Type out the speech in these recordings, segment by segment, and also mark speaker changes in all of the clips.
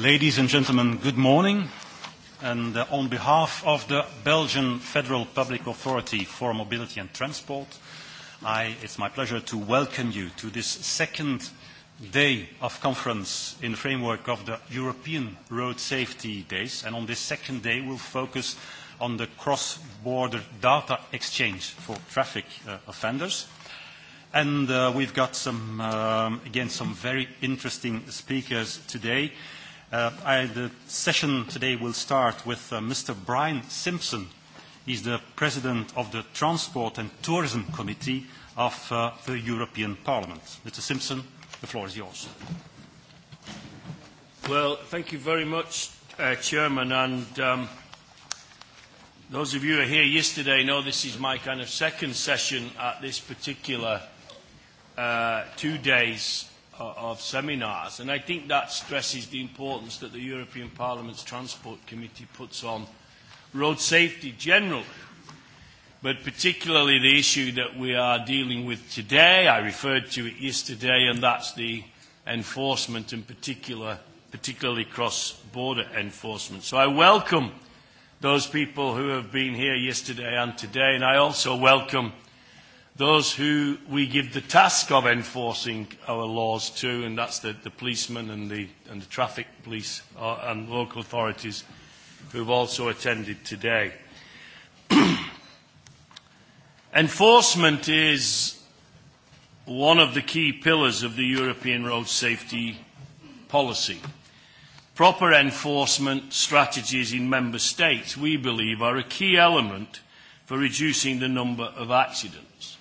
Speaker 1: Ladies and gentlemen, good morning. And on behalf of the Belgian Federal Public Authority for Mobility and Transport, it's my pleasure to welcome you to this second day of conference in the framework of the European Road Safety Days. And on this second day, we'll focus on the cross-border data exchange for traffic offenders. And we've got some, again, some very interesting speakers today. I The session today will start with Mr. Brian Simpson. He's the President of the Transport and Tourism Committee of the European Parliament. Mr. Simpson, the floor is yours.
Speaker 2: Well, thank you very much, Chairman. And those of you who are here yesterday know this is my kind of second session at this particular two days of seminars. And I think that stresses the importance that the European Parliament's Transport Committee puts on road safety generally. But particularly the issue that we are dealing with today, I referred to it yesterday, and that's the enforcement in particular, particularly cross-border enforcement. So I welcome those people who have been here yesterday and today, and I also welcome those who we give the task of enforcing our laws to, and that's the, the policemen and the, and the traffic police and local authorities who have also attended today. Enforcement is one of the key pillars of the European road safety policy. Proper enforcement strategies in member states, we believe, are a key element for reducing the number of accidents.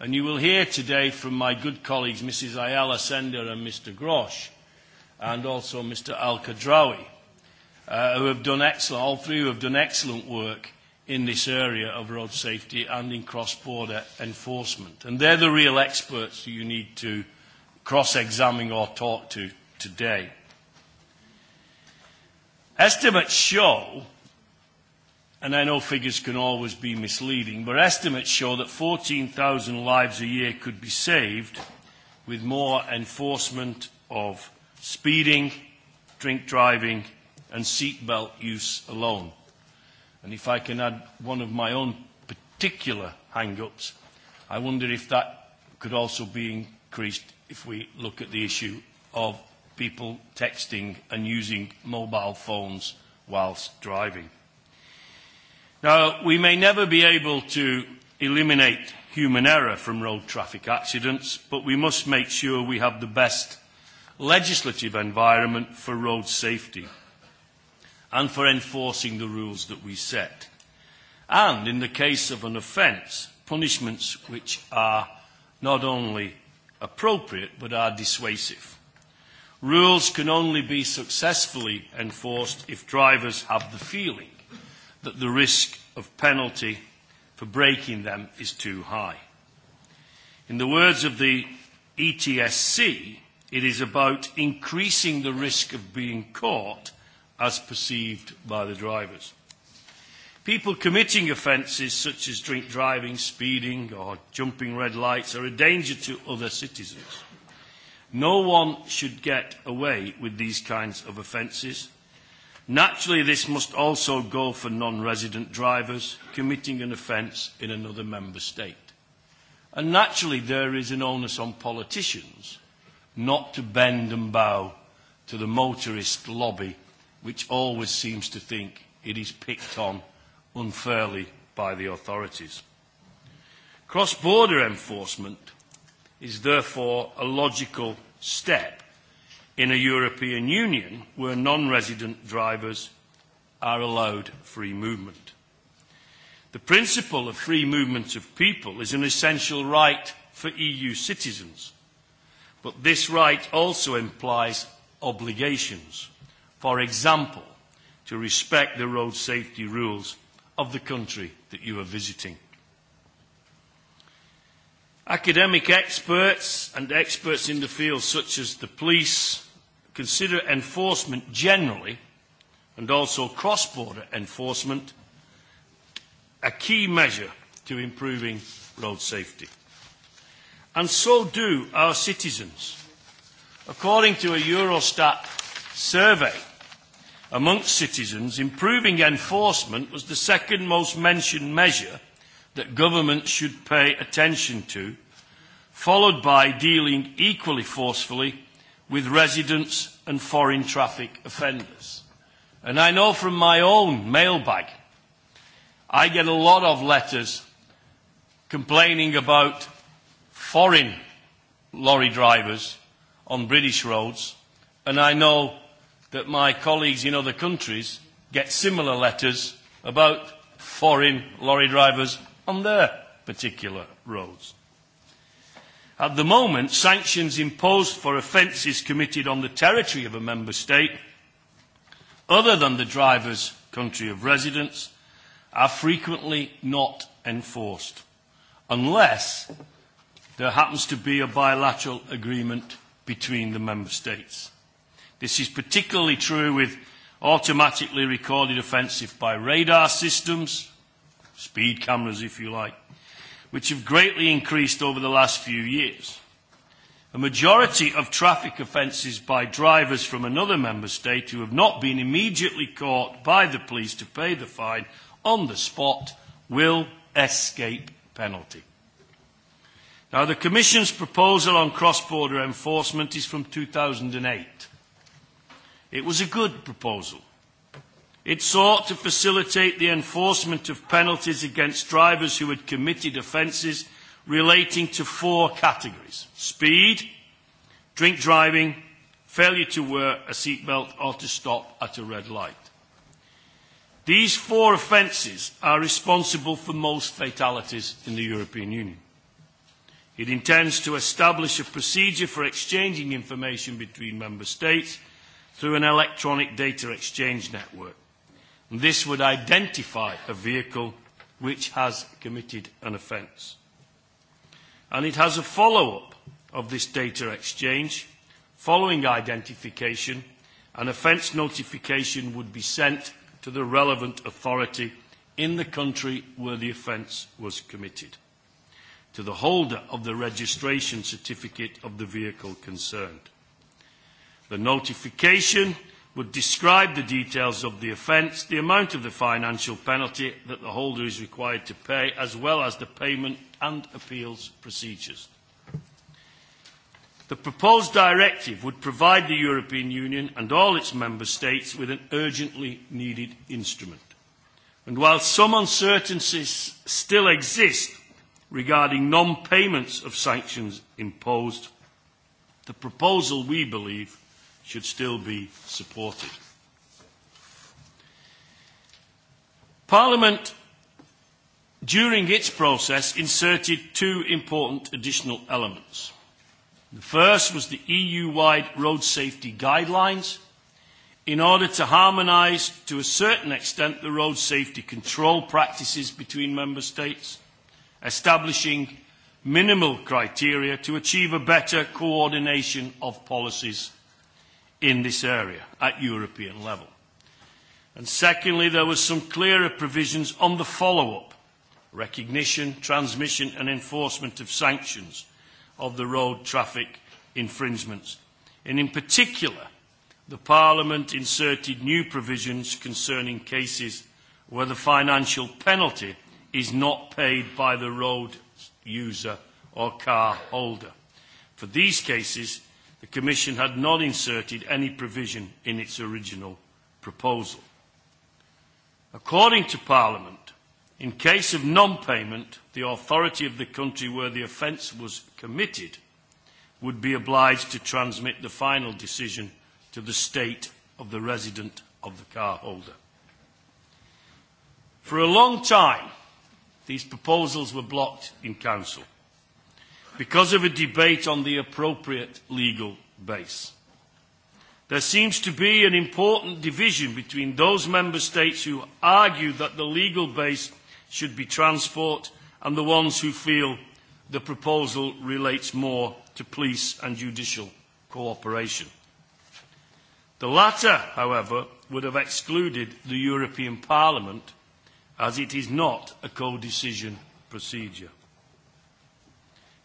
Speaker 2: And you will hear today from my good colleagues, Mrs. Ayala Sender and Mr. Grosh, and also Mr. Al-Kadrawi, who have done excellent, all three who have done excellent work in this area of road safety and in cross-border enforcement. And they're the real experts you need to cross-examine or talk to today. Estimates show and I know figures can always be misleading, but estimates show that 14,000 lives a year could be saved with more enforcement of speeding, drink driving and seatbelt use alone. And if I can add one of my own particular hang-ups, I wonder if that could also be increased if we look at the issue of people texting and using mobile phones whilst driving. Now, we may never be able to eliminate human error from road traffic accidents, but we must make sure we have the best legislative environment for road safety and for enforcing the rules that we set. And in the case of an offence, punishments which are not only appropriate but are dissuasive. Rules can only be successfully enforced if drivers have the feeling that the risk of penalty for breaking them is too high. In the words of the ETSC, it is about increasing the risk of being caught as perceived by the drivers. People committing offences such as drink driving, speeding or jumping red lights are a danger to other citizens. No one should get away with these kinds of offences Naturally, this must also go for non-resident drivers committing an offence in another member state. And naturally, there is an onus on politicians not to bend and bow to the motorist lobby, which always seems to think it is picked on unfairly by the authorities. Cross-border enforcement is therefore a logical step in a European Union where non-resident drivers are allowed free movement. The principle of free movement of people is an essential right for EU citizens, but this right also implies obligations, for example, to respect the road safety rules of the country that you are visiting. Academic experts and experts in the field such as the police, consider enforcement generally and also cross-border enforcement a key measure to improving road safety. And so do our citizens. According to a Eurostat survey amongst citizens, improving enforcement was the second most mentioned measure that governments should pay attention to, followed by dealing equally forcefully with residents and foreign traffic offenders. And I know from my own mailbag, I get a lot of letters complaining about foreign lorry drivers on British roads, and I know that my colleagues in other countries get similar letters about foreign lorry drivers on their particular roads. At the moment, sanctions imposed for offences committed on the territory of a member state, other than the driver's country of residence, are frequently not enforced, unless there happens to be a bilateral agreement between the member states. This is particularly true with automatically recorded offences by radar systems, speed cameras if you like, which have greatly increased over the last few years. A majority of traffic offences by drivers from another member state who have not been immediately caught by the police to pay the fine on the spot will escape penalty. Now, the Commission's proposal on cross-border enforcement is from 2008. It was a good proposal. It sought to facilitate the enforcement of penalties against drivers who had committed offences relating to four categories speed, drink driving, failure to wear a seatbelt or to stop at a red light. These four offences are responsible for most fatalities in the European Union. It intends to establish a procedure for exchanging information between Member States through an electronic data exchange network. This would identify a vehicle which has committed an offence. And it has a follow-up of this data exchange. Following identification, an offence notification would be sent to the relevant authority in the country where the offence was committed, to the holder of the registration certificate of the vehicle concerned. The notification would describe the details of the offence, the amount of the financial penalty that the holder is required to pay, as well as the payment and appeals procedures. The proposed directive would provide the European Union and all its member states with an urgently needed instrument. And while some uncertainties still exist regarding non-payments of sanctions imposed, the proposal, we believe, should still be supported. Parliament, during its process, inserted two important additional elements. The first was the EU-wide road safety guidelines in order to harmonise to a certain extent the road safety control practices between member states, establishing minimal criteria to achieve a better coordination of policies in this area at European level. And secondly, there were some clearer provisions on the follow-up, recognition, transmission and enforcement of sanctions of the road traffic infringements. And in particular, the Parliament inserted new provisions concerning cases where the financial penalty is not paid by the road user or car holder. For these cases, the Commission had not inserted any provision in its original proposal. According to Parliament, in case of non-payment, the authority of the country where the offence was committed would be obliged to transmit the final decision to the state of the resident of the car holder. For a long time, these proposals were blocked in Council because of a debate on the appropriate legal base. There seems to be an important division between those member states who argue that the legal base should be transport and the ones who feel the proposal relates more to police and judicial cooperation. The latter, however, would have excluded the European Parliament as it is not a co-decision procedure.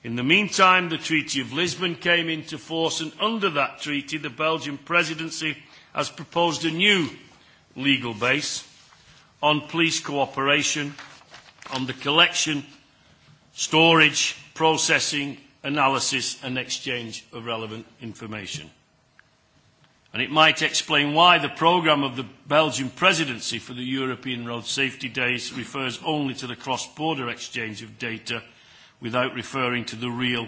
Speaker 2: In the meantime, the Treaty of Lisbon came into force, and under that treaty, the Belgian presidency has proposed a new legal base on police cooperation, on the collection, storage, processing, analysis and exchange of relevant information. And it might explain why the programme of the Belgian presidency for the European Road Safety Days refers only to the cross-border exchange of data without referring to the real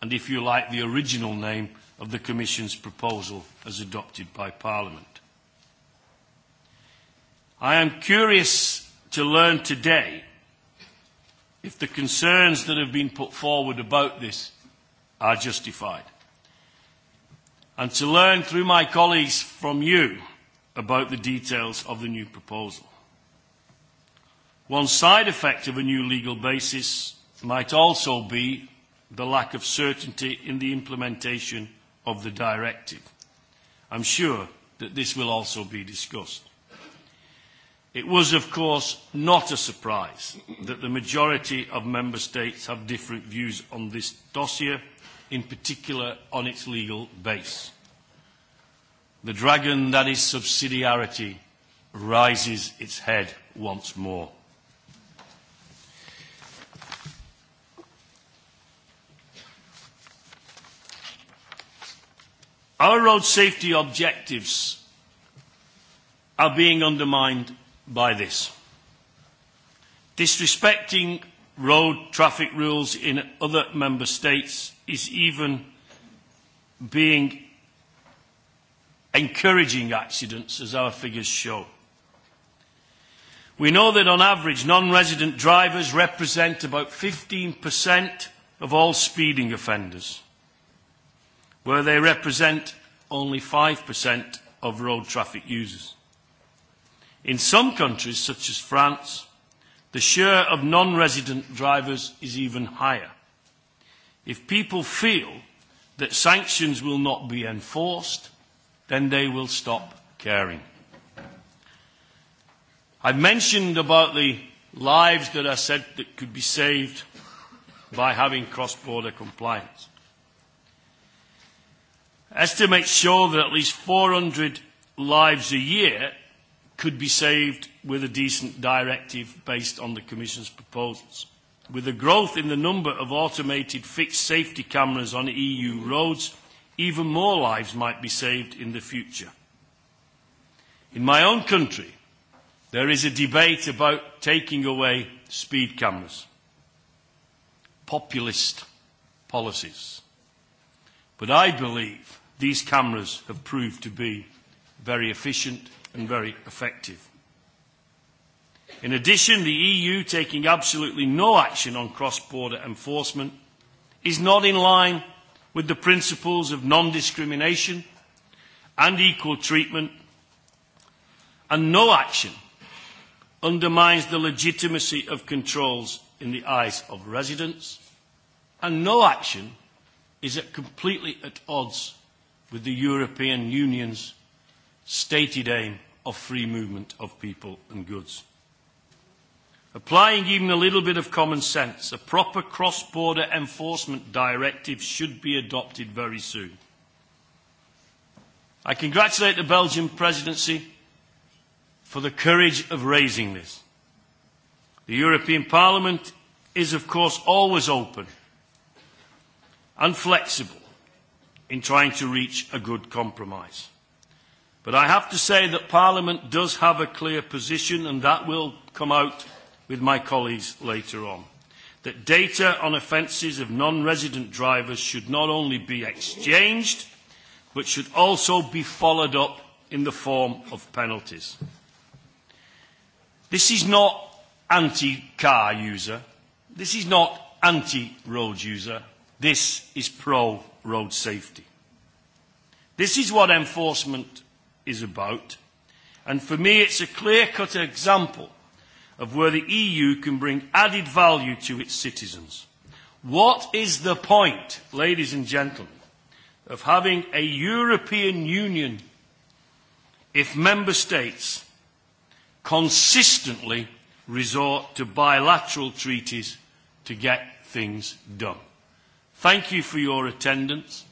Speaker 2: and, if you like, the original name of the Commission's proposal as adopted by Parliament. I am curious to learn today if the concerns that have been put forward about this are justified and to learn through my colleagues from you about the details of the new proposal. One side effect of a new legal basis might also be the lack of certainty in the implementation of the directive. I'm sure that this will also be discussed. It was, of course, not a surprise that the majority of Member States have different views on this dossier, in particular on its legal base. The dragon that is subsidiarity rises its head once more. Our road safety objectives are being undermined by this. Disrespecting road traffic rules in other member states is even being encouraging accidents, as our figures show. We know that on average, non-resident drivers represent about 15% of all speeding offenders where they represent only 5% of road traffic users. In some countries, such as France, the share of non-resident drivers is even higher. If people feel that sanctions will not be enforced, then they will stop caring. I've mentioned about the lives that are said that could be saved by having cross-border compliance. Estimates sure that at least 400 lives a year could be saved with a decent directive based on the Commission's proposals. With the growth in the number of automated fixed safety cameras on EU roads, even more lives might be saved in the future. In my own country, there is a debate about taking away speed cameras. Populist policies. But I believe These cameras have proved to be very efficient and very effective. In addition, the EU taking absolutely no action on cross-border enforcement is not in line with the principles of non-discrimination and equal treatment, and no action undermines the legitimacy of controls in the eyes of residents, and no action is completely at odds with the European Union's stated aim of free movement of people and goods. Applying even a little bit of common sense, a proper cross-border enforcement directive should be adopted very soon. I congratulate the Belgian presidency for the courage of raising this. The European Parliament is, of course, always open and flexible in trying to reach a good compromise. But I have to say that Parliament does have a clear position, and that will come out with my colleagues later on, that data on offences of non-resident drivers should not only be exchanged, but should also be followed up in the form of penalties. This is not anti-car user. This is not anti-road user. This is pro-road safety. This is what enforcement is about, and for me it's a clear-cut example of where the EU can bring added value to its citizens. What is the point, ladies and gentlemen, of having a European Union if member states consistently resort to bilateral treaties to get things done? Thank you for your attendance.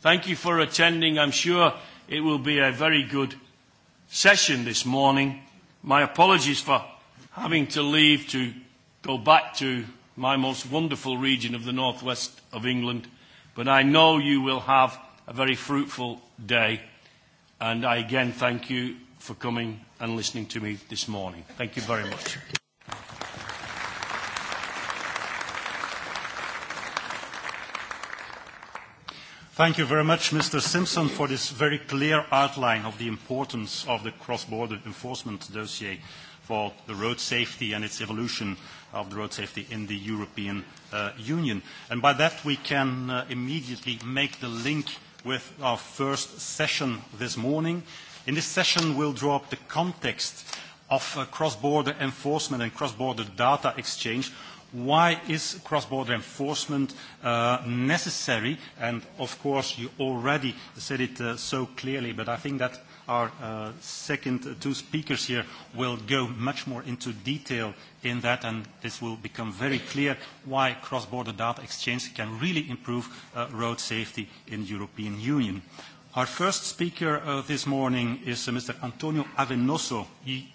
Speaker 2: Thank you for attending. I'm sure it will be a very good session this morning. My apologies for having to leave to go back to my most wonderful region of the northwest of England, but I know you will have a very fruitful day, and I again thank you for coming and listening to me this morning. Thank you very much. Thank you
Speaker 1: very much, Mr. Simpson, for this very clear outline of the importance of the cross-border enforcement dossier for the road safety and its evolution of the road safety in the European Union. And by that, we can immediately make the link with our first session this morning. In this session, we'll draw up the context of cross-border enforcement and cross-border data exchange why is cross-border enforcement necessary? And, of course, you already said it so clearly, but I think that our second two speakers here will go much more into detail in that, and this will become very clear why cross-border data exchange can really improve road safety in the European Union. Our first speaker this morning is Mr. Antonio Avenoso,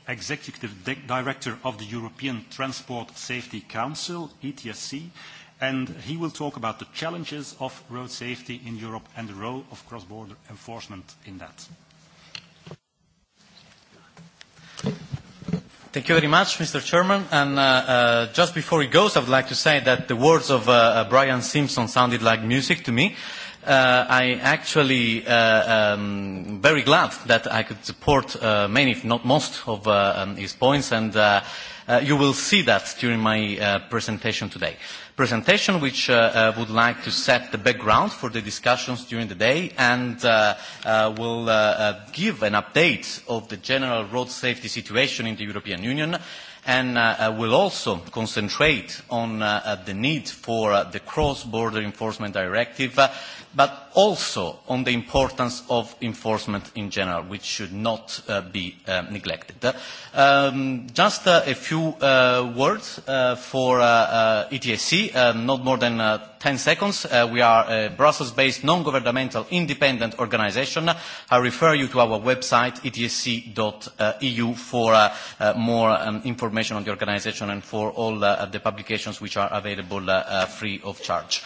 Speaker 1: Executive Director of the European Transport Safety Council, ETSC, and he will talk about the challenges of road safety in Europe and the role of cross-border enforcement in that.
Speaker 3: Thank you very much, Mr. Chairman. And just before he goes, I would like to say that the words of Brian Simpson sounded like music to me. I actually am very glad that I could support many, if not most, of his points, and you will see that during my presentation today. Presentation which would like to set the background for the discussions during the day and will give an update of the general road safety situation in the European Union and will also concentrate on the need for the cross-border enforcement directive but also on the importance of enforcement in general, which should not be neglected. Just a few words for ETSC, not more than 10 seconds. We are a Brussels-based non-governmental independent organization. I refer you to our website, etsc.eu, for more information on the organization and for all the publications which are available free of charge.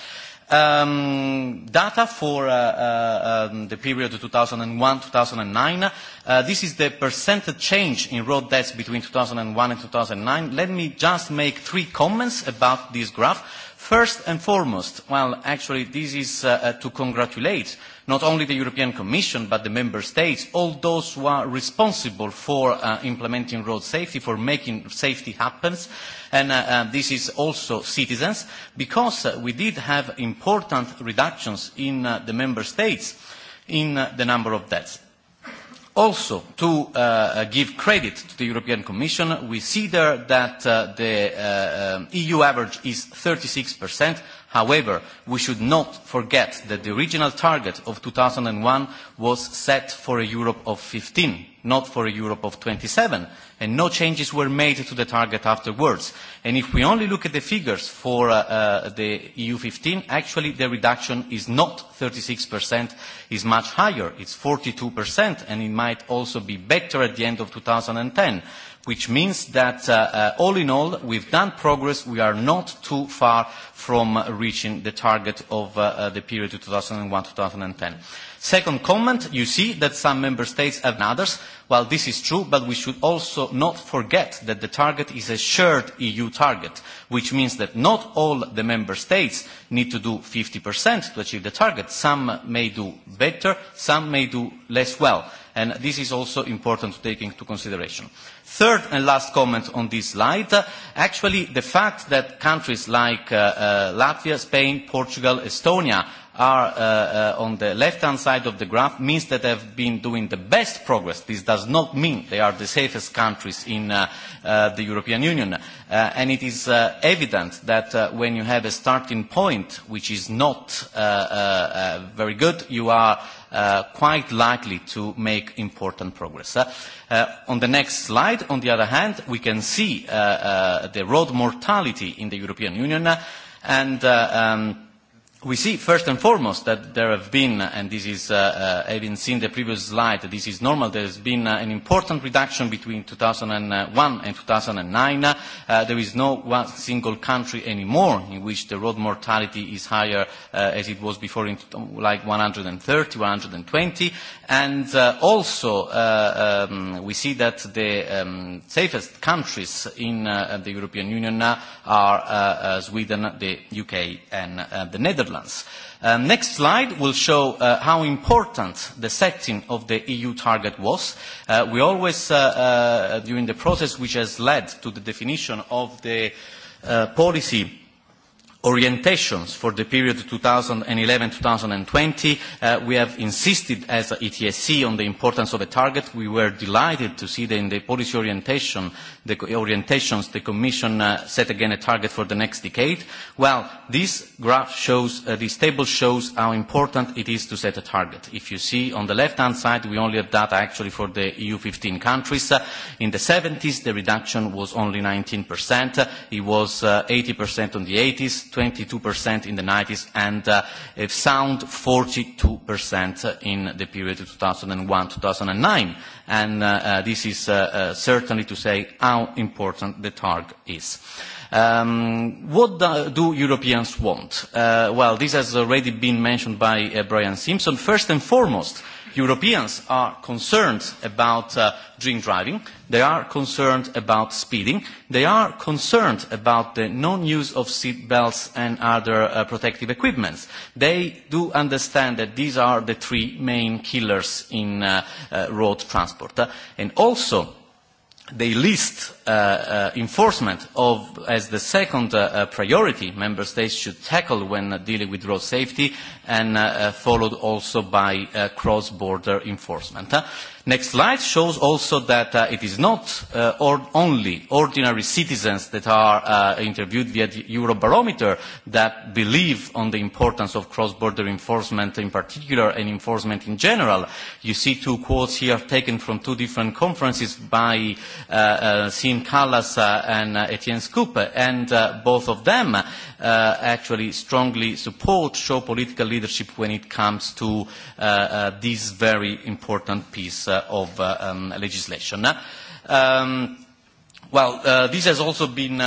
Speaker 3: Um Data for the period 2001-2009. This is the percentage change in road deaths between 2001 and 2009. Let me just make three comments about this graph. First and foremost, well, actually, this is to congratulate not only the European Commission, but the Member States, all those who are responsible for implementing road safety, for making safety happen and this is also citizens, because we did have important reductions in the member states in the number of deaths. Also, to give credit to the European Commission, we see there that the EU average is 36%, However, we should not forget that the original target of 2001 was set for a Europe of 15, not for a Europe of 27, and no changes were made to the target afterwards. And if we only look at the figures for the EU 15, actually the reduction is not 36%, is much higher, it's 42%, and it might also be better at the end of 2010 which means that all in all we've done progress we are not too far from reaching the target of the period 2001-2010 second comment you see that some member states have others Well, this is true but we should also not forget that the target is a shared eu target which means that not all the member states need to do 50% to achieve the target some may do better some may do less well and this is also important to take into consideration. Third and last comment on this slide, actually the fact that countries like Latvia, Spain, Portugal, Estonia are on the left-hand side of the graph means that they have been doing the best progress. This does not mean they are the safest countries in the European Union. And it is evident that when you have a starting point which is not very good, you are quite likely to make important progress. On the next slide, on the other hand, we can see the road mortality in the European Union and We see first and foremost that there have been, and this is having seen the previous slide, this is normal, there has been an important reduction between 2001 and 2009. There is no one single country anymore in which the road mortality is higher as it was before, like 130, 120. And also we see that the safest countries in the European Union are Sweden, the UK and the Netherlands. Netherlands. Next slide will show how important the setting of the EU target was. We always, during the process which has led to the definition of the policy orientations for the period 2011-2020. We have insisted as ETSC on the importance of a target. We were delighted to see that in the policy orientation the orientations the Commission set again a target for the next decade. Well, this graph shows, this table shows how important it is to set a target. If you see on the left-hand side, we only have data actually for the EU 15 countries. In the 70s, the reduction was only 19%. It was 80% on the 80s, 22% in the 90s, and a sound 42% in the period 2001-2009 and this is certainly to say how important the target is. What do Europeans want? Well, this has already been mentioned by Brian Simpson. First and foremost, Europeans are concerned about drink driving, they are concerned about speeding, they are concerned about the non-use of seat belts and other protective equipment. They do understand that these are the three main killers in road transport. And also, They list enforcement as the second priority member states should tackle when dealing with road safety and followed also by cross-border enforcement. Next slide shows also that it is not only ordinary citizens that are interviewed via the Eurobarometer that believe on the importance of cross-border enforcement in particular and enforcement in general. You see two quotes here taken from two different conferences by Sim Kallas and Etienne Scoop, and both of them actually strongly support, show political leadership when it comes to this very important piece of legislation. Well, this has also been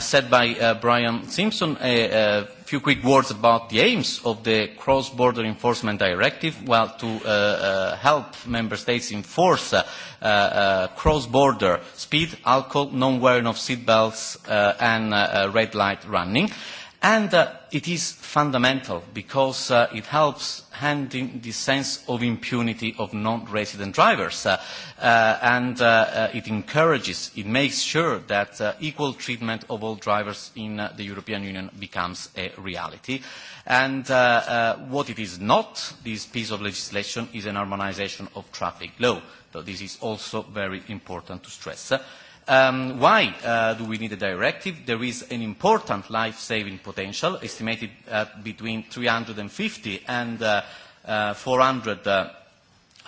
Speaker 3: said by Brian Simpson. A few quick words about the aims of the Cross-Border Enforcement Directive. Well, to help member states enforce cross-border speed, alcohol, non-wearing of seatbelts and red light running. And it is fundamental because it helps hand in the sense of impunity of non-resident drivers. And it encourages, it makes sure that equal treatment of all drivers in the European Union becomes a reality. And what it is not, this piece of legislation, is an harmonization of traffic law. This is also very important to stress. Why do we need a directive? There is an important life-saving potential, estimated between 350 and 400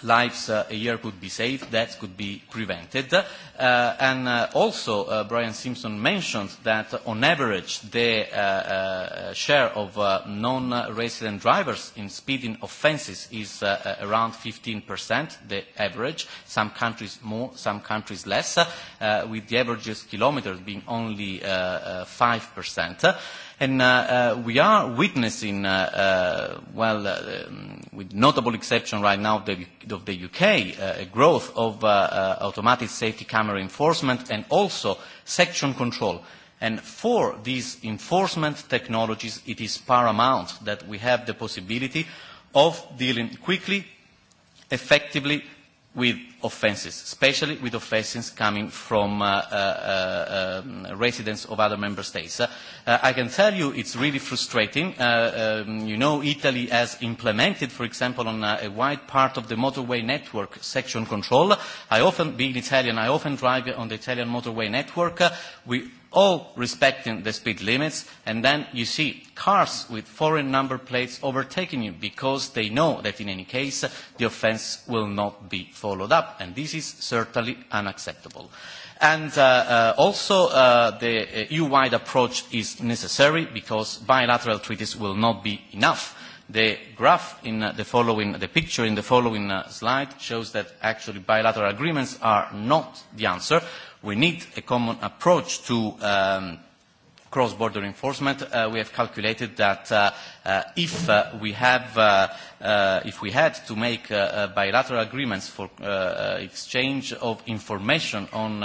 Speaker 3: lives a year could be saved, that could be prevented. And also, Brian Simpson mentioned that on average the share of non-resident drivers in speeding offences is around 15%, the average, some countries more, some countries less, with the average kilometers being only 5%. And we are witnessing, well, with notable exception right now of the UK, a growth of automatic safety camera enforcement and also section control. And for these enforcement technologies, it is paramount that we have the possibility of dealing quickly, effectively, with offences, especially with offences coming from residents of other member states. I can tell you it's really frustrating. You know Italy has implemented, for example, on a wide part of the motorway network section control. I often, being Italian, I often drive on the Italian motorway network. We all respecting the speed limits, and then you see cars with foreign number plates overtaking you because they know that in any case the offence will not be followed up, and this is certainly unacceptable. And also the EU-wide approach is necessary because bilateral treaties will not be enough. The graph in the following, the picture in the following slide shows that actually bilateral agreements are not the answer. We need a common approach to cross-border enforcement. We have calculated that if we have if we had to make bilateral agreements for exchange of information on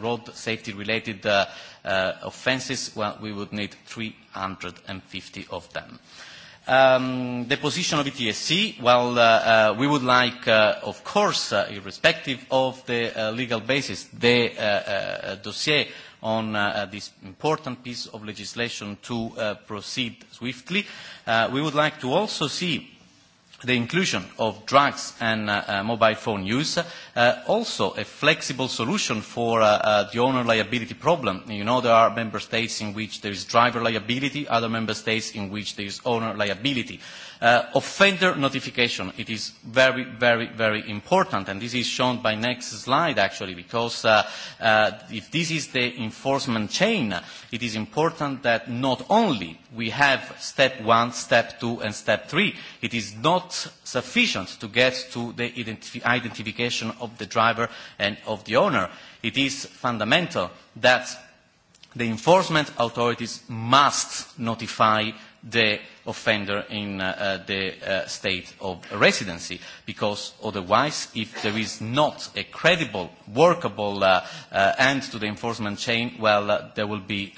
Speaker 3: road safety-related offences, we would need 350 of them the position of ETSC, well, we would like, of course, irrespective of the legal basis, the dossier on this important piece of legislation to proceed swiftly. We would like to also see the inclusion of drugs and mobile phone use, also a flexible solution for the owner liability problem. You know there are member states in which there is driver liability, other member states in which there is owner liability. Offender notification, it is very, very, very important, and this is shown by next slide, actually, because if this is the enforcement chain, it is important that not only we have step one, step two, and step three, it is not sufficient to get to the identification of the driver and of the owner. It is fundamental that the enforcement authorities must notify the offender in the state of residency, because otherwise, if there is not a credible, workable end to the enforcement chain, well, there will be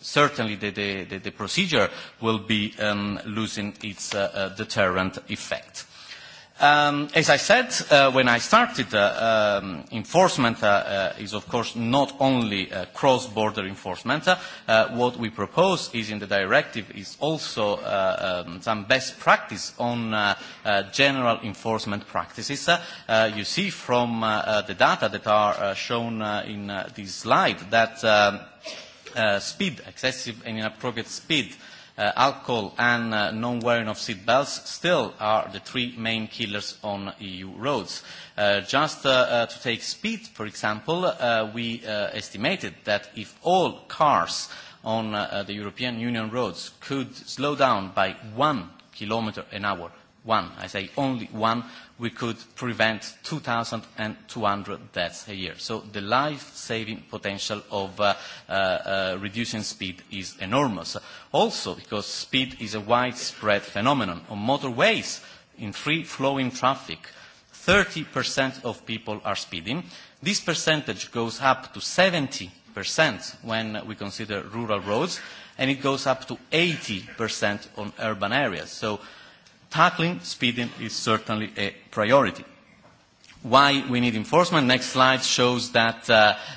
Speaker 3: certainly the procedure will be losing its deterrent effect. As I said when I started, enforcement is of course not only cross-border enforcement. What we propose is in the directive is also some best practice on general enforcement practices. You see from the data that are shown in this slide that speed, excessive and inappropriate speed alcohol and non-wearing of seat belts still are the three main killers on EU roads. Just to take speed, for example, we estimated that if all cars on the European Union roads could slow down by one kilometer an hour, one, I say only one, we could prevent 2,200 deaths a year. So the life-saving potential of reducing speed is enormous. Also, because speed is a widespread phenomenon. On motorways, in free-flowing traffic, 30% of people are speeding. This percentage goes up to 70% when we consider rural roads, and it goes up to 80% on urban areas. So tackling speeding is certainly a priority. Why we need enforcement? Next slide shows that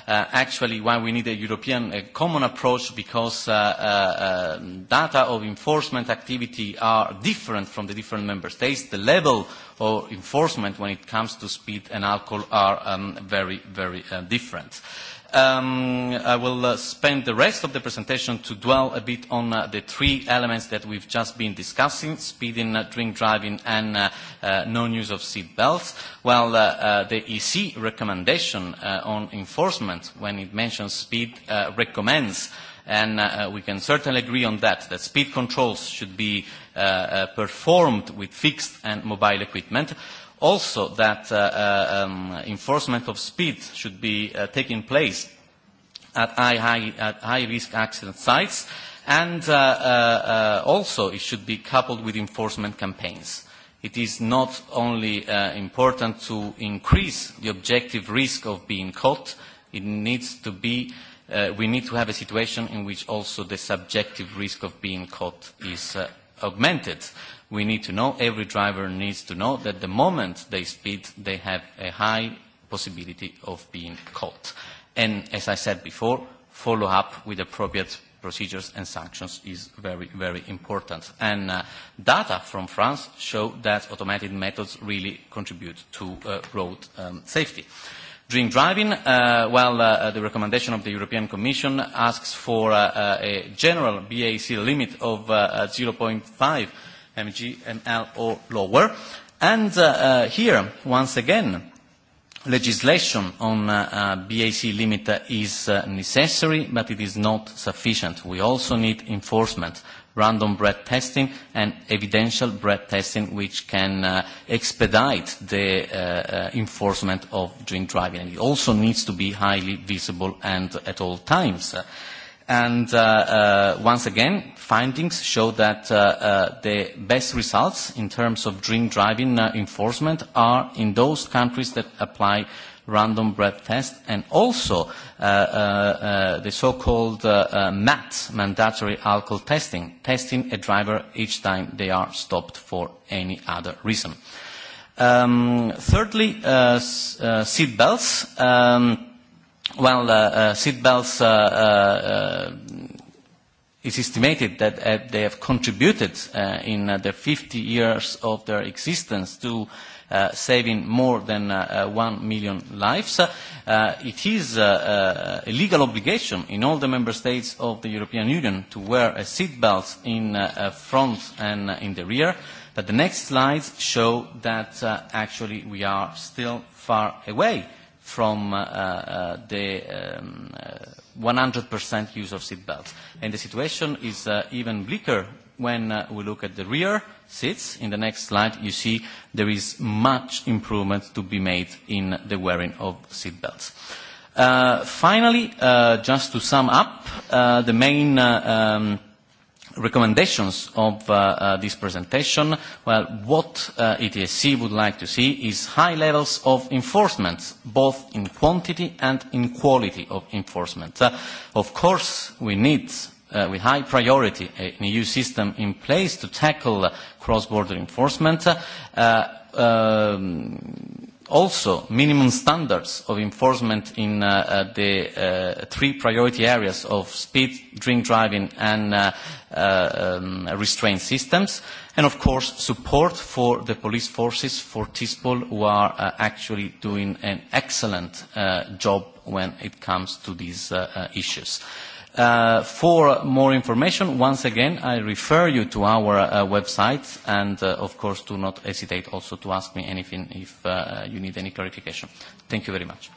Speaker 3: actually why we need a European common approach because data of enforcement activity are different from the different member states. The level of enforcement when it comes to speed and alcohol are very, very different. I will spend the rest of the presentation to dwell a bit on the three elements that we've just been discussing, speeding, drink driving, and no use of seat belts. Well, the EC recommendation on enforcement, when it mentions speed, recommends and we can certainly agree on that, that speed controls should be performed with fixed and mobile equipment. Also that enforcement of speed should be taking place at high-risk accident sites and also it should be coupled with enforcement campaigns. It is not only important to increase the objective risk of being caught, it needs to be we need to have a situation in which also the subjective risk of being caught is augmented we need to know, every driver needs to know that the moment they speed, they have a high possibility of being caught. And as I said before, follow up with appropriate procedures and sanctions is very, very important. And data from France show that automated methods really contribute to road safety. During driving, well, the recommendation of the European Commission asks for a general BAC limit of 0.5 MG, ML or lower. And here, once again, legislation on BAC limit is necessary, but it is not sufficient. We also need enforcement, random breath testing and evidential breath testing, which can expedite the enforcement of drink driving. It also needs to be highly visible and at all times. And once again, findings show that the best results in terms of drink driving enforcement are in those countries that apply random breath tests and also the so-called MAT, mandatory alcohol testing, testing a driver each time they are stopped for any other reason. Thirdly, seat belts Well, seatbelts, is estimated that they have contributed in the 50 years of their existence to saving more than 1 million lives. It is a legal obligation in all the member states of the European Union to wear a seatbelt in front and in the rear. But the next slides show that actually we are still far away from the 100% use of seat belts. And the situation is even bleaker when we look at the rear seats. In the next slide, you see there is much improvement to be made in the wearing of seat belts. Finally, just to sum up, the main recommendations of this presentation, well, what ETSC would like to see is high levels of enforcement, both in quantity and in quality of enforcement. Of course, we need, with high priority, a EU system in place to tackle cross-border enforcement. Also, minimum standards of enforcement in the three priority areas of speed, drink driving and restraint systems, and of course support for the police forces, for TISPOL, who are actually doing an excellent job when it comes to these issues. For more information, once again, I refer you to our website and, of course, do not hesitate also to ask me anything if you need any clarification. Thank you very much.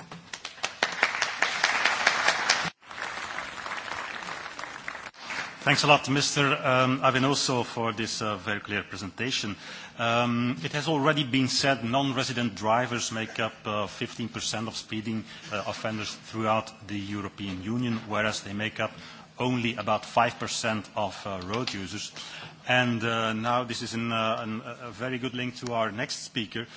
Speaker 1: Thanks a lot, Mr. Avenoso, for this very clear presentation. It has already been said non-resident drivers make up 15% of speeding offenders throughout the European Union, whereas they make up only about 5% of road users. And now this is a very good link to our next speaker,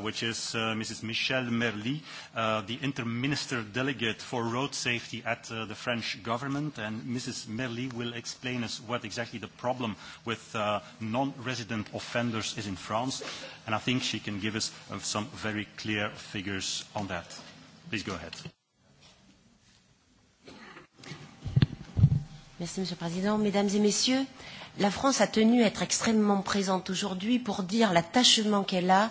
Speaker 1: which is Mrs. Michelle Merli, the Inter-Minister Delegate for Road Safety at the French government. And Mrs. Merli will explain us what exactly the problem with non-resident offenders is in France. And I think she can give us some very clear figures on that. Please go ahead.
Speaker 4: Merci, Monsieur le Président. Mesdames et Messieurs, la France a tenu à être extrêmement présente aujourd'hui pour dire l'attachement qu'elle a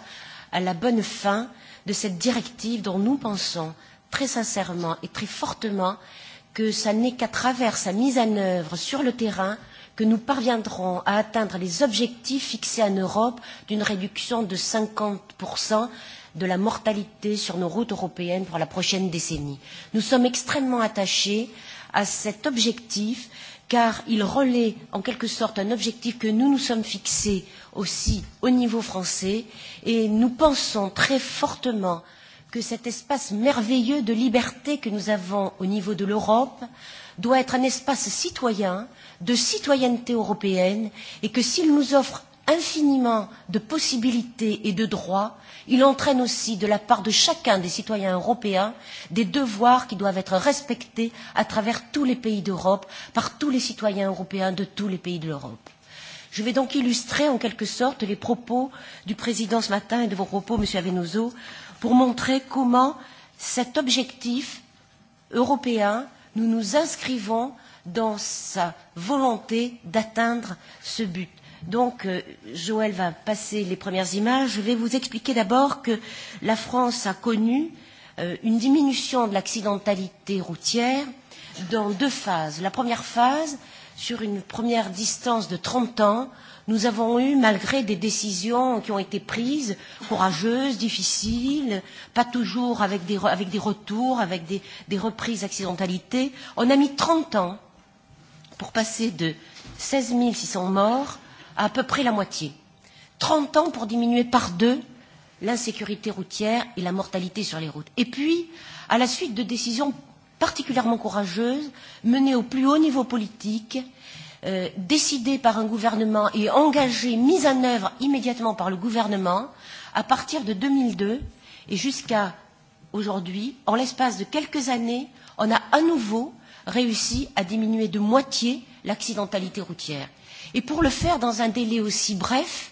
Speaker 4: à la bonne fin de cette directive dont nous pensons très sincèrement et très fortement que ce n'est qu'à travers sa mise en œuvre sur le terrain que nous parviendrons à atteindre les objectifs fixés en Europe d'une réduction de 50% de la mortalité sur nos routes européennes pour la prochaine décennie. Nous sommes extrêmement attachés à cet objectif, car il relaie en quelque sorte un objectif que nous nous sommes fixés aussi au niveau français, et nous pensons très fortement que cet espace merveilleux de liberté que nous avons au niveau de l'Europe doit être un espace citoyen, de citoyenneté européenne, et que s'il nous offre infiniment de possibilités et de droits, il entraîne aussi de la part de chacun des citoyens européens des devoirs qui doivent être respectés à travers tous les pays d'Europe, par tous les citoyens européens de tous les pays de l'Europe. Je vais donc illustrer en quelque sorte les propos du président ce matin et de vos propos, Monsieur Avenoso, pour montrer comment cet objectif européen, nous nous inscrivons dans sa volonté d'atteindre ce but. Donc, Joël va passer les premières images. Je vais vous expliquer d'abord que la France a connu une diminution de l'accidentalité routière dans deux phases. La première phase, sur une première distance de 30 ans, nous avons eu, malgré des décisions qui ont été prises, courageuses, difficiles, pas toujours avec des, avec des retours, avec des, des reprises d'accidentalité, on a mis 30 ans pour passer de 16 600 morts à peu près la moitié. trente ans pour diminuer par deux l'insécurité routière et la mortalité sur les routes. Et puis, à la suite de décisions particulièrement courageuses, menées au plus haut niveau politique, décidées par un gouvernement et engagées, mises en œuvre immédiatement par le gouvernement, à partir de 2002 et jusqu'à aujourd'hui, en l'espace de quelques années, on a à nouveau réussi à diminuer de moitié l'accidentalité routière. Et pour le faire dans un délai aussi bref,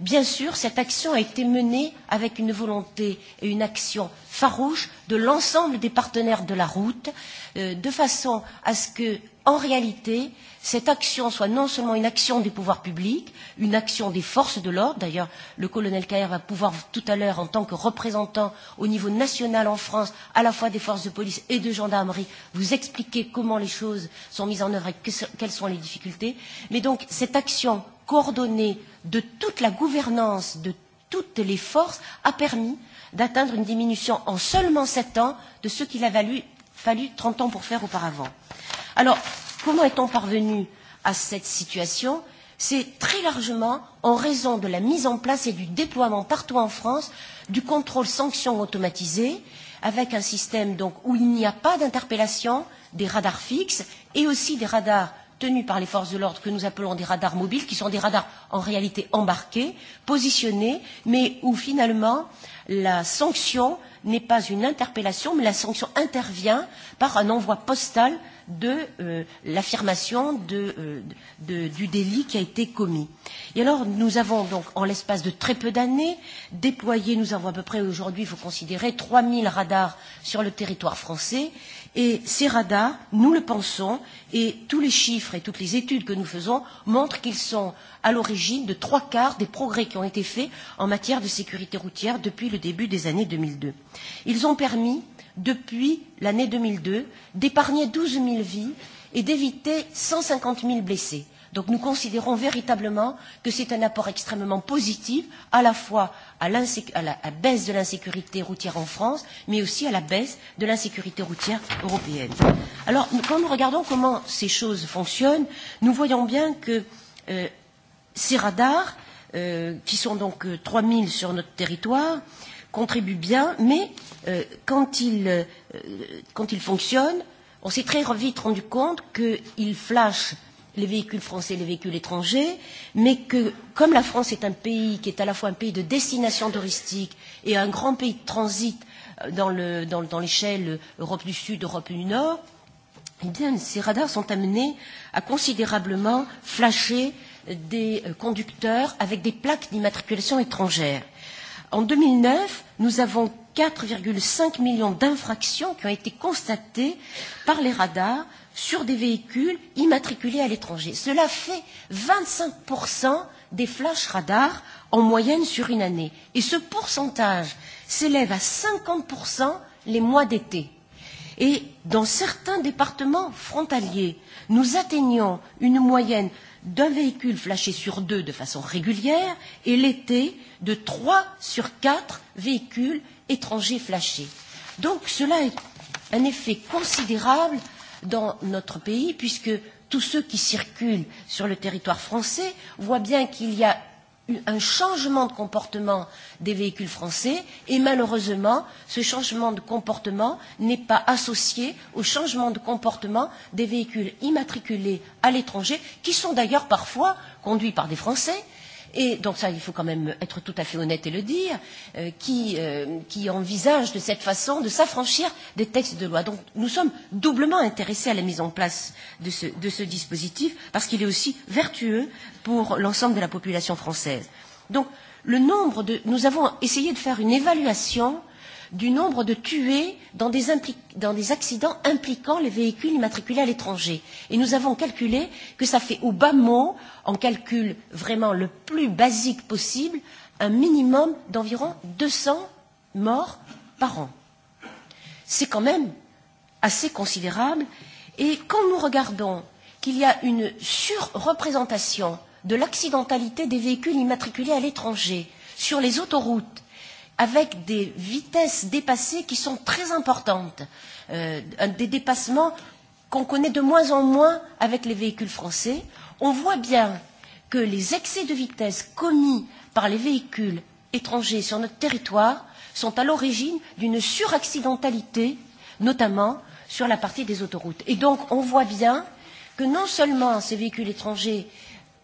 Speaker 4: bien sûr, cette action a été menée avec une volonté et une action farouche de l'ensemble des partenaires de la route, de façon à ce que, en réalité, cette action soit non seulement une action des pouvoirs publics, une action des forces de l'ordre. D'ailleurs, le colonel Caer va pouvoir tout à l'heure, en tant que représentant au niveau national en France, à la fois des forces de police et de gendarmerie, vous expliquer comment les choses sont mises en œuvre et quelles sont les difficultés. Mais donc, cette action coordonnée de toute la gouvernance, de toutes les forces, a permis d'atteindre une diminution en seulement sept ans de ce qu'il a fallu 30 ans pour faire auparavant. Alors, Comment est-on parvenu à cette situation C'est très largement en raison de la mise en place et du déploiement partout en France du contrôle sanction automatisé, avec un système donc où il n'y a pas d'interpellation, des radars fixes et aussi des radars tenus par les forces de l'ordre que nous appelons des radars mobiles, qui sont des radars en réalité embarqués, positionnés, mais où finalement la sanction n'est pas une interpellation, mais la sanction intervient par un envoi postal de l'affirmation du délit qui a été commis. Et alors, nous avons donc, en l'espace de très peu d'années, déployé, nous avons à peu près aujourd'hui, il faut considérer, 3000 radars sur le territoire français. Et ces radars, nous le pensons, et tous les chiffres et toutes les études que nous faisons montrent qu'ils sont à l'origine de trois quarts des progrès qui ont été faits en matière de sécurité routière depuis le début des années 2002. Ils ont permis depuis l'année 2002, d'épargner 12 000 vies et d'éviter 150 000 blessés. Donc nous considérons véritablement que c'est un apport extrêmement positif à la fois à la baisse de l'insécurité routière en France, mais aussi à la baisse de l'insécurité routière européenne. Alors quand nous regardons comment ces choses fonctionnent, nous voyons bien que ces radars, qui sont donc 3 000 sur notre territoire, contribuent bien, mais quand il fonctionne, on s'est très vite rendu compte qu'il flash les véhicules français et les véhicules étrangers, mais que, comme la France est un pays qui est à la fois un pays de destination touristique et un grand pays de transit dans l'échelle Europe du Sud, Europe du Nord, eh bien, ces radars sont amenés à considérablement flasher des conducteurs avec des plaques d'immatriculation étrangère. En 2009, nous avons quatre cinq millions d'infractions qui ont été constatées par les radars sur des véhicules immatriculés à l'étranger. Cela fait 25% des flashs radars en moyenne sur une année. Et ce pourcentage s'élève à 50% les mois d'été. Et dans certains départements frontaliers, nous atteignons une moyenne d'un véhicule flashé sur deux de façon régulière et l'été de trois sur quatre véhicules étrangers flashés. Donc cela est un effet considérable dans notre pays, puisque tous ceux qui circulent sur le territoire français voient bien qu'il y a un changement de comportement des véhicules français et malheureusement ce changement de comportement n'est pas associé au changement de comportement des véhicules immatriculés à l'étranger qui sont d'ailleurs parfois conduits par des français et donc ça il faut quand même être tout à fait honnête et le dire, qui, qui envisage de cette façon de s'affranchir des textes de loi. Donc nous sommes doublement intéressés à la mise en place de ce, de ce dispositif parce qu'il est aussi vertueux pour l'ensemble de la population française. Donc le nombre de... Nous avons essayé de faire une évaluation du nombre de tués dans des accidents impliquant les véhicules immatriculés à l'étranger. Et nous avons calculé que ça fait au bas mot, en calcul vraiment le plus basique possible, un minimum d'environ 200 morts par an. C'est quand même assez considérable. Et quand nous regardons qu'il y a une surreprésentation de l'accidentalité des véhicules immatriculés à l'étranger sur les autoroutes, avec des vitesses dépassées qui sont très importantes, des dépassements qu'on connaît de moins en moins avec les véhicules français. On voit bien que les excès de vitesse commis par les véhicules étrangers sur notre territoire sont à l'origine d'une suraccidentalité, notamment sur la partie des autoroutes. Et donc, on voit bien que non seulement ces véhicules étrangers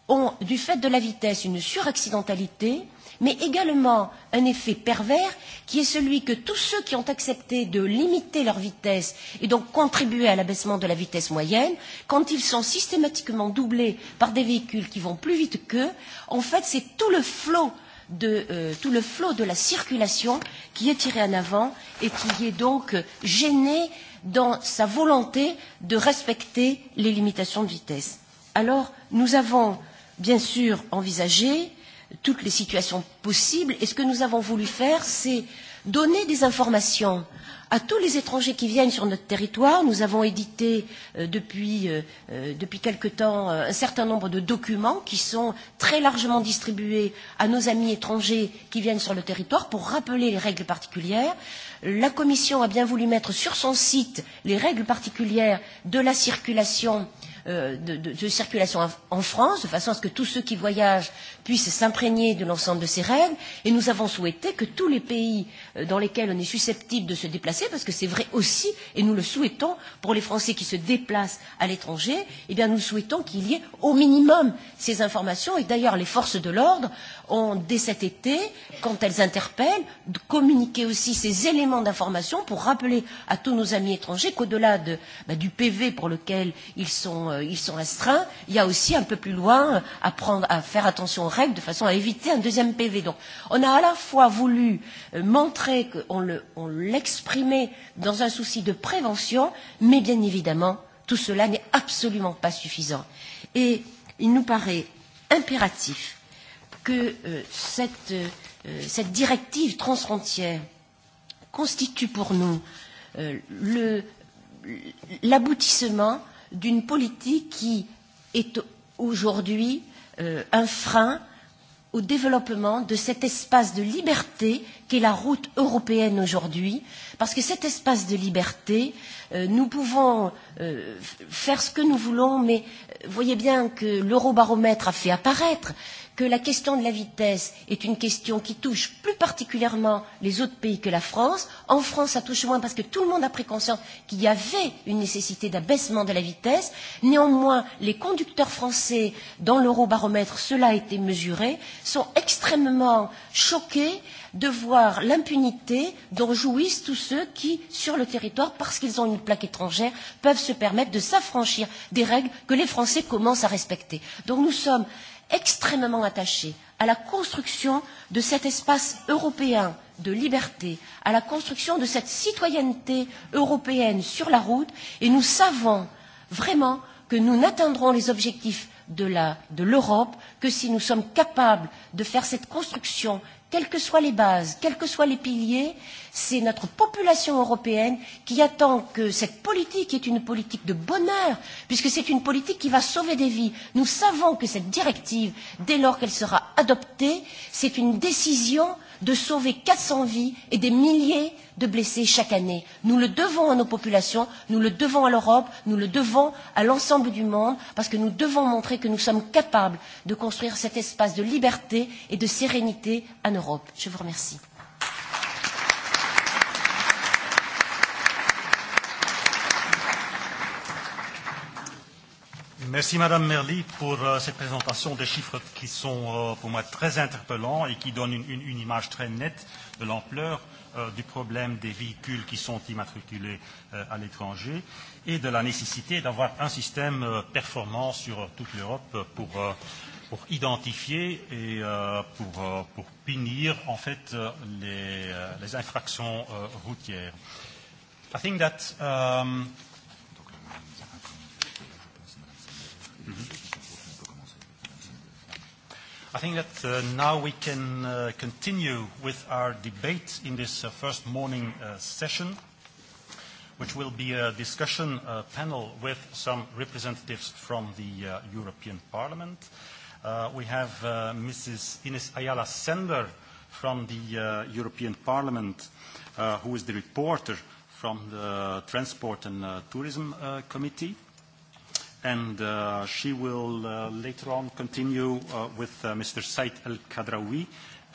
Speaker 4: ont, du fait de la vitesse, une suraccidentalité, mais également un effet pervers qui est celui que tous ceux qui ont accepté de limiter leur vitesse et donc contribuer à l'abaissement de la vitesse moyenne, quand ils sont systématiquement doublés par des véhicules qui vont plus vite qu'eux, en fait, c'est tout le flot de la circulation qui est tiré en avant et qui est donc gêné dans sa volonté de respecter les limitations de vitesse. Alors, nous avons bien sûr envisager toutes les situations possibles et ce que nous avons voulu faire, c'est donner des informations à tous les étrangers qui viennent sur notre territoire. Nous avons édité depuis quelque temps un certain nombre de documents qui sont très largement distribués à nos amis étrangers qui viennent sur le territoire pour rappeler les règles particulières. La Commission a bien voulu mettre sur son site les règles particulières de la circulation de circulation en France, de façon à ce que tous ceux qui voyagent puisse s'imprégner de l'ensemble de ces règles et nous avons souhaité que tous les pays dans lesquels on est susceptible de se déplacer parce que c'est vrai aussi et nous le souhaitons pour les français qui se déplacent à l'étranger eh bien nous souhaitons qu'il y ait au minimum ces informations et d'ailleurs les forces de l'ordre ont dès cet été quand elles interpellent communiqué aussi ces éléments d'information pour rappeler à tous nos amis étrangers qu'au-delà de du PV pour lequel ils sont ils sont restreints il y a aussi un peu plus loin à prendre à faire attention de façon à éviter un deuxième PV. Donc on a à la fois voulu montrer qu'on l'exprimait dans un souci de prévention, mais bien évidemment, tout cela n'est absolument pas suffisant. Et il nous paraît impératif que cette directive transfrontière constitue pour nous l'aboutissement d'une politique qui est aujourd'hui un frein au développement de cet espace de liberté qu'est la route européenne aujourd'hui, parce que cet espace de liberté, nous pouvons faire ce que nous voulons, mais voyez bien que l'eurobaromètre a fait apparaître que la question de la vitesse est une question qui touche plus particulièrement les autres pays que la France. En France, ça touche moins parce que tout le monde a pris conscience qu'il y avait une nécessité d'abaissement de la vitesse. Néanmoins, les conducteurs français, dans l'eurobaromètre, cela a été mesuré, sont extrêmement choqués de voir l'impunité dont jouissent tous ceux qui, sur le territoire, parce qu'ils ont une plaque étrangère, peuvent se permettre de s'affranchir des règles que les Français commencent à respecter. Donc nous sommes extrêmement attaché à la construction de cet espace européen de liberté, à la construction de cette citoyenneté européenne sur la route, et nous savons vraiment que nous n'atteindrons les objectifs de l'Europe que si nous sommes capables de faire cette construction quelles que soient les bases, quels que soient les piliers, c'est notre population européenne qui attend que cette politique est une politique de bonheur, puisque c'est une politique qui va sauver des vies. Nous savons que cette directive, dès lors qu'elle sera adoptée, c'est une décision de sauver 400 vies et des milliers de blessés chaque année. Nous le devons à nos populations, nous le devons à l'Europe, nous le devons à l'ensemble du monde, parce que nous devons montrer que nous sommes capables de construire cet espace de liberté et de sérénité en Europe. Je vous remercie.
Speaker 1: Merci Madame Merli pour cette présentation des chiffres qui sont pour moi très interpellants et qui donnent une image très nette de l'ampleur du problème des véhicules qui sont immatriculés à l'étranger et de la nécessité d'avoir un système performant sur toute l'Europe pour pour identifier et pour pour punir en fait les les infractions routières. I think that I think that now we can continue with our debate in this first morning session, which will be a discussion panel with some representatives from the European Parliament. We have Mrs. Ines Ayala Sender from the European Parliament, who is the reporter from the Transport and Tourism Committee and she will later on continue with Mr. Said el Khadraoui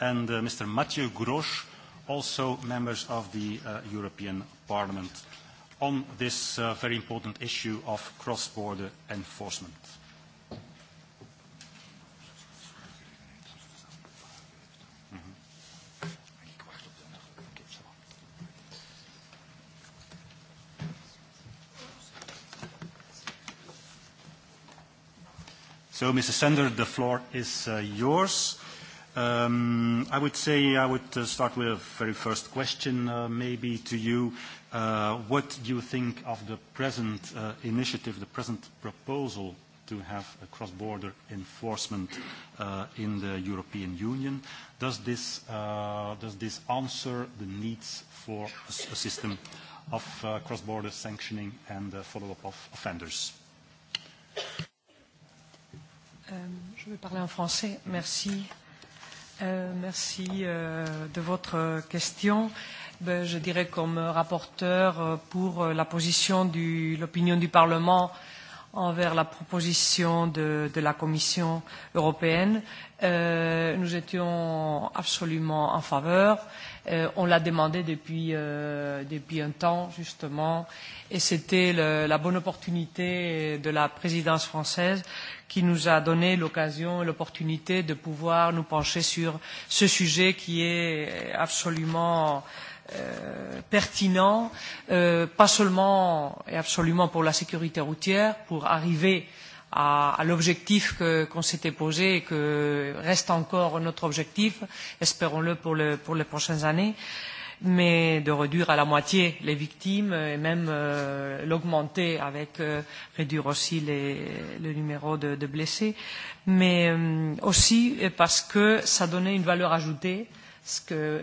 Speaker 1: and Mr. Mathieu Grosch, also members of the European Parliament, on this very important issue of cross-border enforcement. So, Mr. Sender, the floor is yours. I would say I would start with a very first question, maybe to you. What do you think of the present initiative, the present proposal to have a cross-border enforcement in the European Union? Does this answer the needs for a system of cross-border sanctioning and follow-up of offenders?
Speaker 5: Je vais parler en français. Merci. Merci de votre question. Je dirais comme rapporteur pour la position de l'opinion du Parlement envers la proposition de la Commission européenne, nous étions absolument en faveur On l'a demandé depuis depuis un temps justement et c'était la bonne opportunité de la présidence française qui nous a donné l'occasion et l'opportunité de pouvoir nous pencher sur ce sujet qui est absolument pertinent, pas seulement et absolument pour la sécurité routière, pour arriver à l'objectif qu'on s'était posé et que reste encore notre objectif, espérons-le pour les prochaines années, mais de réduire à la moitié les victimes et même l'augmenter avec réduire aussi le numéro de blessés, mais aussi parce que ça donnait une valeur ajoutée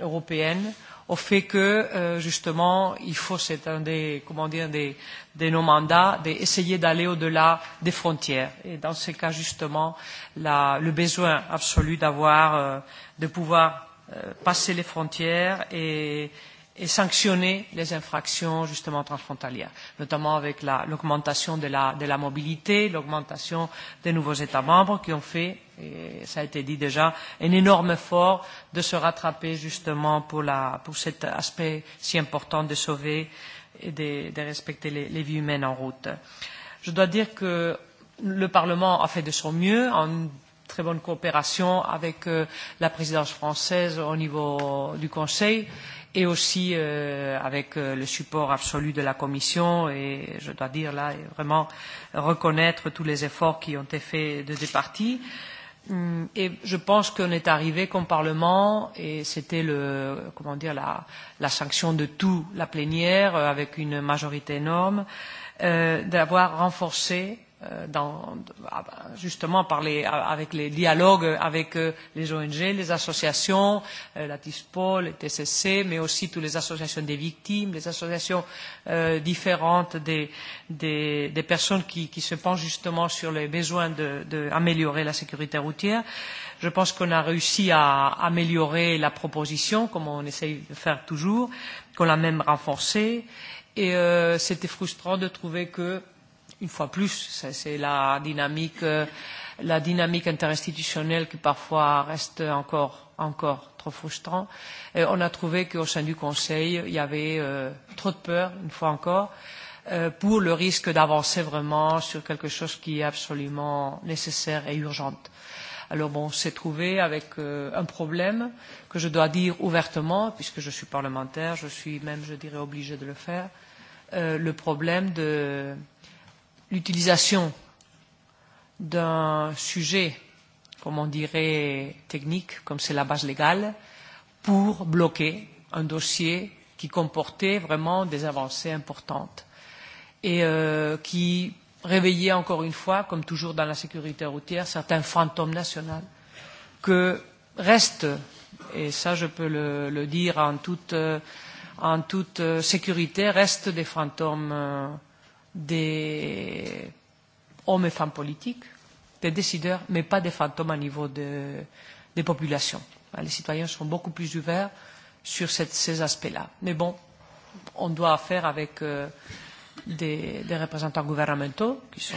Speaker 5: européenne au fait que, justement, il faut, c'est un des, comment dire, des, de nos mandats, d'essayer d'aller au-delà des frontières. Et dans ce cas, justement, la, le besoin absolu d'avoir, de pouvoir passer les frontières et, et sanctionner les infractions justement transfrontalières, notamment avec l'augmentation de la, de la mobilité, l'augmentation des nouveaux États membres qui ont fait et ça a été dit déjà, un énorme effort de se rattraper justement pour, la, pour cet aspect si important de sauver et de, de respecter les, les vies humaines en route. Je dois dire que le Parlement a fait de son mieux en très bonne coopération avec la présidence française au niveau du Conseil et aussi avec le support absolu de la Commission et je dois dire là vraiment reconnaître tous les efforts qui ont été faits de deux parties. Et je pense qu'on est arrivé comme Parlement, et c'était le, comment dire, la, la sanction de tout la plénière, avec une majorité énorme, euh, d'avoir renforcé dans, justement par les, avec les dialogues avec les ONG, les associations, la TISPOL, les TCC, mais aussi toutes les associations des victimes, les associations différentes des, des, personnes qui, qui se penchent justement sur les besoins d'améliorer de, la sécurité routière. Je pense qu'on a réussi à améliorer la proposition, comme on essaye de faire toujours, qu'on l'a même renforcée. Et c'était frustrant de trouver que une fois plus. C'est la dynamique, la dynamique interinstitutionnelle qui parfois reste encore, encore trop frustrant. on a trouvé qu'au sein du Conseil, il y avait trop de peur, une fois encore, pour le risque d'avancer vraiment sur quelque chose qui est absolument nécessaire et urgent. Alors bon, on s'est trouvé avec un problème que je dois dire ouvertement, puisque je suis parlementaire, je suis même, je dirais, obligé de le faire, le problème de l'utilisation d'un sujet, comme on dirait technique, comme c'est la base légale, pour bloquer un dossier qui comportait vraiment des avancées importantes et qui réveillait encore une fois, comme toujours dans la sécurité routière, certains fantômes nationaux que restent et ça je peux le dire en toute sécurité, restent des fantômes des hommes et femmes politiques, des décideurs, mais pas des fantômes au niveau de, des populations. Les citoyens sont beaucoup plus ouverts sur cette, ces aspects-là. Mais bon, on doit faire avec des, des représentants gouvernementaux qui, sont,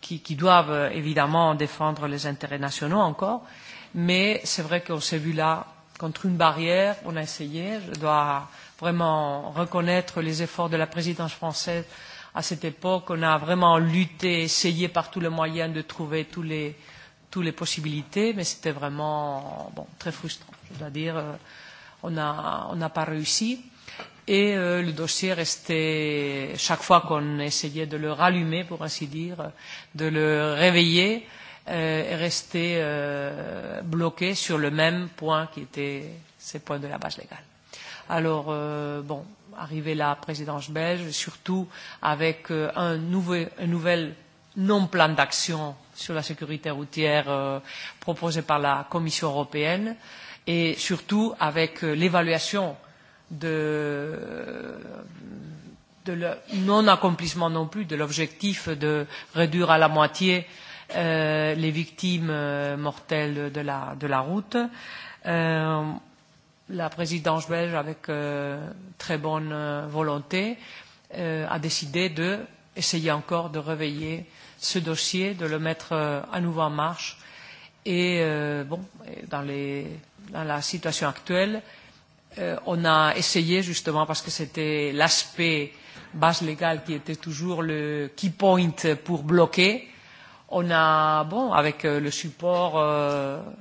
Speaker 5: qui, qui doivent évidemment défendre les intérêts nationaux encore, mais c'est vrai qu'on s'est vu là contre une barrière, on a essayé, je dois vraiment reconnaître les efforts de la présidence française à cette époque. On a vraiment lutté, essayé par tous les moyens de trouver tous les, toutes les possibilités, mais c'était vraiment bon, très frustrant. Je dois dire, on n'a on pas réussi. Et le dossier restait, chaque fois qu'on essayait de le rallumer, pour ainsi dire, de le réveiller, euh, restait bloqué sur le même point qui était ce point de la base légale. Alors, bon, arrivé la présidence belge, surtout avec un nouvel non-plan d'action sur la sécurité routière proposé par la Commission européenne et surtout avec l'évaluation de non-accomplissement non plus de l'objectif de réduire à la moitié les victimes mortelles de la route la présidence belge, avec très bonne volonté, a décidé d'essayer encore de réveiller ce dossier, de le mettre à nouveau en marche. Et bon, dans la situation actuelle, on a essayé justement, parce que c'était l'aspect base légale qui était toujours le key point pour bloquer, on a, bon, avec le support,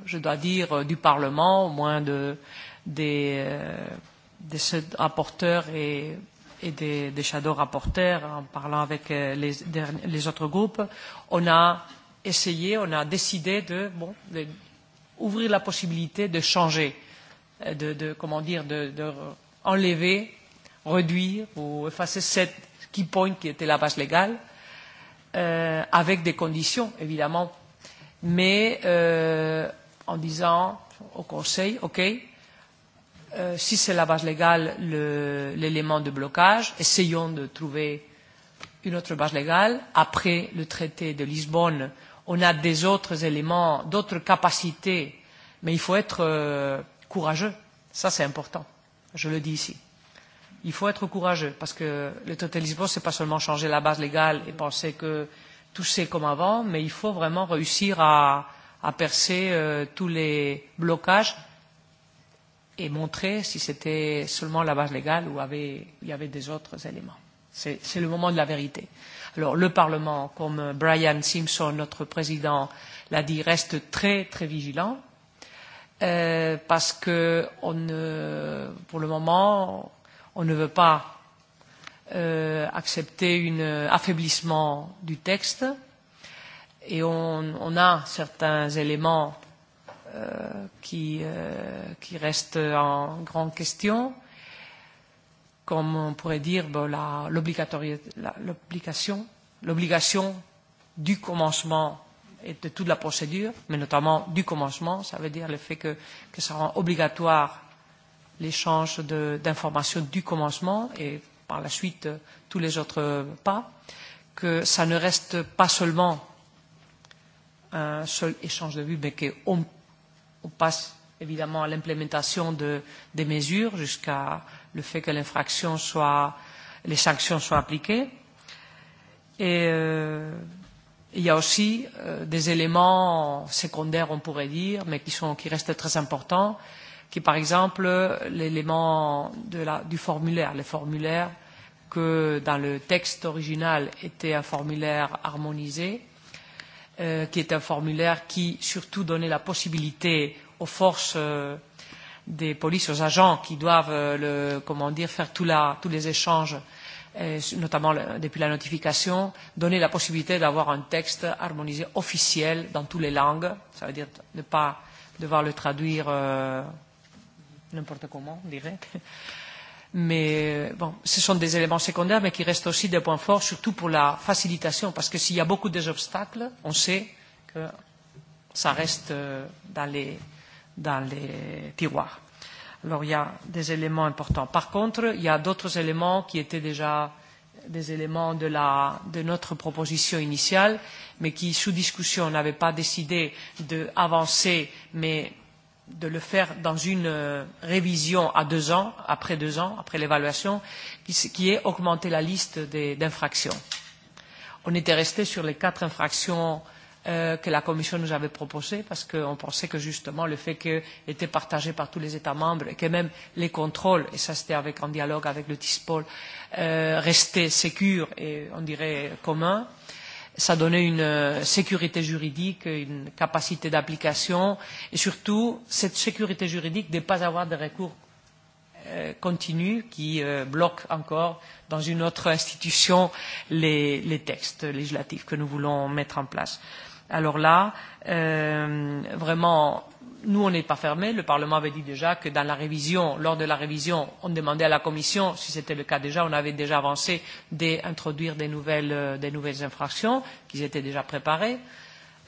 Speaker 5: je dois dire, du Parlement, au moins de des, des rapporteurs et, et des, des shadow rapporteurs en parlant avec les, les autres groupes, on a essayé, on a décidé de, bon, de ouvrir la possibilité de changer, de, de comment dire, de, de enlever, réduire ou effacer cette key point qui était la base légale, euh, avec des conditions évidemment, mais euh, en disant au Conseil, ok, si c'est la base légale l'élément de blocage, essayons de trouver une autre base légale. Après le traité de Lisbonne, on a des autres éléments, d'autres capacités, mais il faut être courageux. Ça, c'est important. Je le dis ici. Il faut être courageux parce que le traité de Lisbonne, ce n'est pas seulement changer la base légale et penser que tout c'est comme avant, mais il faut vraiment réussir à, à percer tous les blocages et montrer si c'était seulement la base légale ou avait, il y avait des autres éléments. C'est le moment de la vérité. Alors le Parlement, comme Brian Simpson, notre président, l'a dit, reste très très vigilant parce que on ne, pour le moment, on ne veut pas accepter un affaiblissement du texte et on, on a certains éléments qui reste en grande question. Comme on pourrait dire, l'obligation l'obligation du commencement et de toute la procédure, mais notamment du commencement, ça veut dire le fait que ça rend obligatoire l'échange d'informations du commencement et par la suite tous les autres pas, que ça ne reste pas seulement un seul échange de vues, mais qu'on on passe évidemment à l'implémentation de, des mesures jusqu'à le fait que l'infraction soit, les sanctions soient appliquées. Et il y a aussi des éléments secondaires, on pourrait dire, mais qui, sont, qui restent très importants, qui par exemple l'élément du formulaire, le formulaire que dans le texte original était un formulaire harmonisé, qui est un formulaire qui surtout donnait la possibilité aux forces des polices, aux agents qui doivent le, comment dire, faire tous les échanges, notamment depuis la notification, donner la possibilité d'avoir un texte harmonisé officiel dans toutes les langues, ça veut dire ne pas devoir le traduire n'importe comment, on dirait, Mais bon, ce sont des éléments secondaires, mais qui restent aussi des points forts, surtout pour la facilitation, parce que s'il y a beaucoup d'obstacles, on sait que ça reste dans les, dans les tiroirs. Alors il y a des éléments importants. Par contre, il y a d'autres éléments qui étaient déjà des éléments de, la, de notre proposition initiale, mais qui, sous discussion, n'avaient pas décidé d'avancer, mais de le faire dans une révision à deux ans, après deux ans, après l'évaluation, qui est augmenter la liste d'infractions. On était resté sur les quatre infractions que la Commission nous avait proposées, parce qu'on pensait que justement le fait qu'elles étaient partagées par tous les États membres et que même les contrôles, et ça c'était avec, en dialogue avec le TISPOL, restaient sécures et on dirait communs, ça donnait une sécurité juridique, une capacité d'application et surtout cette sécurité juridique de ne pas avoir de recours continu qui bloque encore dans une autre institution les, les textes législatifs que nous voulons mettre en place. Alors là, vraiment, Nous, on n'est pas fermé. Le Parlement avait dit déjà que dans la révision, lors de la révision, on demandait à la Commission, si c'était le cas déjà, on avait déjà avancé d'introduire des nouvelles, des nouvelles infractions, qui étaient déjà préparées.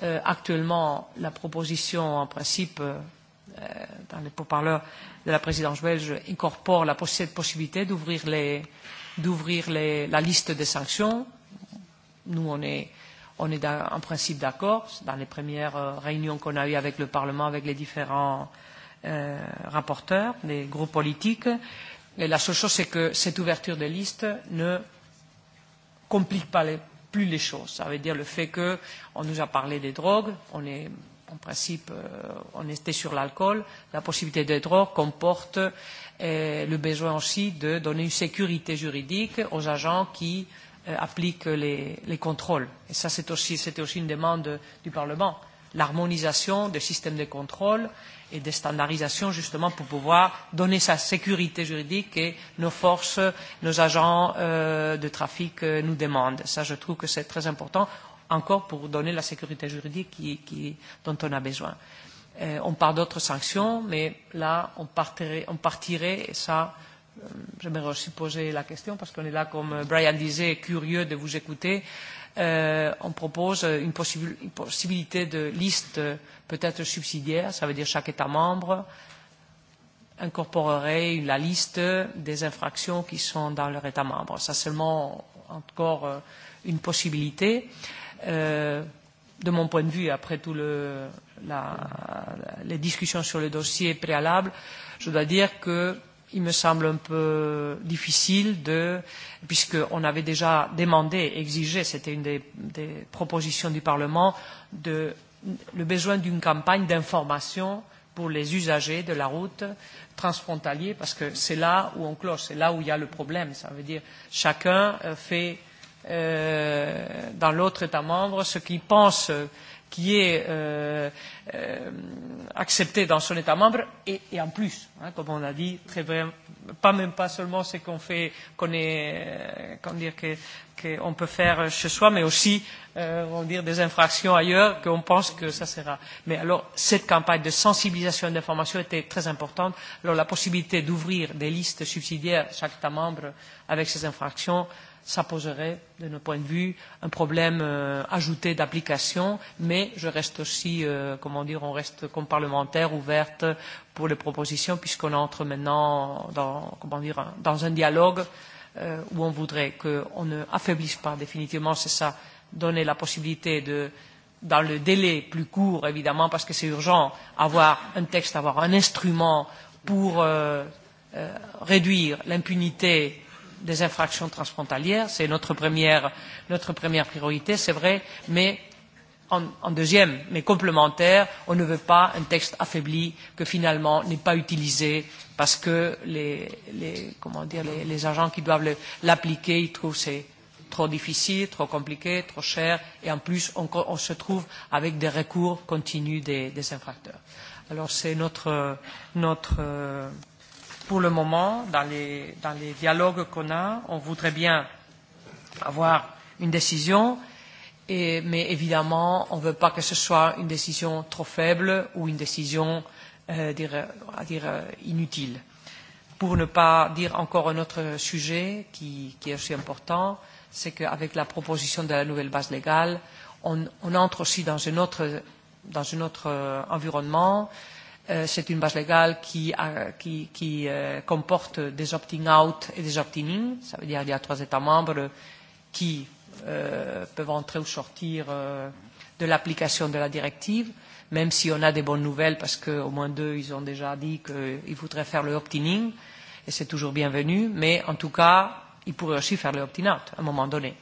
Speaker 5: actuellement, la proposition, en principe, dans les parleurs de la présidence belge, incorpore la, cette possibilité d'ouvrir d'ouvrir la liste des sanctions. Nous, on est on est en principe d'accord. Dans les premières réunions qu'on a eues avec le Parlement, avec les différents rapporteurs les groupes politiques, et la seule chose, c'est que cette ouverture de liste ne complique pas les plus les choses. Ça veut dire le fait qu'on nous a parlé des drogues, on est en principe, on était sur l'alcool, la possibilité des drogues comporte le besoin aussi de donner une sécurité juridique aux agents qui applique les contrôles. Et ça, c'était aussi une demande du Parlement. L'harmonisation des systèmes de contrôle et des standardisations justement, pour pouvoir donner sa sécurité juridique et nos forces, nos agents de trafic nous demandent. Ça, je trouve que c'est très important, encore pour donner la sécurité juridique dont on a besoin. On parle d'autres sanctions, mais là, on partirait, et ça J'aimerais aussi poser la question parce qu'on est là, comme Brian disait, curieux de vous écouter. On propose une possibilité de liste peut-être subsidiaire, ça veut dire chaque État membre incorporerait la liste des infractions qui sont dans leur État membre. Ça seulement encore une possibilité. De mon point de vue, après toutes les discussions sur le dossier préalable, je dois dire que il me semble un peu difficile de, puisqu'on avait déjà demandé, exigé, c'était une des, des propositions du Parlement, de, le besoin d'une campagne d'information pour les usagers de la route transfrontalier, parce que c'est là où on cloche, c'est là où il y a le problème. Ça veut dire chacun fait euh, dans l'autre État membre ce qu'il pense qui est accepté dans son État membre et en plus, comme on a dit, très pas même pas seulement ce qu'on fait, qu'on est, qu'on dire que qu'on peut faire chez soi, mais aussi, on dire des infractions ailleurs qu'on pense que ça sera. Mais alors, cette campagne de sensibilisation et d'information était très importante. Alors, la possibilité d'ouvrir des listes subsidiaires chaque État membre avec ces infractions ça poserait, de notre point de vue, un problème ajouté d'application, mais je reste aussi, comment dire, on reste comme parlementaire ouverte pour les propositions, puisqu'on entre maintenant dans, comment dire, dans un dialogue où on voudrait qu'on ne affaiblisse pas définitivement, c'est ça, donner la possibilité de dans le délai plus court, évidemment, parce que c'est urgent, avoir un texte, avoir un instrument pour réduire l'impunité des infractions transfrontalières. C'est notre première, notre première priorité, c'est vrai, mais en, en deuxième, mais complémentaire, on ne veut pas un texte affaibli que finalement n'est pas utilisé parce que les, les, comment dire, les, les agents qui doivent l'appliquer, ils trouvent c'est trop difficile, trop compliqué, trop cher, et en plus on, on se trouve avec des recours continus des, des infracteurs. Alors c'est notre, notre pour le moment, dans les, dans les dialogues qu'on a, on voudrait bien avoir une décision, et, mais évidemment, on ne veut pas que ce soit une décision trop faible ou une décision à dire, inutile. Pour ne pas dire encore un autre sujet qui, qui est aussi important, c'est qu'avec la proposition de la nouvelle base légale, on, entre aussi dans un autre, dans un autre environnement, c'est une base légale qui, qui, comporte des opting-out et des opting-in. Ça veut dire qu'il y a trois États membres qui peuvent entrer ou sortir de l'application de la directive, même si on a des bonnes nouvelles parce qu'au moins deux, ils ont déjà dit qu'ils voudraient faire le opt-in, et c'est toujours bienvenu, mais en tout cas, ils pourraient aussi faire le opt à un moment donné.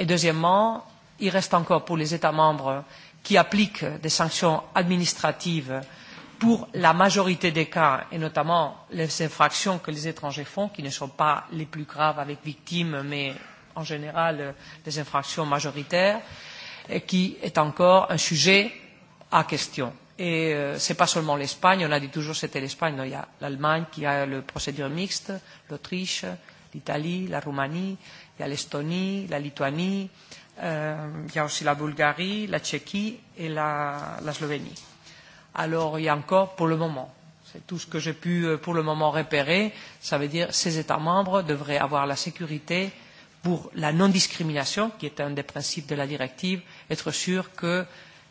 Speaker 5: Et deuxièmement, il reste encore pour les États membres qui appliquent des sanctions administratives pour la majorité des cas, et notamment les infractions que les étrangers font, qui ne sont pas les plus graves avec victimes, mais en général des infractions majoritaires, qui est encore un sujet à question. Et ce n'est pas seulement l'Espagne, on a dit toujours que c'était l'Espagne, il y a l'Allemagne qui a le procédure mixte, l'Autriche, l'Italie, la Roumanie, il y a l'Estonie, la Lituanie, il y a aussi la Bulgarie, la Tchéquie et la Slovénie. Alors il y a encore pour le moment, c'est tout ce que j'ai pu pour le moment repérer, ça veut dire que ces États membres devraient avoir la sécurité pour la non-discrimination, qui est un des principes de la directive, être sûr que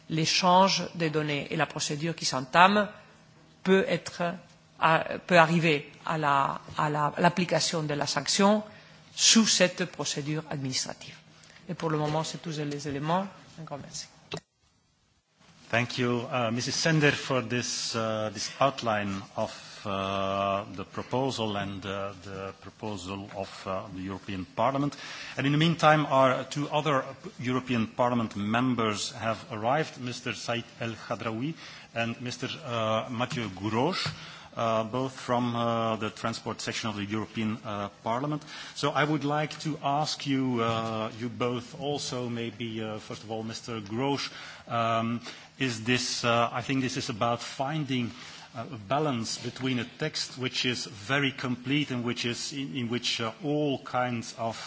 Speaker 5: l'échange des données et la procédure qui s'entame peut arriver à l'application de la sanction sous cette procédure administrative. Et pour le moment, c'est tous les éléments. Un
Speaker 1: Thank you, Mrs. Sender, for this outline of the proposal and the proposal of the European Parliament. And in the meantime, our two other European Parliament members have arrived, Mr. Said El-Khadraoui and Mr. Mathieu Grosch, both from the transport section of the European Parliament. So I would like to ask you, you both also, maybe, first of all, Mr. Grosch is this, I think this is about finding a balance between a text which is very complete and which is in which all kinds of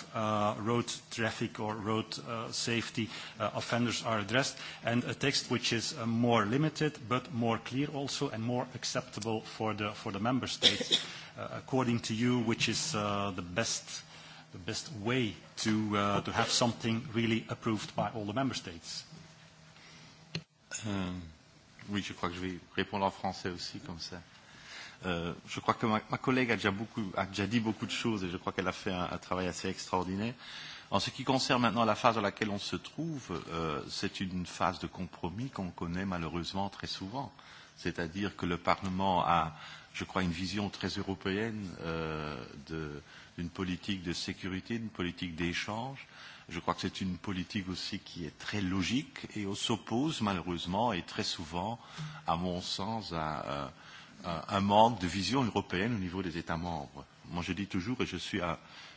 Speaker 1: road traffic or road safety offenders are addressed and a text which is more limited but more clear also and more acceptable for the for the member states according to you which is the best the best way to to have something really approved by all the member states Oui, je crois que je vais répondre en français aussi, comme ça.
Speaker 6: Je crois que ma collègue a déjà beaucoup a déjà dit beaucoup de choses et je crois qu'elle a fait un travail assez extraordinaire. En ce qui concerne maintenant la phase dans laquelle on se trouve, c'est une phase de compromis qu'on connaît malheureusement très souvent. C'est-à-dire que le Parlement a, je crois, une vision très européenne d'une politique de sécurité, d'une politique d'échange Je crois que c'est une politique aussi qui est très logique et s'oppose malheureusement et très souvent, à mon sens, à un manque de vision européenne au niveau des États membres. Moi, je dis toujours, et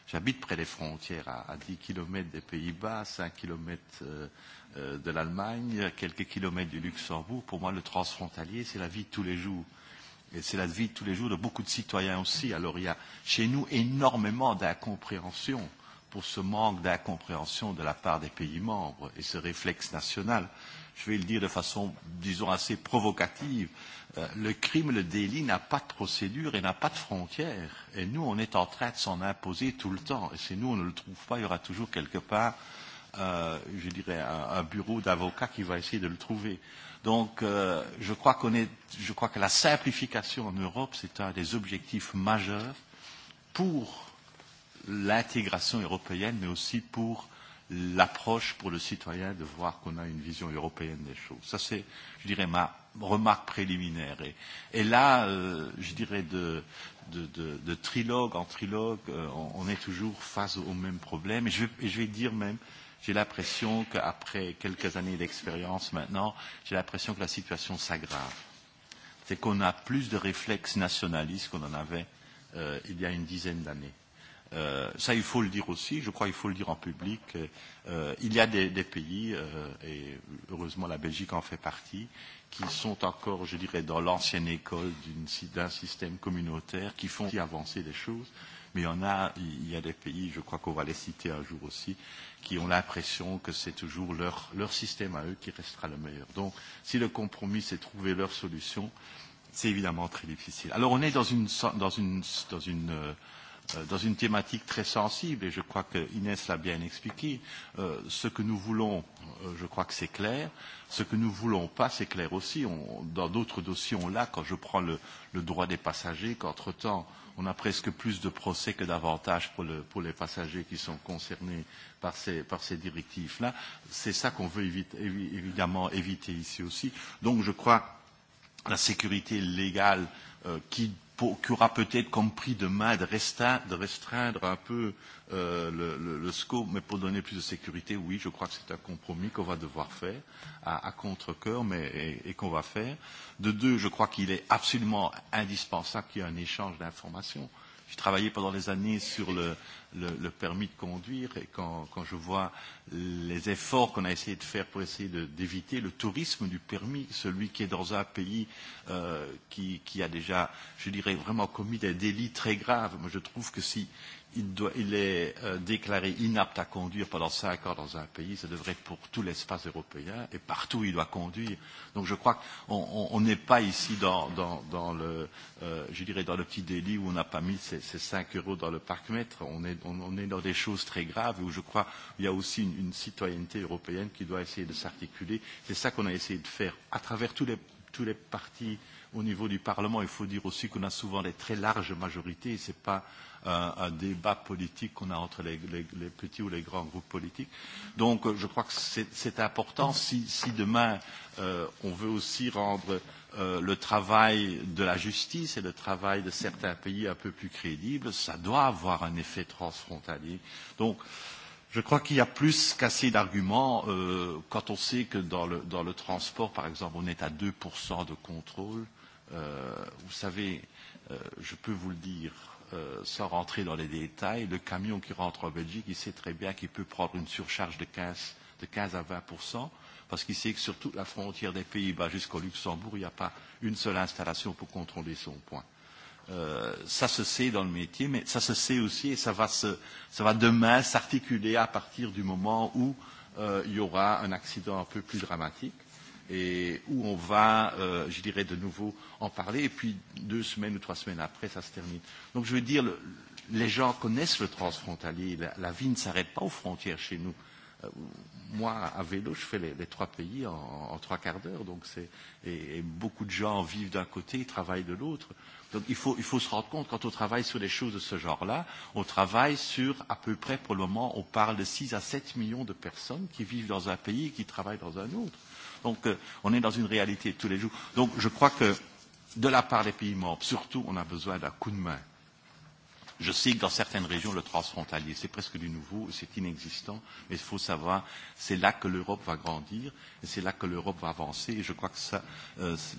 Speaker 6: j'habite près des frontières, à, à 10 km des Pays-Bas, 5 km de l'Allemagne, quelques kilomètres du Luxembourg. Pour moi, le transfrontalier, c'est la vie de tous les jours. Et c'est la vie de tous les jours de beaucoup de citoyens aussi. Alors, il y a chez nous énormément d'incompréhension pour ce manque d'incompréhension de la part des pays membres et ce réflexe national. Je vais le dire de façon, disons, assez provocative. Le crime, le délit n'a pas de procédure et n'a pas de frontières. Et nous, on est en train de s'en imposer tout le temps. Et si nous, on ne le trouve pas, il y aura toujours quelque part, je dirais, un bureau d'avocats qui va essayer de le trouver. Donc, je crois que la simplification en Europe, c'est un des objectifs majeurs pour l'intégration européenne, mais aussi pour l'approche pour le citoyen de voir qu'on a une vision européenne des choses. Ça, c'est, je dirais, ma remarque préliminaire. Et, là, je dirais, de, de, de, trilogue en trilogue, on, est toujours face au même problème. Et je, et je vais dire même, j'ai l'impression qu'après quelques années d'expérience maintenant, j'ai l'impression que la situation s'aggrave. C'est qu'on a plus de réflexes nationalistes qu'on en avait il y a une dizaine d'années ça, il faut le dire aussi, je crois qu'il faut le dire en public, il y a des pays, et heureusement la Belgique en fait partie, qui sont encore, je dirais, dans l'ancienne école d'un système communautaire, qui font avancer les choses, mais il y, en a, il y a des pays, je crois qu'on va les citer un jour aussi, qui ont l'impression que c'est toujours leur, leur système à eux qui restera le meilleur. Donc, si le compromis, c'est trouver leur solution, c'est évidemment très difficile. Alors, on est dans une, dans une, dans une dans une thématique très sensible, et je crois que Inès l'a bien expliqué, ce que nous voulons, je crois que c'est clair, ce que nous ne voulons pas, c'est clair aussi. Dans d'autres dossiers, on l'a, quand je prends le droit des passagers, qu'entre-temps, on a presque plus de procès que d'avantages pour les passagers qui sont concernés par ces directives-là. C'est ça qu'on veut évidemment éviter ici aussi. Donc, je crois que la sécurité légale qui pour, qui aura peut-être comme prix de main de, de restreindre un peu le, le, le scope, mais pour donner plus de sécurité, oui, je crois que c'est un compromis qu'on va devoir faire à, à contre-cœur et, et qu'on va faire. De deux, je crois qu'il est absolument indispensable qu'il y ait un échange d'informations. J'ai travaillé pendant des années sur le, le, le permis de conduire et quand, quand je vois les efforts qu'on a essayé de faire pour essayer d'éviter le tourisme du permis, celui qui est dans un pays qui, qui a déjà, je dirais, vraiment commis des délits très graves, moi je trouve que si il, doit, il est déclaré inapte à conduire pendant cinq ans dans un pays, ça devrait être pour tout l'espace européen et partout il doit conduire. Donc je crois qu'on n'est pas ici dans, dans, dans, le, je dirais dans le petit délit où on n'a pas mis ces, ces 5 euros dans le parc-mètre. On est, on, est dans des choses très graves où je crois qu'il y a aussi une, citoyenneté européenne qui doit essayer de s'articuler. C'est ça qu'on a essayé de faire à travers tous les, tous les partis au niveau du Parlement. Il faut dire aussi qu'on a souvent des très larges majorités. Ce n'est pas un débat politique qu'on a entre les petits ou les grands groupes politiques. Donc je crois que c'est important si demain on veut aussi rendre le travail de la justice et le travail de certains pays un peu plus crédible, ça doit avoir un effet transfrontalier. Donc je crois qu'il y a plus qu'assez d'arguments quand on sait que dans le transport, par exemple, on est à 2% de contrôle. Vous savez, je peux vous le dire, sans rentrer dans les détails, le camion qui rentre en Belgique, il sait très bien qu'il peut prendre une surcharge de 15, de 15 à 20 parce qu'il sait que sur toute la frontière des Pays-Bas jusqu'au Luxembourg, il n'y a pas une seule installation pour contrôler son point. Euh, ça se sait dans le métier, mais ça se sait aussi et ça va, se, ça va demain s'articuler à partir du moment où il y aura un accident un peu plus dramatique et où on va, je dirais, de nouveau en parler. Et puis, deux semaines ou trois semaines après, ça se termine. Donc, je veux dire, les gens connaissent le transfrontalier. La vie ne s'arrête pas aux frontières chez nous. Moi, à vélo, je fais les trois pays en trois quarts d'heure. Donc, et beaucoup de gens vivent d'un côté et travaillent de l'autre. Donc, il faut se rendre compte, quand on travaille sur des choses de ce genre-là, on travaille sur, à peu près, pour le moment, on parle de 6 à 7 millions de personnes qui vivent dans un pays et qui travaillent dans un autre. Donc on est dans une réalité de tous les jours. Donc je crois que de la part des pays membres, surtout, on a besoin d'un coup de main Je sais que dans certaines régions, le transfrontalier, c'est presque du nouveau, c'est inexistant, mais il faut savoir, c'est là que l'Europe va grandir, et c'est là que l'Europe va avancer, et je crois que ça,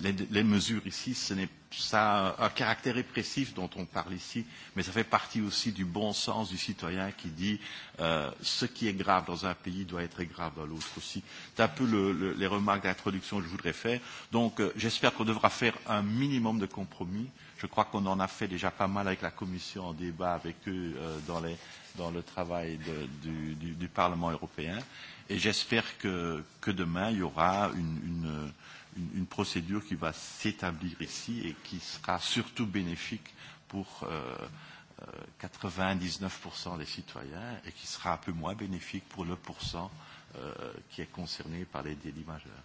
Speaker 6: les, mesures ici, ce n'est ça un caractère répressif dont on parle ici, mais ça fait partie aussi du bon sens du citoyen qui dit euh, ce qui est grave dans un pays doit être grave dans l'autre aussi. C'est un peu les remarques d'introduction que je voudrais faire. Donc, j'espère qu'on devra faire un minimum de compromis Je crois qu'on en a fait déjà pas mal avec la Commission en débat avec eux dans, les, dans le travail de, du, du, du Parlement européen. Et j'espère que, que demain, il y aura une, une, une, procédure qui va s'établir ici et qui sera surtout bénéfique pour euh, 99% des citoyens et qui sera un peu moins bénéfique pour le pourcent euh, qui est concerné par les délits majeurs.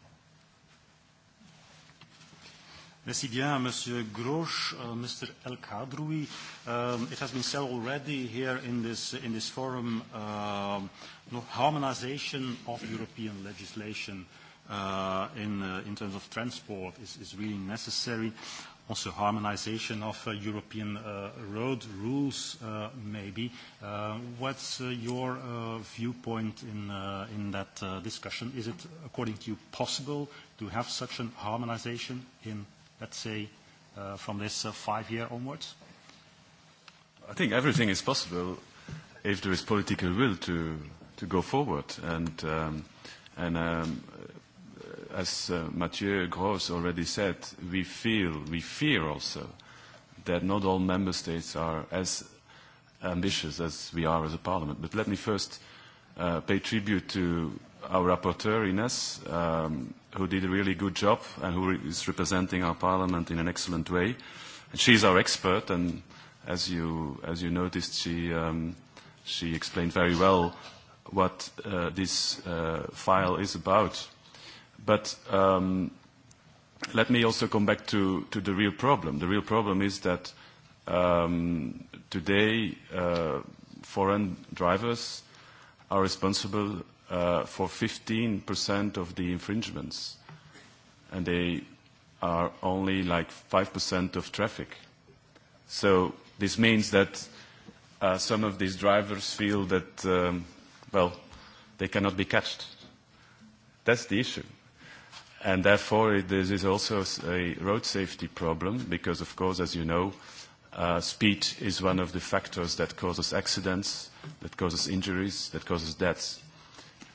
Speaker 1: Merci bien, Monsieur Grosch, Mr. El Khadroui. It has been said already here in this in this forum, harmonization of European legislation in in terms of transport is is really necessary. Also, harmonisation of European road rules, maybe. What's your viewpoint in in that discussion? Is it, according to you, possible to have such a harmonisation in let's say, from this five year onwards?
Speaker 7: I think everything is possible if there is political will to to go forward. And and as Mathieu Gros already said, we feel, we fear also that not all member states are as ambitious as we are as a parliament. But let me first pay tribute to our rapporteur, Ines, who did a really good job and who is representing our parliament in an excellent way. And she's our expert, and as you, as you noticed, she, um, she explained very well what this file is about. But let me also come back to, to the real problem. The real problem is that um, today foreign drivers are responsible for 15% of the infringements, and they are only like 5% of traffic. So this means that some of these drivers feel that, well, they cannot be catched. That's the issue. And therefore, this is also a road safety problem because, of course, as you know, speed is one of the factors that causes accidents, that causes injuries, that causes deaths.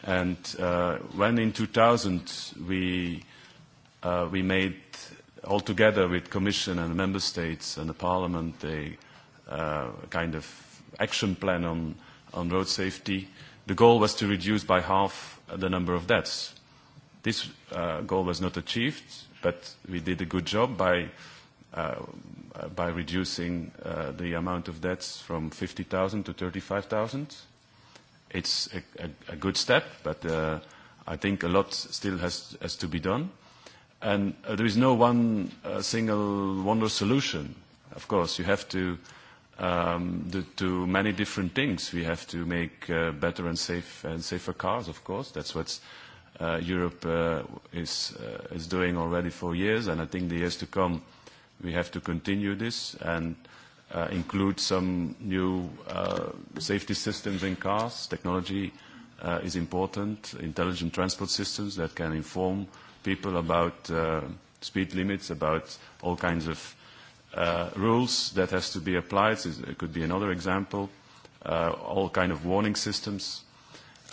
Speaker 7: And when in 2000 we we made together with Commission and Member States and the Parliament a kind of action plan on on road safety, the goal was to reduce by half the number of deaths. This goal was not achieved, but we did a good job by by reducing the amount of deaths from 50,000 to 35,000 It's a good step, but I think a lot still has to be done. And there is no one single wonder solution. Of course, you have to do many different things. We have to make better and safer cars, of course. That's what Europe is doing already for years, and I think the years to come we have to continue this. and include some new safety systems in cars. Technology is important. Intelligent transport systems that can inform people about speed limits, about all kinds of rules that has to be applied. It could be another example. All kind of warning systems.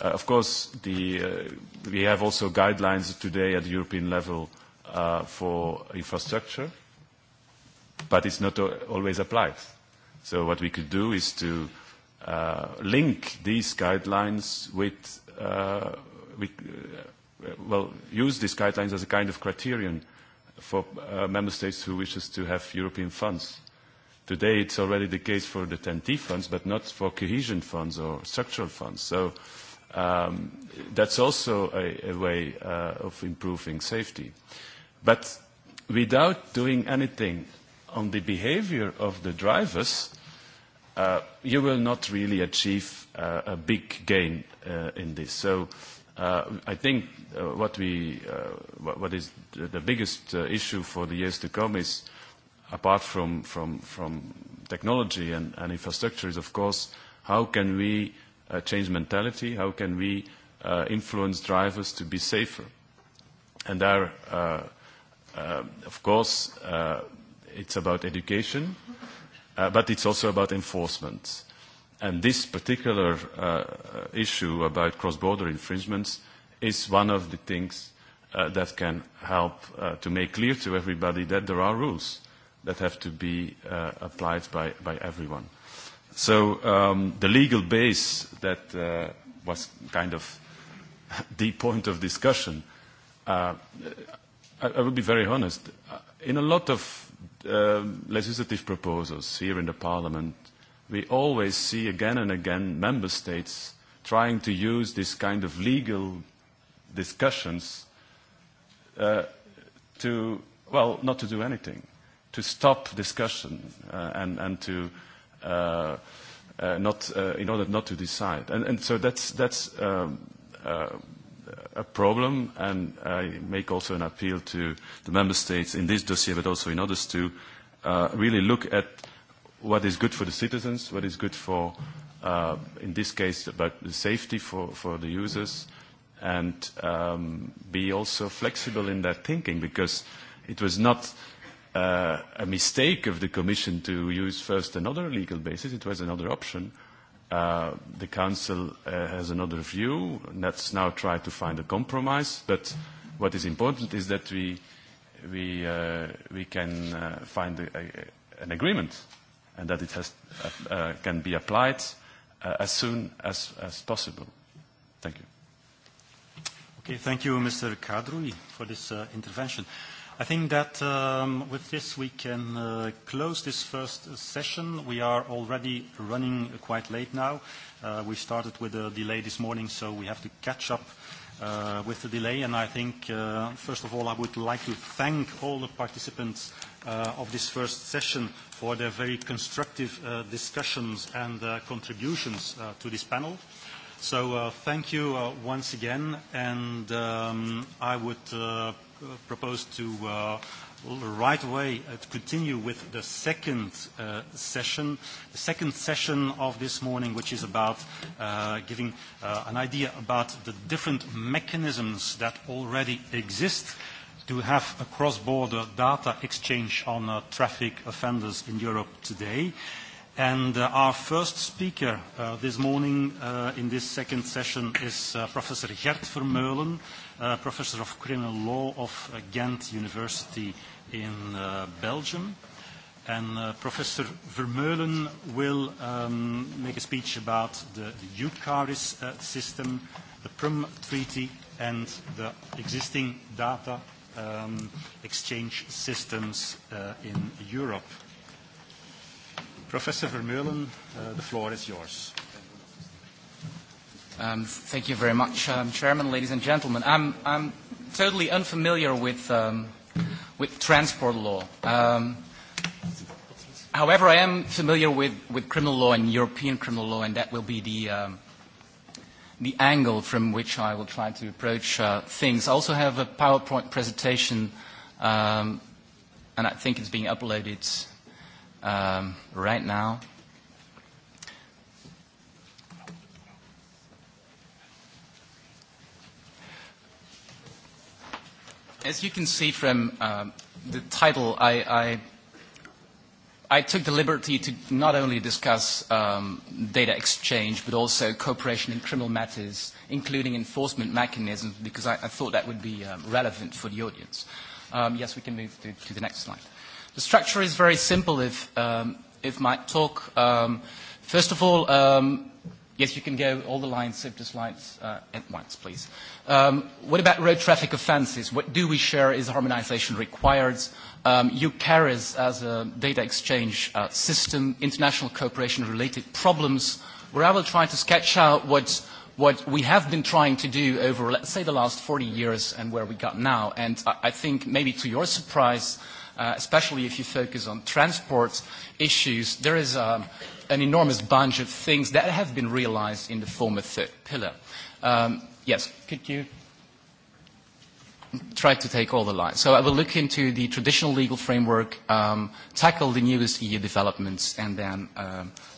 Speaker 7: Of course, we have also guidelines today at the European level for infrastructure but it's not always applied. So what we could do is to link these guidelines with, well, use these guidelines as a kind of criterion for member states who wishes to have European funds. Today it's already the case for the TEN-T funds, but not for cohesion funds or structural funds. So that's also a way of improving safety. But without doing anything on the behavior of the drivers, you will not really achieve a big gain in this. So I think what we what is the biggest issue for the years to come is, apart from from from technology and infrastructure, is of course how can we change mentality, how can we influence drivers to be safer, and there, of course It's about education, but it's also about enforcement. And this particular issue about cross-border infringements is one of the things that can help to make clear to everybody that there are rules that have to be applied by by everyone. So the legal base that was kind of the point of discussion, I will be very honest, in a lot of legislative proposals here in the Parliament, we always see again and again member states trying to use this kind of legal discussions to, well, not to do anything, to stop discussion and and to not in order not to decide. And so that's that's a problem, and I make also an appeal to the member states in this dossier, but also in others, to really look at what is good for the citizens, what is good for, in this case, about the safety for, for the users, and be also flexible in that thinking, because it was not a mistake of the Commission to use first another legal basis, it was another option, The Council has another view. Let's now try to find a compromise. But what is important is that we we we can find an agreement and that it has can be applied as soon as possible. Thank you.
Speaker 1: Okay, thank you, Mr. Kadri, for this intervention. I think that with this we can close this first session. We are already running quite late now. We started with a delay this morning, so we have to catch up with the delay. And I think, first of all, I would like to thank all the participants of this first session for their very constructive discussions and contributions to this panel. So thank you once again, and I would propose to right away continue with the second session, the second session of this morning, which is about giving an idea about the different mechanisms that already exist to have a cross-border data exchange on traffic offenders in Europe today. And our first speaker this morning in this second session is Professor Gert Vermeulen professor of criminal law of Ghent University in Belgium. And Professor Vermeulen will make a speech about the UCARIS system, the PRUM Treaty, and the existing data exchange systems in Europe.
Speaker 8: Professor Vermeulen, the floor is yours. Um, thank you very much, um, Chairman, ladies and gentlemen. I'm, I'm totally unfamiliar with, um, with transport law. Um, however, I am familiar with, with criminal law and European criminal law, and that will be the, um, the angle from which I will try to approach uh, things. I also have a PowerPoint presentation, um, and I think it's being uploaded um, right now. As you can see from the title, I I took the liberty to not only discuss data exchange, but also cooperation in criminal matters, including enforcement mechanisms, because I thought that would be relevant for the audience. Yes, we can move to the next slide. The structure is very simple if my talk. First of all, Yes, you can go all the lines, save the slides at once, please. Um What about road traffic offences? What do we share? Is harmonisation required? Um UCARIS as a data exchange system, international cooperation-related problems, where I will try to sketch out what what we have been trying to do over, let's say, the last 40 years and where we got now. And I think maybe to your surprise, especially if you focus on transport issues, there is an enormous bunch of things that have been realized in the former third pillar. Yes, could you try to take all the lines? So I will look into the traditional legal framework, tackle the newest EU developments, and then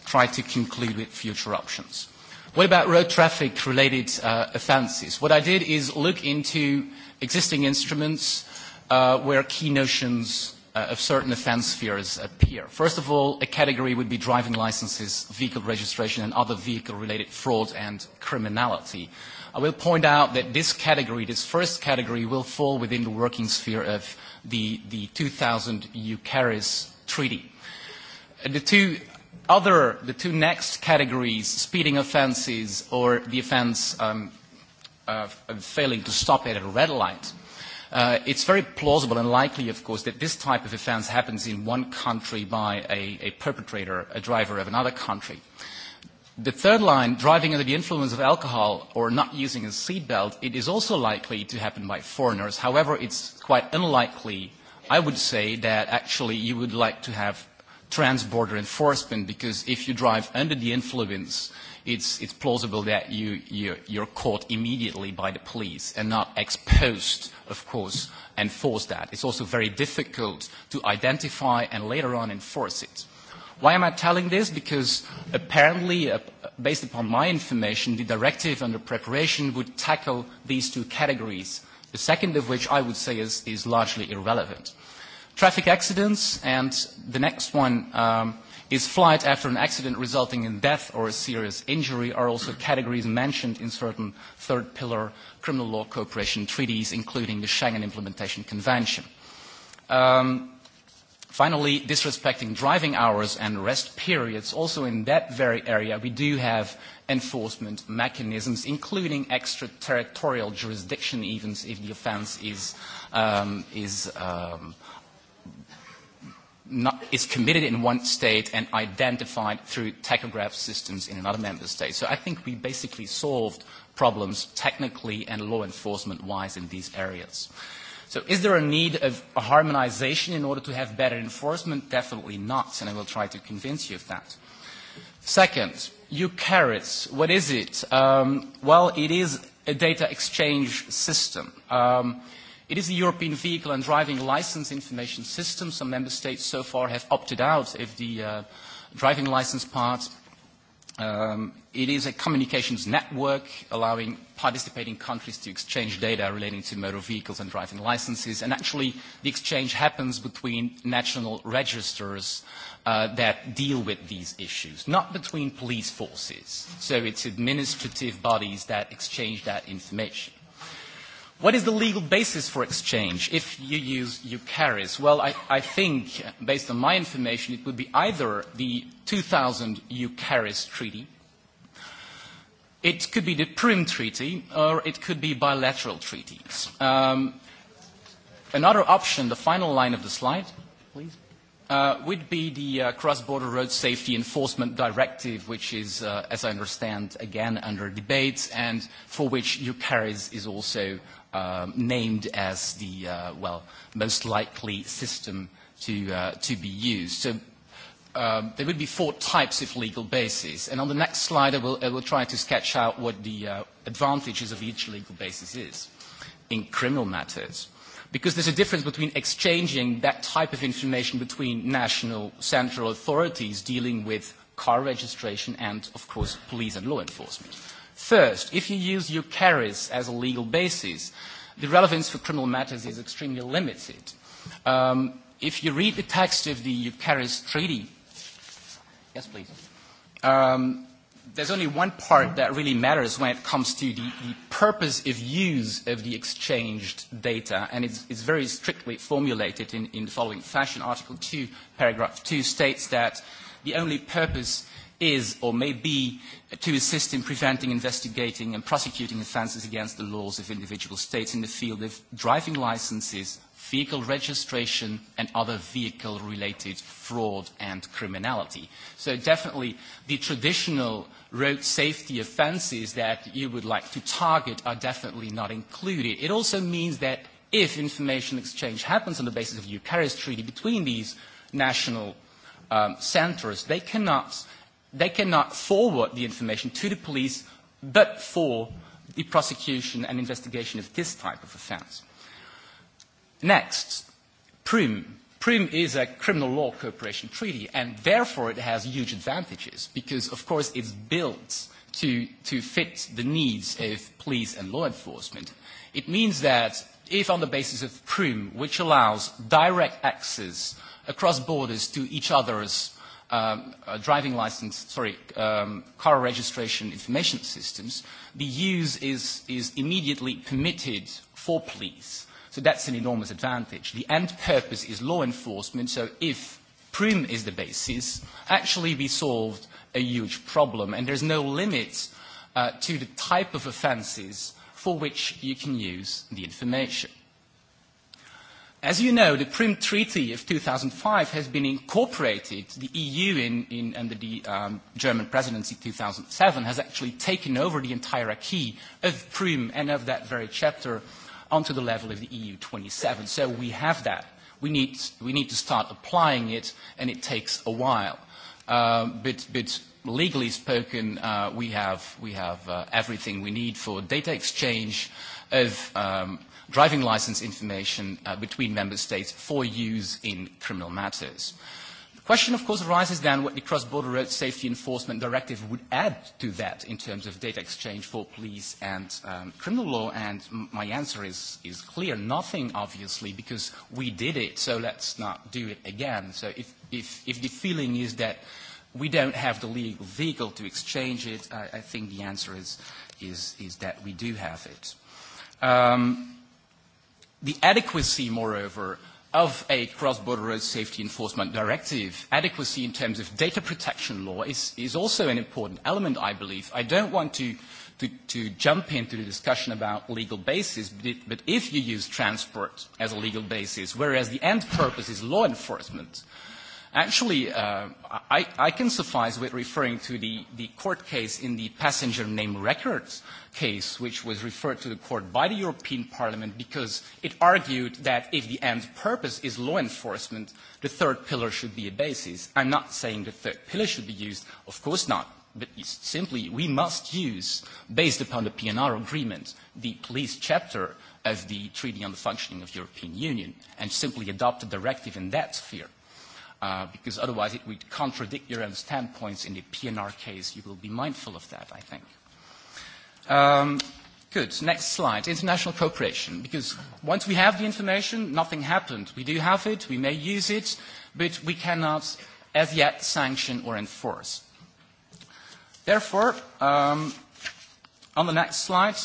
Speaker 8: try to conclude with future options. What about road traffic-related offences? What I did is look into existing instruments, where key notions of certain offence spheres appear. First of all, a category would be driving licenses, vehicle registration, and other vehicle-related fraud and criminality. I will point out that this category, this first category, will fall within the working sphere of the 2000 Eucharis Treaty. The two other, the two next categories, speeding offences or the offence of failing to stop at a red light, It's very plausible and likely, of course, that this type of offence happens in one country by a perpetrator, a driver of another country. The third line, driving under the influence of alcohol or not using a seatbelt, it is also likely to happen by foreigners. However, it's quite unlikely, I would say, that actually you would like to have trans border enforcement because if you drive under the influence, it's it's plausible that you you you're caught immediately by the police and not exposed of course and force that it's also very difficult to identify and later on enforce it why am i telling this because apparently based upon my information the directive under preparation would tackle these two categories the second of which i would say is largely irrelevant traffic accidents and the next one is flight after an accident resulting in death or a serious injury are also categories mentioned in certain third pillar criminal law cooperation treaties, including the Schengen Implementation Convention. Finally, disrespecting driving hours and rest periods, also in that very area we do have enforcement mechanisms, including extraterritorial jurisdiction, even if the offence is is committed in one state and identified through tachograph systems in another member state. So I think we basically solved problems technically and law enforcement-wise in these areas. So is there a need of a harmonization in order to have better enforcement? Definitely not, and I will try to convince you of that. Second, carrots, what is it? Well, it is a data exchange system. It is the European Vehicle and Driving License Information System. Some member states so far have opted out of the driving license part. It is a communications network allowing participating countries to exchange data relating to motor vehicles and driving licenses. And actually, the exchange happens between national registers that deal with these issues, not between police forces. So it's administrative bodies that exchange that information. What is the legal basis for exchange if you use EuCaris? Well, I think, based on my information, it would be either the 2000 EuCaris Treaty, it could be the Prim Treaty, or it could be bilateral treaties. Another option, the final line of the slide, please, would be the Cross-Border Road Safety Enforcement Directive, which is, as I understand, again under debate, and for which EuCaris is also named as the well most likely system to to be used. So there would be four types of legal basis, and on the next slide I will I will try to sketch out what the advantages of each legal basis is in criminal matters. Because there's a difference between exchanging that type of information between national central authorities dealing with car registration and, of course, police and law enforcement. First, if you use Eucharis as a legal basis, the relevance for criminal matters is extremely limited. If you read the text of the Eucharis Treaty, yes, please, there's only one part that really matters when it comes to the purpose of use of the exchanged data, and it's very strictly formulated in the following fashion. Article 2, paragraph 2 states that the only purpose is or may be to assist in preventing, investigating and prosecuting offences against the laws of individual states in the field of driving licenses, vehicle registration and other vehicle-related fraud and criminality. So definitely the traditional road safety offences that you would like to target are definitely not included. It also means that if information exchange happens on the basis of the Eucharist Treaty between these national centres, they cannot they cannot forward the information to the police but for the prosecution and investigation of this type of offence. Next, PRIM. PRIM is a criminal law cooperation treaty, and therefore it has huge advantages because, of course, it's built to, to fit the needs of police and law enforcement. It means that if on the basis of PRIM, which allows direct access across borders to each other's driving license, sorry, car registration information systems, the use is, is immediately permitted for police. So that's an enormous advantage. The end purpose is law enforcement, so if PRIM is the basis, actually we solved a huge problem, and there's no limit to the type of offences for which you can use the information. As you know, the Prim Treaty of 2005 has been incorporated. The EU, in under the German presidency 2007, has actually taken over the entire key of Prim and of that very chapter onto the level of the EU 27. So we have that. We need to start applying it, and it takes a while. But legally spoken, we have everything we need for data exchange of driving license information between member states for use in criminal matters. The question, of course, arises then what the Cross-Border Road Safety Enforcement Directive would add to that in terms of data exchange for police and criminal law, and my answer is clear. Nothing, obviously, because we did it, so let's not do it again. So if the feeling is that we don't have the legal vehicle to exchange it, I think the answer is that we do have it the adequacy, moreover, of a cross-border road safety enforcement directive, adequacy in terms of data protection law is, also an important element, I believe. I don't want to, to, jump into the discussion about legal basis, but, but if you use transport as a legal basis, whereas the end purpose is law enforcement, Actually, I can suffice with referring to the court case in the passenger name records case, which was referred to the court by the European Parliament because it argued that if the end purpose is law enforcement, the third pillar should be a basis. I'm not saying the third pillar should be used. Of course not. But simply, we must use, based upon the PNR agreement, the police chapter of the Treaty on the Functioning of the European Union and simply adopt a directive in that sphere because otherwise it would contradict your own standpoints in the PNR case. You will be mindful of that, I think. Good. Next slide. International cooperation. Because once we have the information, nothing happened. We do have it. We may use it. But we cannot, as yet, sanction or enforce. Therefore, on the next slide,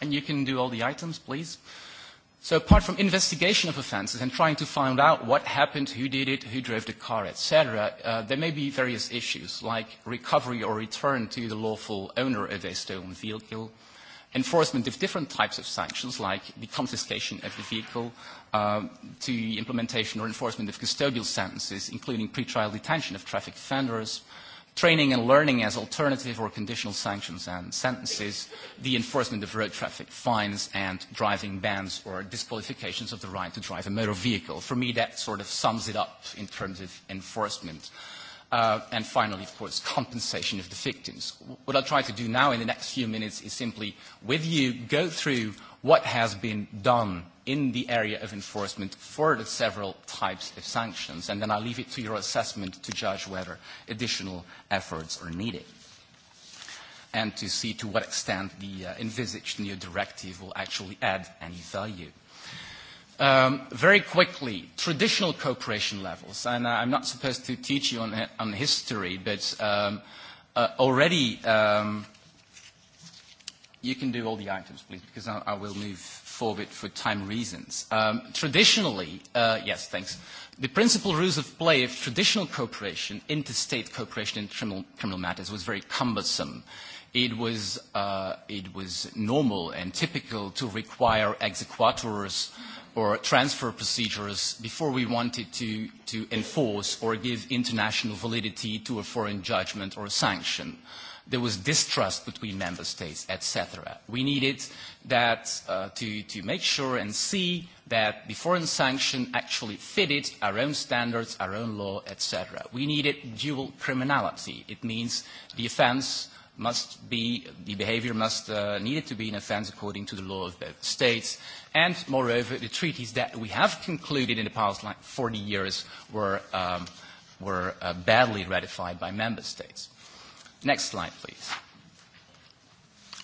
Speaker 8: and you can do all the items, please. So apart from investigation of offences and trying to find out what happened, who did it, who drove the car, etc., there may be various issues like recovery or return to the lawful owner of a stolen vehicle, enforcement of different types of sanctions like the confiscation of the vehicle, to implementation or enforcement of custodial sentences, including pretrial detention of traffic offenders, training and learning as alternative or conditional sanctions and sentences, the enforcement of road traffic fines and driving bans or disqualifications of the right to drive a motor vehicle. For me, that sort of sums it up in terms of enforcement. And finally, of course, compensation of the victims. What I'll try to do now in the next few minutes is simply, with you, go through what has been done in the area of enforcement for the several types of sanctions, and then I leave it to your assessment to judge whether additional efforts are needed and to see to what extent the envisaged new directive will actually add any value. Very quickly, traditional cooperation levels, and I'm not supposed to teach you on history, but already you can do all the items, please, because I will move forbid for time reasons. Traditionally, yes, thanks. The principal rules of play of traditional cooperation, interstate cooperation in criminal matters, was very cumbersome. It was it was normal and typical to require exequaturs or transfer procedures before we wanted to to enforce or give international validity to a foreign judgment or a sanction there was distrust between member states, etc. We needed that to, to make sure and see that the foreign sanction actually fitted our own standards, our own law, etc. We needed dual criminality. It means the offense must be, the behavior must, needed to be an offense according to the law of both states. And moreover, the treaties that we have concluded in the past like 40 years were, were badly ratified by member states. Next slide, please.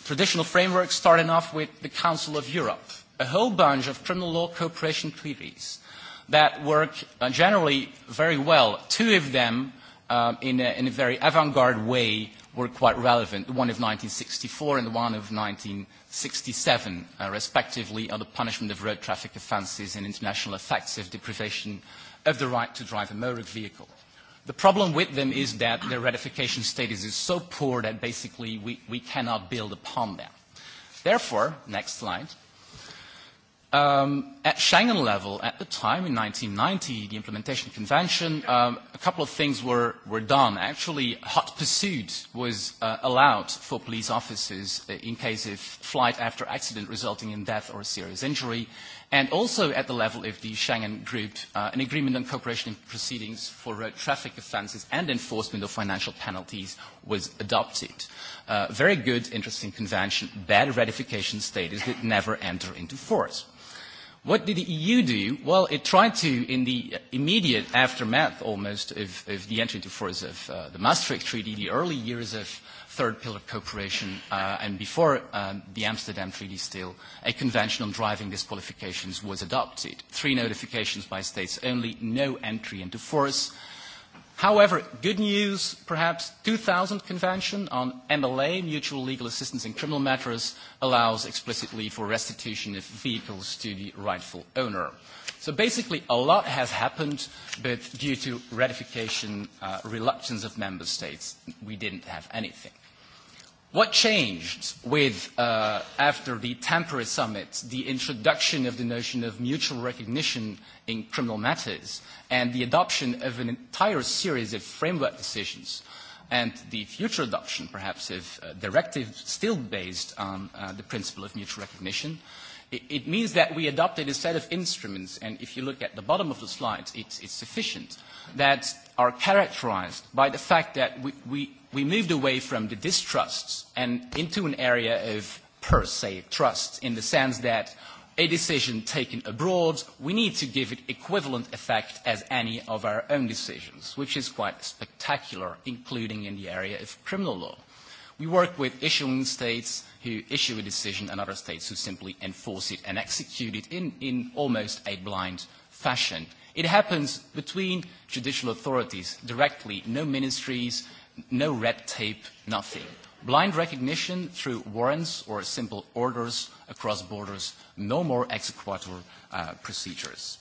Speaker 8: Traditional frameworks starting off with the Council of Europe, a whole bunch of criminal law cooperation treaties that work generally very well. Two of them, in a very avant-garde way, were quite relevant, the one of 1964 and the one of 1967, respectively, on the punishment of road traffic offences and international effects of deprivation of the right to drive a motor vehicle. The problem with them is that their ratification status is so poor that basically we, we cannot build upon them. Therefore, next slide, um, at Schengen level at the time in 1990, the implementation convention, um, a couple of things were, were done. Actually, hot pursuit was uh, allowed for police officers in case of flight after accident resulting in death or serious injury, and also at the level of the Schengen Group, an agreement on cooperation in proceedings for road traffic offences and enforcement of financial penalties was adopted. Very good, interesting convention. Bad ratification status that never enter into force. What did the EU do? Well, it tried to, in the immediate aftermath almost of the entry into force of the Maastricht Treaty, the early years of third pillar cooperation, and before the Amsterdam Treaty still, a convention on driving disqualifications was adopted. Three notifications by states only, no entry into force. However, good news, perhaps, 2000 Convention on MLA, Mutual Legal Assistance in Criminal Matters, allows explicitly for restitution of vehicles to the rightful owner. So basically, a lot has happened, but due to ratification reluctance of member states, we didn't have anything. What changed with, after the Tampere summit, the introduction of the notion of mutual recognition in criminal matters and the adoption of an entire series of framework decisions and the future adoption, perhaps, of directives still based on the principle of mutual recognition, it means that we adopted a set of instruments, and if you look at the bottom of the slide, it's sufficient, that are characterized by the fact that we we moved away from the distrusts and into an area of per se trust in the sense that a decision taken abroad, we need to give it equivalent effect as any of our own decisions, which is quite spectacular, including in the area of criminal law. We work with issuing states who issue a decision and other states who simply enforce it and execute it in almost a blind fashion. It happens between judicial authorities directly, no ministries, no red tape, nothing. Blind recognition through warrants or simple orders across borders, no more exequatur procedures.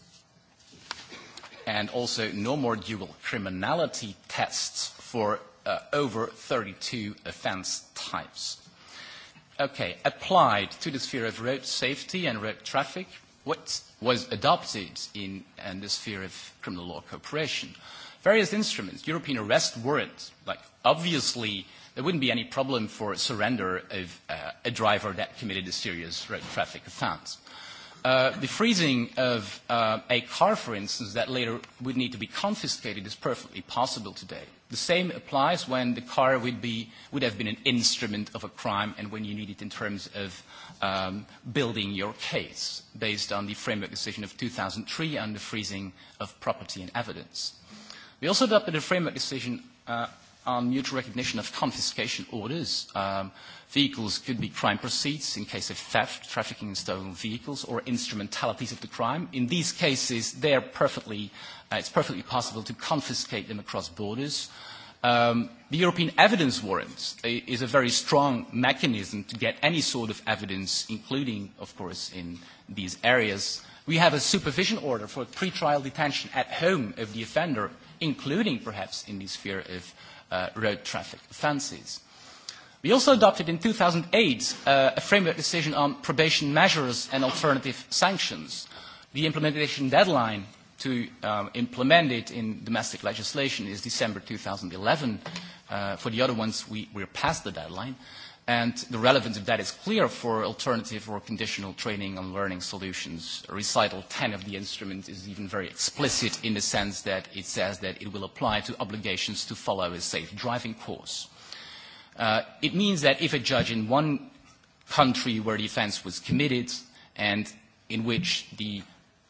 Speaker 8: And also no more dual criminality tests for over 32 offence types. Okay, applied to the sphere of road safety and road traffic, what was adopted in the sphere of criminal law cooperation various instruments, European arrest warrants, like obviously there wouldn't be any problem for surrender of a driver that committed a serious road traffic offense. The freezing of a car, for instance, that later would need to be confiscated is perfectly possible today. The same applies when the car would be would have been an instrument of a crime and when you need it in terms of building your case based on the framework decision of 2003 on the freezing of property and evidence. We also adopted a framework decision on mutual recognition of confiscation orders. Vehicles could be crime proceeds in case of theft, trafficking in stolen vehicles, or instrumentalities of the crime. In these cases, are perfectly, it's perfectly possible to confiscate them across borders. The European evidence warrant is a very strong mechanism to get any sort of evidence, including, of course, in these areas. We have a supervision order for pre-trial detention at home of the offender including perhaps in the sphere of road traffic offences. We also adopted in 2008 a framework decision on probation measures and alternative sanctions. The implementation deadline to implement it in domestic legislation is December 2011. For the other ones, we we're past the deadline and the relevance of that is clear for alternative or conditional training and learning solutions. Recital 10 of the instrument is even very explicit in the sense that it says that it will apply to obligations to follow a safe driving course. It means that if a judge in one country where the offence was committed and in which the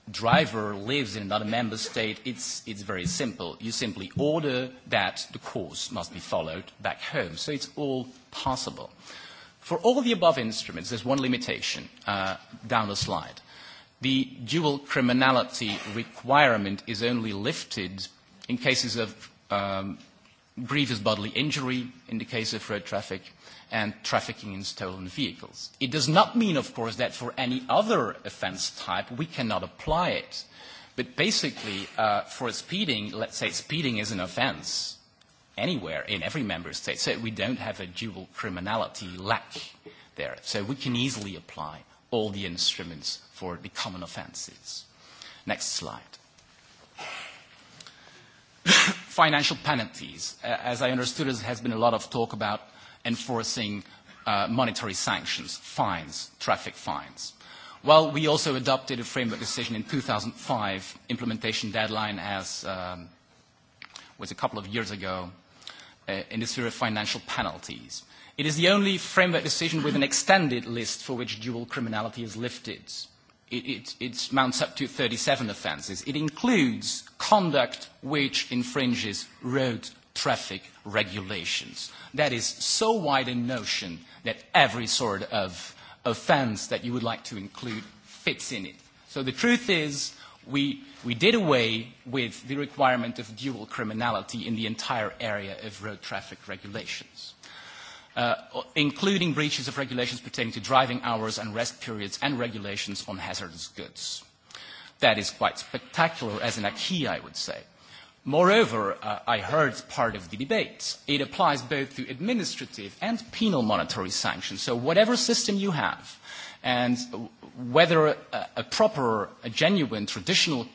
Speaker 8: driver lives in another member state, it's, it's very simple. You simply order that the course must be followed back home. So it's all possible. For all the above instruments, there's one limitation down the slide. The dual criminality requirement is only lifted in cases of grievous bodily injury, in the case of road traffic, and trafficking in stolen vehicles. It does not mean, of course, that for any other offense type we cannot apply it. But basically, for speeding, let's say speeding is an offense anywhere in every member state, so we don't have a dual criminality lack there. So we can easily apply all the instruments for the common offenses. Next slide. Financial penalties. As I understood, there has been a lot of talk about enforcing monetary sanctions, fines, traffic fines. Well, we also adopted a framework decision in 2005, implementation deadline as was a couple of years ago, in the sphere of financial penalties. It is the only framework decision with an extended list for which dual criminality is lifted. It mounts up to 37 offences. It includes conduct which infringes road traffic regulations. That is so wide a notion that every sort of offense that you would like to include fits in it. So the truth is we we did away with the requirement of dual criminality in the entire area of road traffic regulations including breaches of regulations pertaining to driving hours and rest periods and regulations on hazardous goods. That is quite spectacular as an acquis, I would say. Moreover, I heard part of the debate. It applies both to administrative and penal monetary sanctions. So whatever system you have, and whether a proper, a genuine, traditional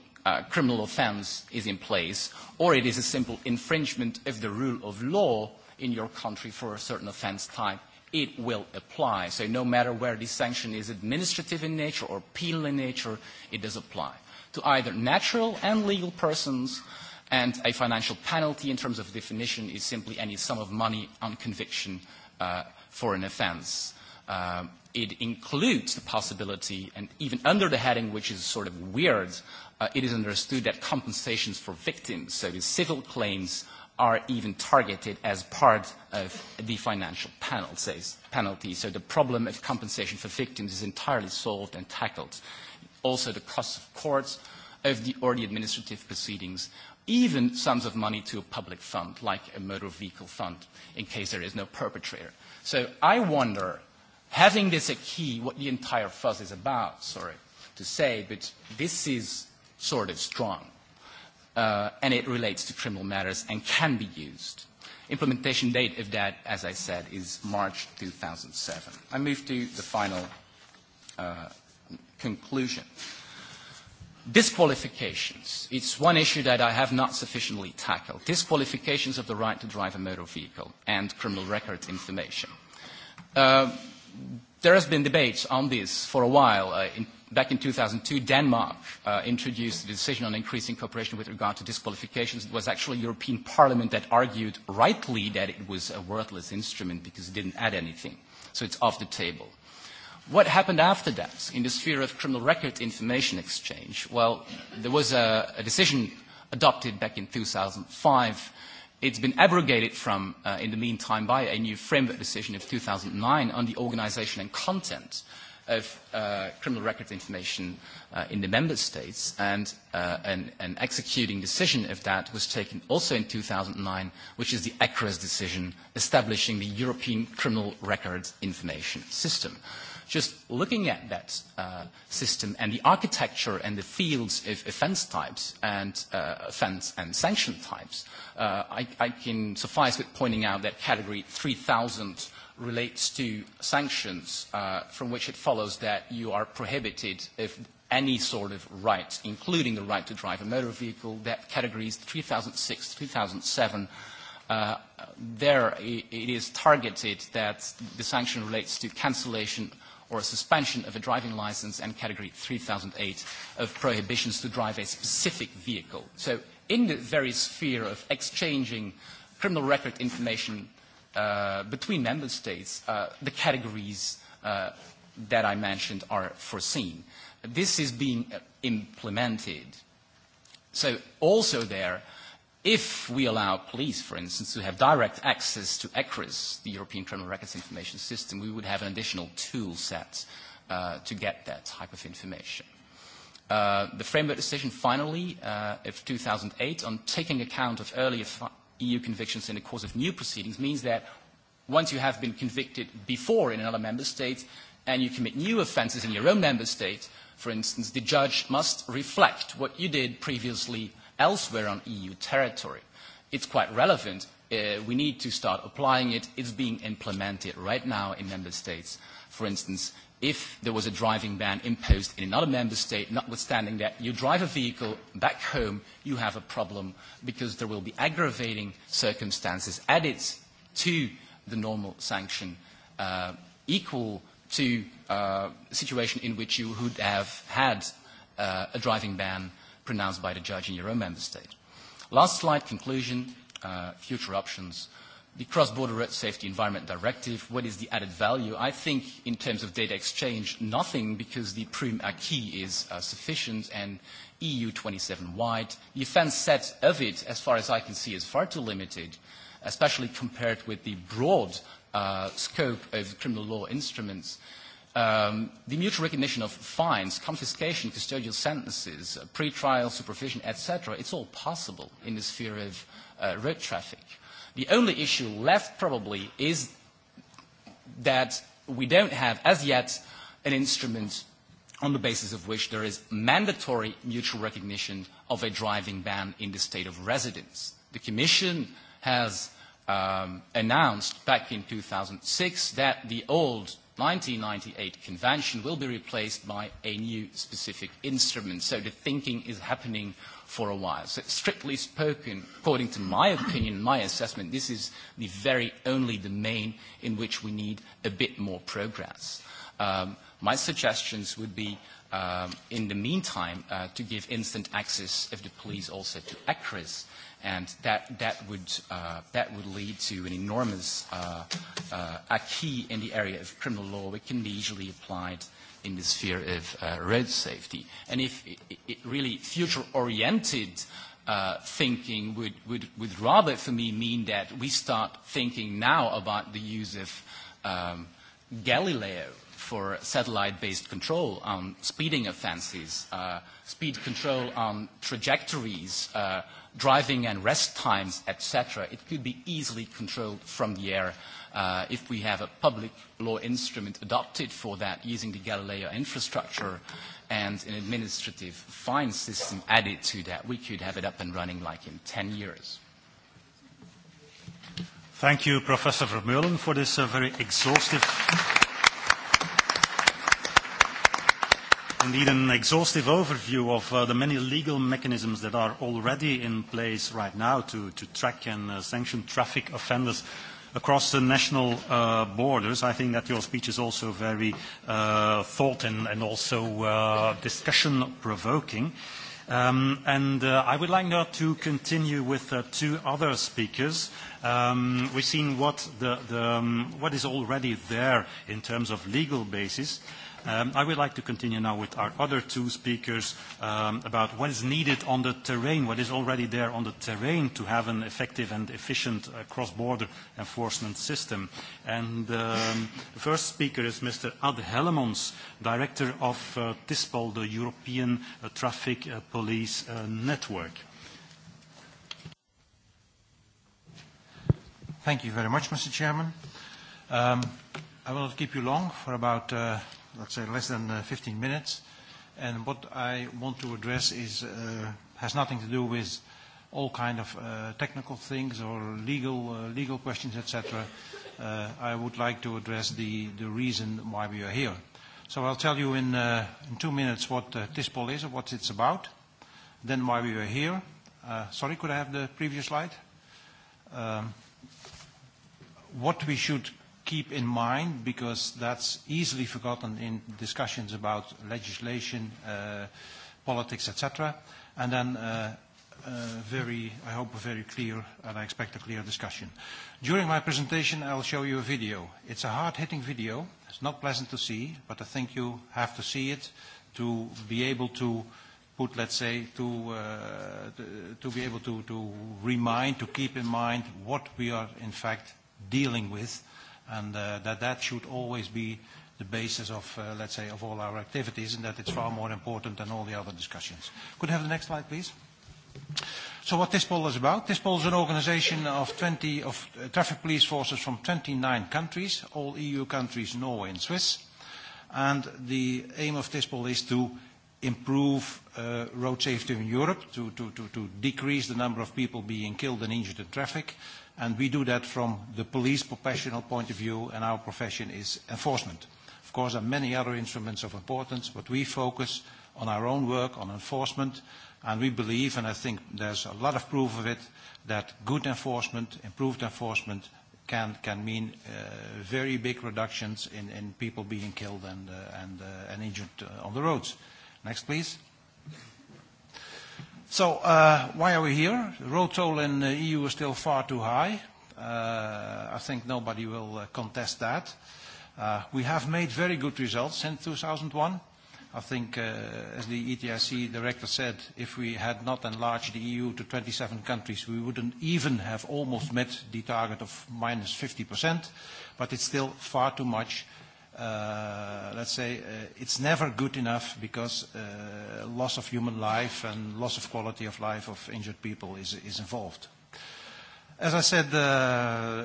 Speaker 8: criminal offence is in place, or it is a simple infringement of the rule of law in your country for a certain offence type, it will apply. So no matter where the sanction is administrative in nature or penal in nature, it does apply to either natural and legal persons and a financial penalty in terms of definition is simply any sum of money on conviction for an offence. It includes the possibility, and even under the heading, which is sort of weird, it is understood that compensations for victims, so the civil claims, are even targeted as part of the financial penalty. So the problem of compensation for victims is entirely solved and tackled. Also, the costs of courts of the or the administrative proceedings even sums of money to a public fund, like a motor vehicle fund, in case there is no perpetrator. So I wonder, having this a key, what the entire fuss is about, sorry to say, but this is sort of strong, and it relates to criminal matters and can be used. Implementation date of that, as I said, is March 2007. I move to the final conclusion. Disqualifications. It's one issue that I have not sufficiently tackled. Disqualifications of the right to drive a motor vehicle and criminal record information. There has been debates on this for a while. Back in 2002, Denmark introduced a decision on increasing cooperation with regard to disqualifications. It was actually European Parliament that argued rightly that it was a worthless instrument because it didn't add anything. So it's off the table. What happened after that in the sphere of criminal record information exchange? Well, there was a decision adopted back in 2005. It's been abrogated from, in the meantime, by a new framework decision of 2009 on the organisation and content of criminal record information in the member states, and an executing decision of that was taken also in 2009, which is the ECRAS decision establishing the European Criminal Record Information System just looking at that system and the architecture and the fields of offense types and offense and sanction types, I can suffice with pointing out that Category 3000 relates to sanctions from which it follows that you are prohibited if any sort of right, including the right to drive a motor vehicle, that categories 3006, 3007, there it is targeted that the sanction relates to cancellation or a suspension of a driving license and Category 3008 of prohibitions to drive a specific vehicle. So in the very sphere of exchanging criminal record information between member states, the categories that I mentioned are foreseen. This is being implemented. So also there, If we allow police, for instance, to have direct access to ECRIS, the European Criminal Records Information System, we would have an additional tool set to get that type of information. The framework decision, finally, of 2008 on taking account of earlier EU convictions in the course of new proceedings means that once you have been convicted before in another member state and you commit new offences in your own member state, for instance, the judge must reflect what you did previously elsewhere on EU territory. It's quite relevant. We need to start applying it. It's being implemented right now in member states. For instance, if there was a driving ban imposed in another member state, notwithstanding that you drive a vehicle back home, you have a problem because there will be aggravating circumstances added to the normal sanction equal to a situation in which you would have had a driving ban pronounced by the judge in your own member state. Last slide, conclusion, future options. The Cross-Border Road Safety Environment Directive, what is the added value? I think in terms of data exchange, nothing, because the prime acquis is sufficient and EU 27 wide. The offense set of it, as far as I can see, is far too limited, especially compared with the broad scope of criminal law instruments The mutual recognition of fines, confiscation, custodial sentences, pre-trial supervision, etc., it's all possible in the sphere of road traffic. The only issue left probably is that we don't have as yet an instrument on the basis of which there is mandatory mutual recognition of a driving ban in the state of residence. The Commission has announced back in 2006 that the old 1998 convention will be replaced by a new specific instrument. So the thinking is happening for a while. So strictly spoken, according to my opinion, my assessment, this is the very only domain in which we need a bit more progress. My suggestions would be, in the meantime, to give instant access of the police also to ECRIS and that that would that would lead to an enormous acquis in the area of criminal law which can be easily applied in the sphere of road safety. And if really future-oriented thinking would would would rather for me mean that we start thinking now about the use of Galileo for satellite-based control on speeding uh speed control on trajectories driving and rest times, etc., it could be easily controlled from the air if we have a public law instrument adopted for that using the Galileo infrastructure and an administrative fine system added to that. We could have it up and running like in 10 years.
Speaker 1: Thank you, Professor Vermeulen, for this very exhaustive indeed an exhaustive overview of the many legal mechanisms that are already in place right now to track and sanction traffic offenders across the national borders. I think that your speech is also very thought and also discussion-provoking. And I would like now to continue with two other speakers. We've seen what is already there in terms of legal basis. I would like to continue now with our other two speakers about what is needed on the terrain, what is already there on the terrain to have an effective and efficient cross-border enforcement system. And the first speaker is Mr. Ad Helmons, Director of TISPOL, the European Traffic Police Network.
Speaker 9: Thank you very much, Mr. Chairman. I will not keep you long for about let's say, less than 15 minutes. And what I want to address is has nothing to do with all kind of technical things or legal legal questions, etc. I would like to address the the reason why we are here. So I'll tell you in in two minutes what TISPOL is or what it's about, then why we are here. Sorry, could I have the previous slide? What we should keep in mind because that's easily forgotten in discussions about legislation, politics, etc. And then very, I hope, a very clear and I expect a clear discussion. During my presentation, I'll show you a video. It's a hard-hitting video. It's not pleasant to see, but I think you have to see it to be able to put, let's say, to to be able to to remind, to keep in mind what we are in fact dealing with and that that should always be the basis of, let's say, of all our activities, and that it's far more important than all the other discussions. Could I have the next slide, please? So what TISPOL is about? TISPOL is an organization of 20 of traffic police forces from 29 countries, all EU countries, Norway and Swiss. And the aim of TISPOL is to improve road safety in Europe, to decrease the number of people being killed and injured in traffic, and we do that from the police professional point of view, and our profession is enforcement. Of course, there are many other instruments of importance, but we focus on our own work, on enforcement, and we believe, and I think there's a lot of proof of it, that good enforcement, improved enforcement, can can mean very big reductions in people being killed and injured on the roads. Next, please. So why are we here? The road toll in the EU is still far too high. I think nobody will contest that. We have made very good results since 2001. I think, as the ETIC director said, if we had not enlarged the EU to 27 countries, we wouldn't even have almost met the target of minus 50%, but it's still far too much let's say, it's never good enough because loss of human life and loss of quality of life of injured people is involved. As I said,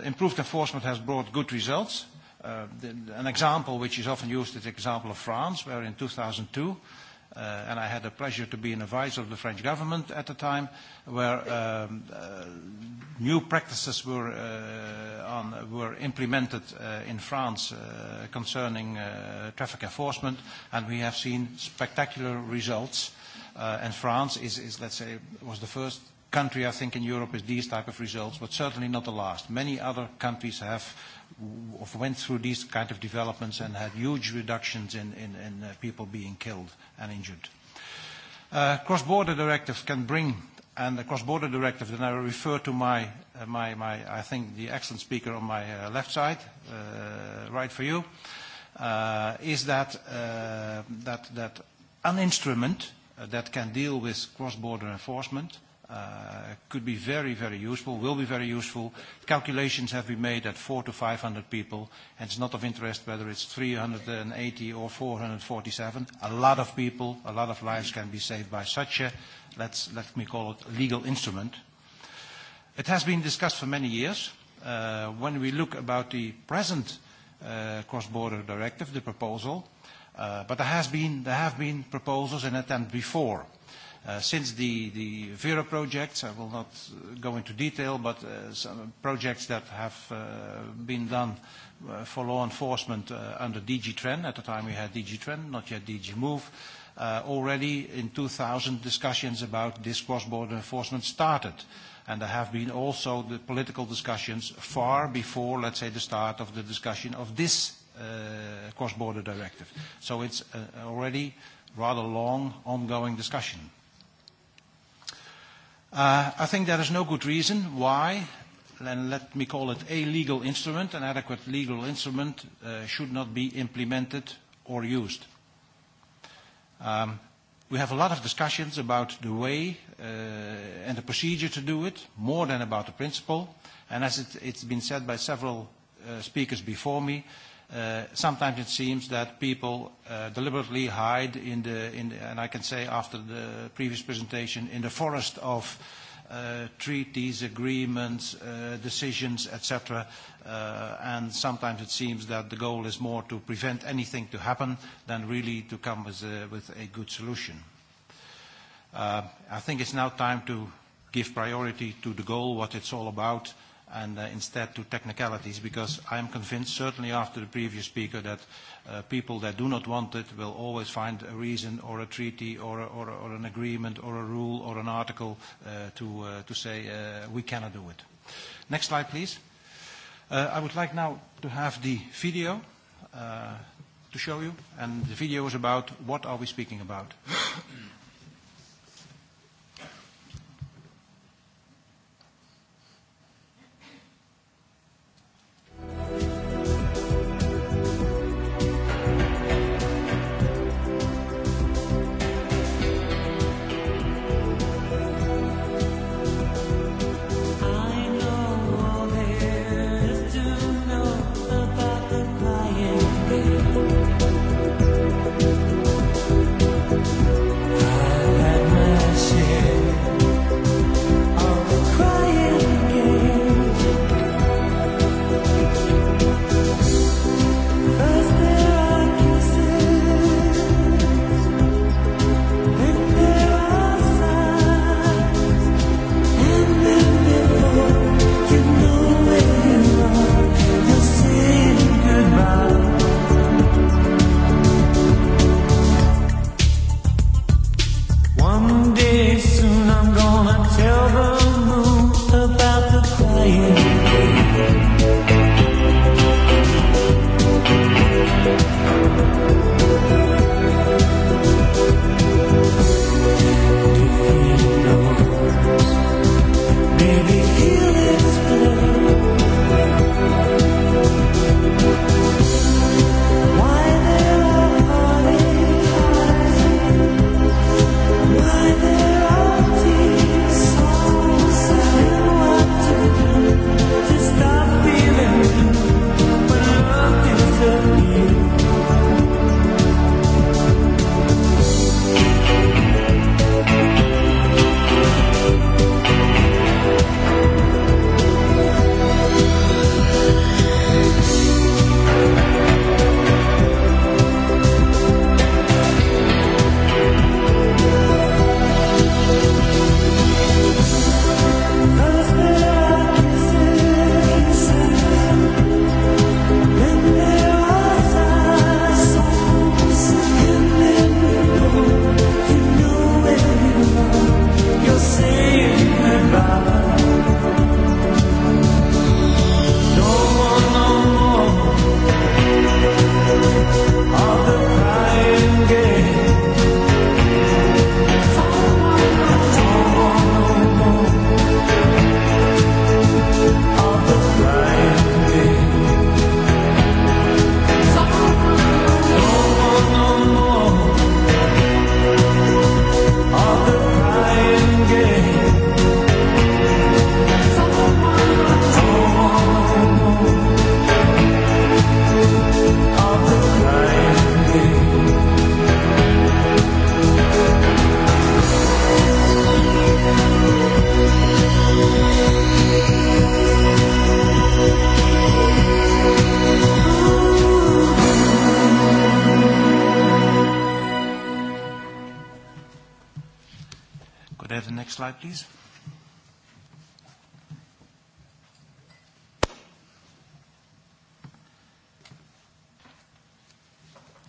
Speaker 9: improved enforcement has brought good results. An example which is often used is the example of France, where in 2002 and I had the pleasure to be an advisor of the French government at the time, where new practices were implemented in France concerning traffic enforcement, and we have seen spectacular results. And France is, let's say, was the first country, I think, in Europe is these type of results, but certainly not the last. Many other countries have went through these kind of developments and had huge reductions in people being killed and injured. Cross-border directives can bring, and the cross-border directive, and I refer to my, I think, the excellent speaker on my left side, right for you, is that an instrument that can deal with cross-border enforcement could be very, very useful, will be very useful. Calculations have been made at 400 to 500 people, and it's not of interest whether it's 380 or 447. A lot of people, a lot of lives can be saved by such a, let's, let me call it, legal instrument. It has been discussed for many years. When we look about the present cross-border directive, the proposal, but there have been proposals and attempt before. Since the Vera projects, I will not go into detail, but some projects that have been done for law enforcement under DG TREN. At the time we had DG TREN, not yet DG MOVE. Already in 2000 discussions about this cross-border enforcement started. And there have been also the political discussions far before, let's say, the start of the discussion of this cross-border directive. So it's already rather long ongoing discussion. I think there is no good reason why, and let me call it a legal instrument, an adequate legal instrument, should not be implemented or used. We have a lot of discussions about the way and the procedure to do it, more than about the principle. And as it it's been said by several speakers before me, sometimes it seems that people deliberately hide in the, and I can say after the previous presentation, in the forest of treaties, agreements, decisions, etc. And sometimes it seems that the goal is more to prevent anything to happen than really to come with a good solution. I think it's now time to give priority to the goal, what it's all about, and instead to technicalities because I am convinced, certainly after the previous speaker, that people that do not want it will always find a reason or a treaty or an agreement or a rule or an article to say we cannot do it. Next slide, please. I would like now to have the video to show you, and the video is about what are we speaking about. Next slide, please.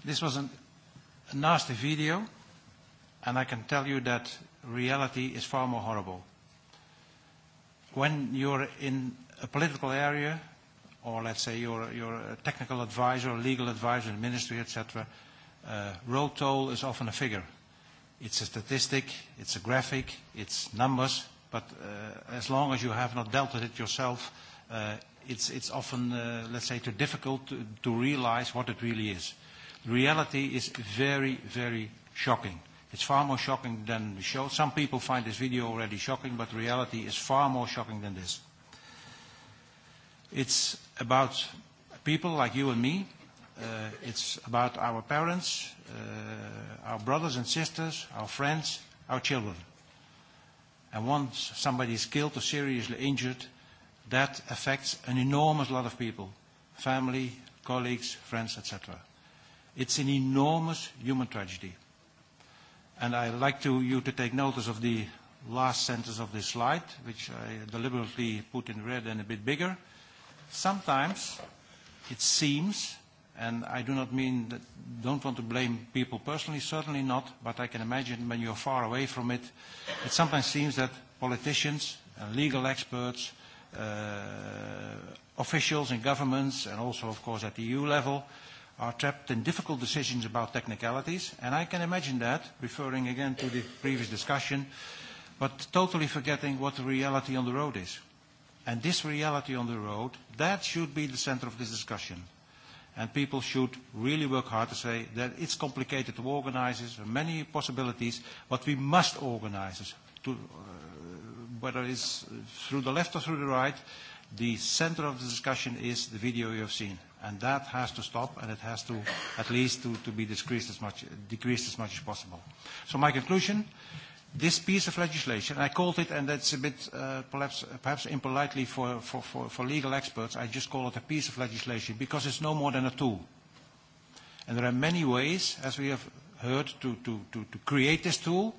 Speaker 9: This was a nasty video, and I can tell you that reality is far more horrible. When you're in a political area, or let's say you're, a technical advisor, legal advisor in ministry, etc., road toll is often a figure. It's a statistic, it's a graphic, it's numbers, but as long as you have not dealt with it yourself, it's it's often, let's say, too difficult to realize what it really is. The reality is very, very shocking. It's far more shocking than the show. Some people find this video already shocking, but reality is far more shocking than this. It's about people like you and me. It's about our parents our brothers and sisters, our friends, our children. And once somebody is killed or seriously injured, that affects an enormous lot of people, family, colleagues, friends, etc. It's an enormous human tragedy. And I'd like to you to take notice of the last sentence of this slide, which I deliberately put in red and a bit bigger. Sometimes it seems And I do not mean that don't want to blame people personally, certainly not, but I can imagine when you're far away from it, it sometimes seems that politicians and legal experts, officials in governments, and also, of course, at the EU level, are trapped in difficult decisions about technicalities. And I can imagine that, referring again to the previous discussion, but totally forgetting what the reality on the road is. And this reality on the road, that should be the center of this discussion and people should really work hard to say that it's complicated to organize this, many possibilities, but we must organize this. To, whether it's through the left or through the right, the center of the discussion is the video you have seen. And that has to stop, and it has to at least to, to be decreased as, much, decreased as much as possible. So my conclusion, this piece of legislation, I called it, and that's a bit perhaps impolitely for for legal experts, I just call it a piece of legislation because it's no more than a tool. And there are many ways, as we have heard, to to create this tool.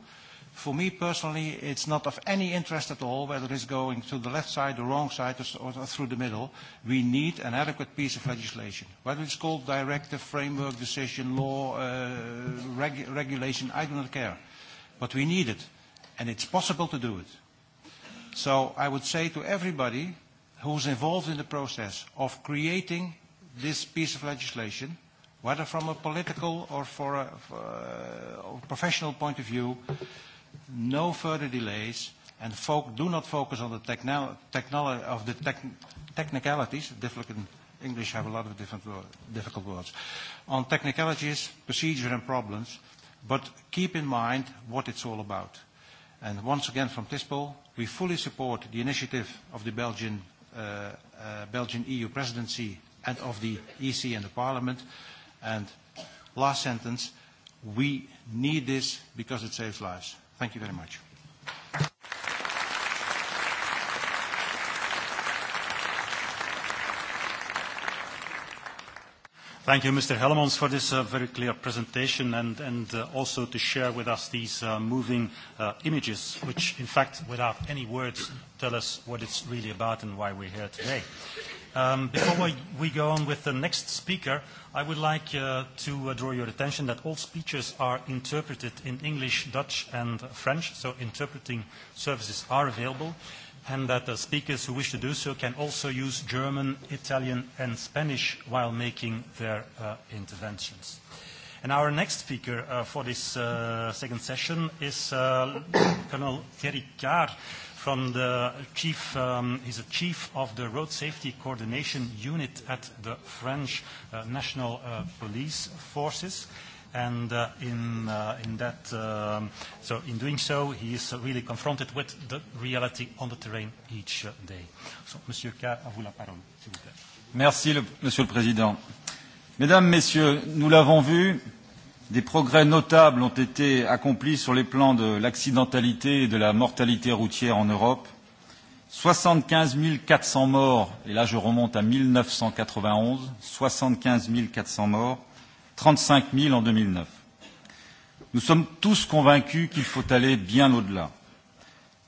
Speaker 9: For me personally, it's not of any interest at all whether it's going to the left side, the wrong side, or through the middle. We need an adequate piece of legislation. Whether it's called directive, framework, decision, law, regulation, I do not care. But we need it, and it's possible to do it. So I would say to everybody who's involved in the process of creating this piece of legislation, whether from a political or for a professional point of view, no further delays, and do not focus on the technicalities. Difficult English have a lot of different difficult words. On technicalities, procedure, and problems, but keep in mind what it's all about. And once again from TISPOL, we fully support the initiative of the Belgian EU presidency and of the EC and the Parliament. And last sentence, we need this because it saves lives. Thank you very much.
Speaker 1: Thank you, Mr. Hellemans, for this very clear presentation and also to share with us these moving images, which, in fact, without any words, tell us what it's really about and why we're here today. Before we go on with the next speaker, I would like to draw your attention that all speeches are interpreted in English, Dutch, and French, so interpreting services are available and that the speakers who wish to do so can also use German, Italian and Spanish while making their interventions. And our next speaker for this second session is Colonel Thierry Carr from the chief, he's a chief of the Road Safety Coordination Unit at the French National Police Forces and in in that so in doing so he is really confronted with the reality on the terrain each day. So, Monsieur K, à vous la parole, s'il vous plaît.
Speaker 10: Merci, Monsieur le Président. Mesdames, Messieurs, nous l'avons vu, des progrès notables ont été accomplis sur les plans de l'accidentalité et de la mortalité routière en Europe. 75 400 morts, et là je remonte à 1991, 75 400 morts, 35 000 en 2009. Nous sommes tous convaincus qu'il faut aller bien au-delà.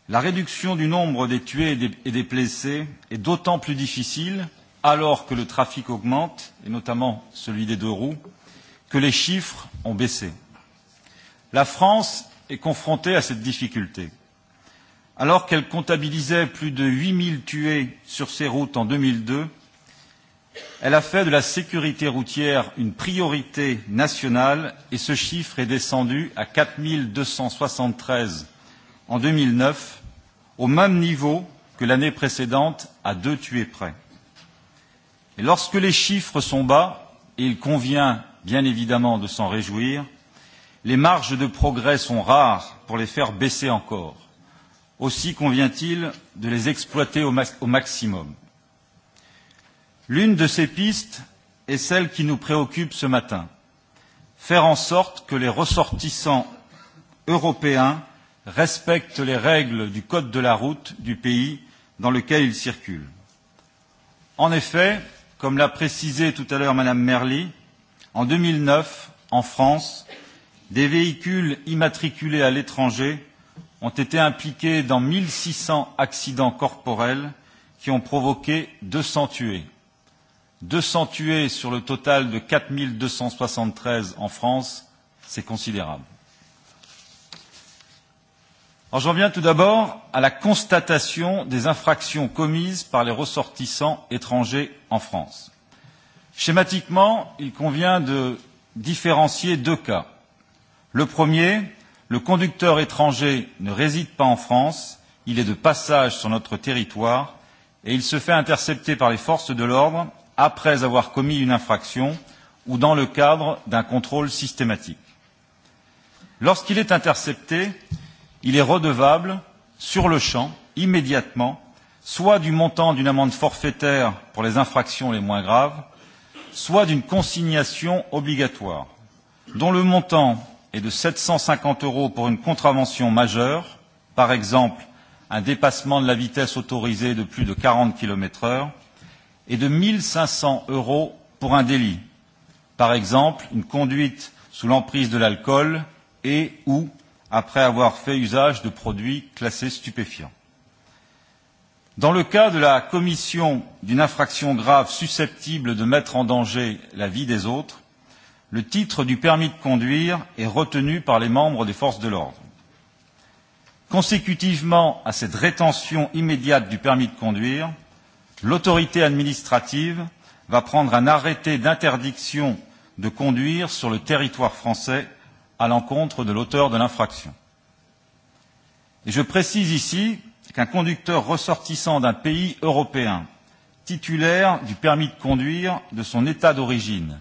Speaker 10: La réduction du nombre des tués et des blessés est d'autant plus difficile alors que le trafic augmente, et notamment celui des deux roues, que les chiffres ont baissé. La France est confrontée à cette difficulté. Alors qu'elle comptabilisait plus de 8 000 tués sur ses routes en 2002, Elle a fait de la sécurité routière une priorité nationale et ce chiffre est descendu à treize en 2009, au même niveau que l'année précédente, à deux tués près. Et lorsque les chiffres sont bas, et il convient bien évidemment de s'en réjouir, les marges de progrès sont rares pour les faire baisser encore. Aussi convient-il de les exploiter au maximum. L'une de ces pistes est celle qui nous préoccupe ce matin faire en sorte que les ressortissants européens respectent les règles du code de la route du pays dans lequel ils circulent. En effet, comme l'a précisé tout à l'heure madame Merli, en 2009, en France, des véhicules immatriculés à l'étranger ont été impliqués dans 1600 accidents corporels qui ont provoqué 200 tués. 200 tués sur le total de treize en France, c'est considérable. Alors j'en viens tout d'abord à la constatation des infractions commises par les ressortissants étrangers en France. Schématiquement, il convient de différencier deux cas. Le premier, le conducteur étranger ne réside pas en France, il est de passage sur notre territoire et il se fait intercepter par les forces de l'ordre après avoir commis une infraction ou dans le cadre d'un contrôle systématique. Lorsqu'il est intercepté, il est redevable, sur le champ, immédiatement, soit du montant d'une amende forfaitaire pour les infractions les moins graves, soit d'une consignation obligatoire, dont le montant est de 750 euros pour une contravention majeure, par exemple un dépassement de la vitesse autorisée de plus de 40 km heure, et de 1 500 euros pour un délit, par exemple une conduite sous l'emprise de l'alcool et ou après avoir fait usage de produits classés stupéfiants. Dans le cas de la commission d'une infraction grave susceptible de mettre en danger la vie des autres, le titre du permis de conduire est retenu par les membres des forces de l'ordre. Consécutivement à cette rétention immédiate du permis de conduire, l'autorité administrative va prendre un arrêté d'interdiction de conduire sur le territoire français à l'encontre de l'auteur de l'infraction. Et je précise ici qu'un conducteur ressortissant d'un pays européen, titulaire du permis de conduire de son État d'origine,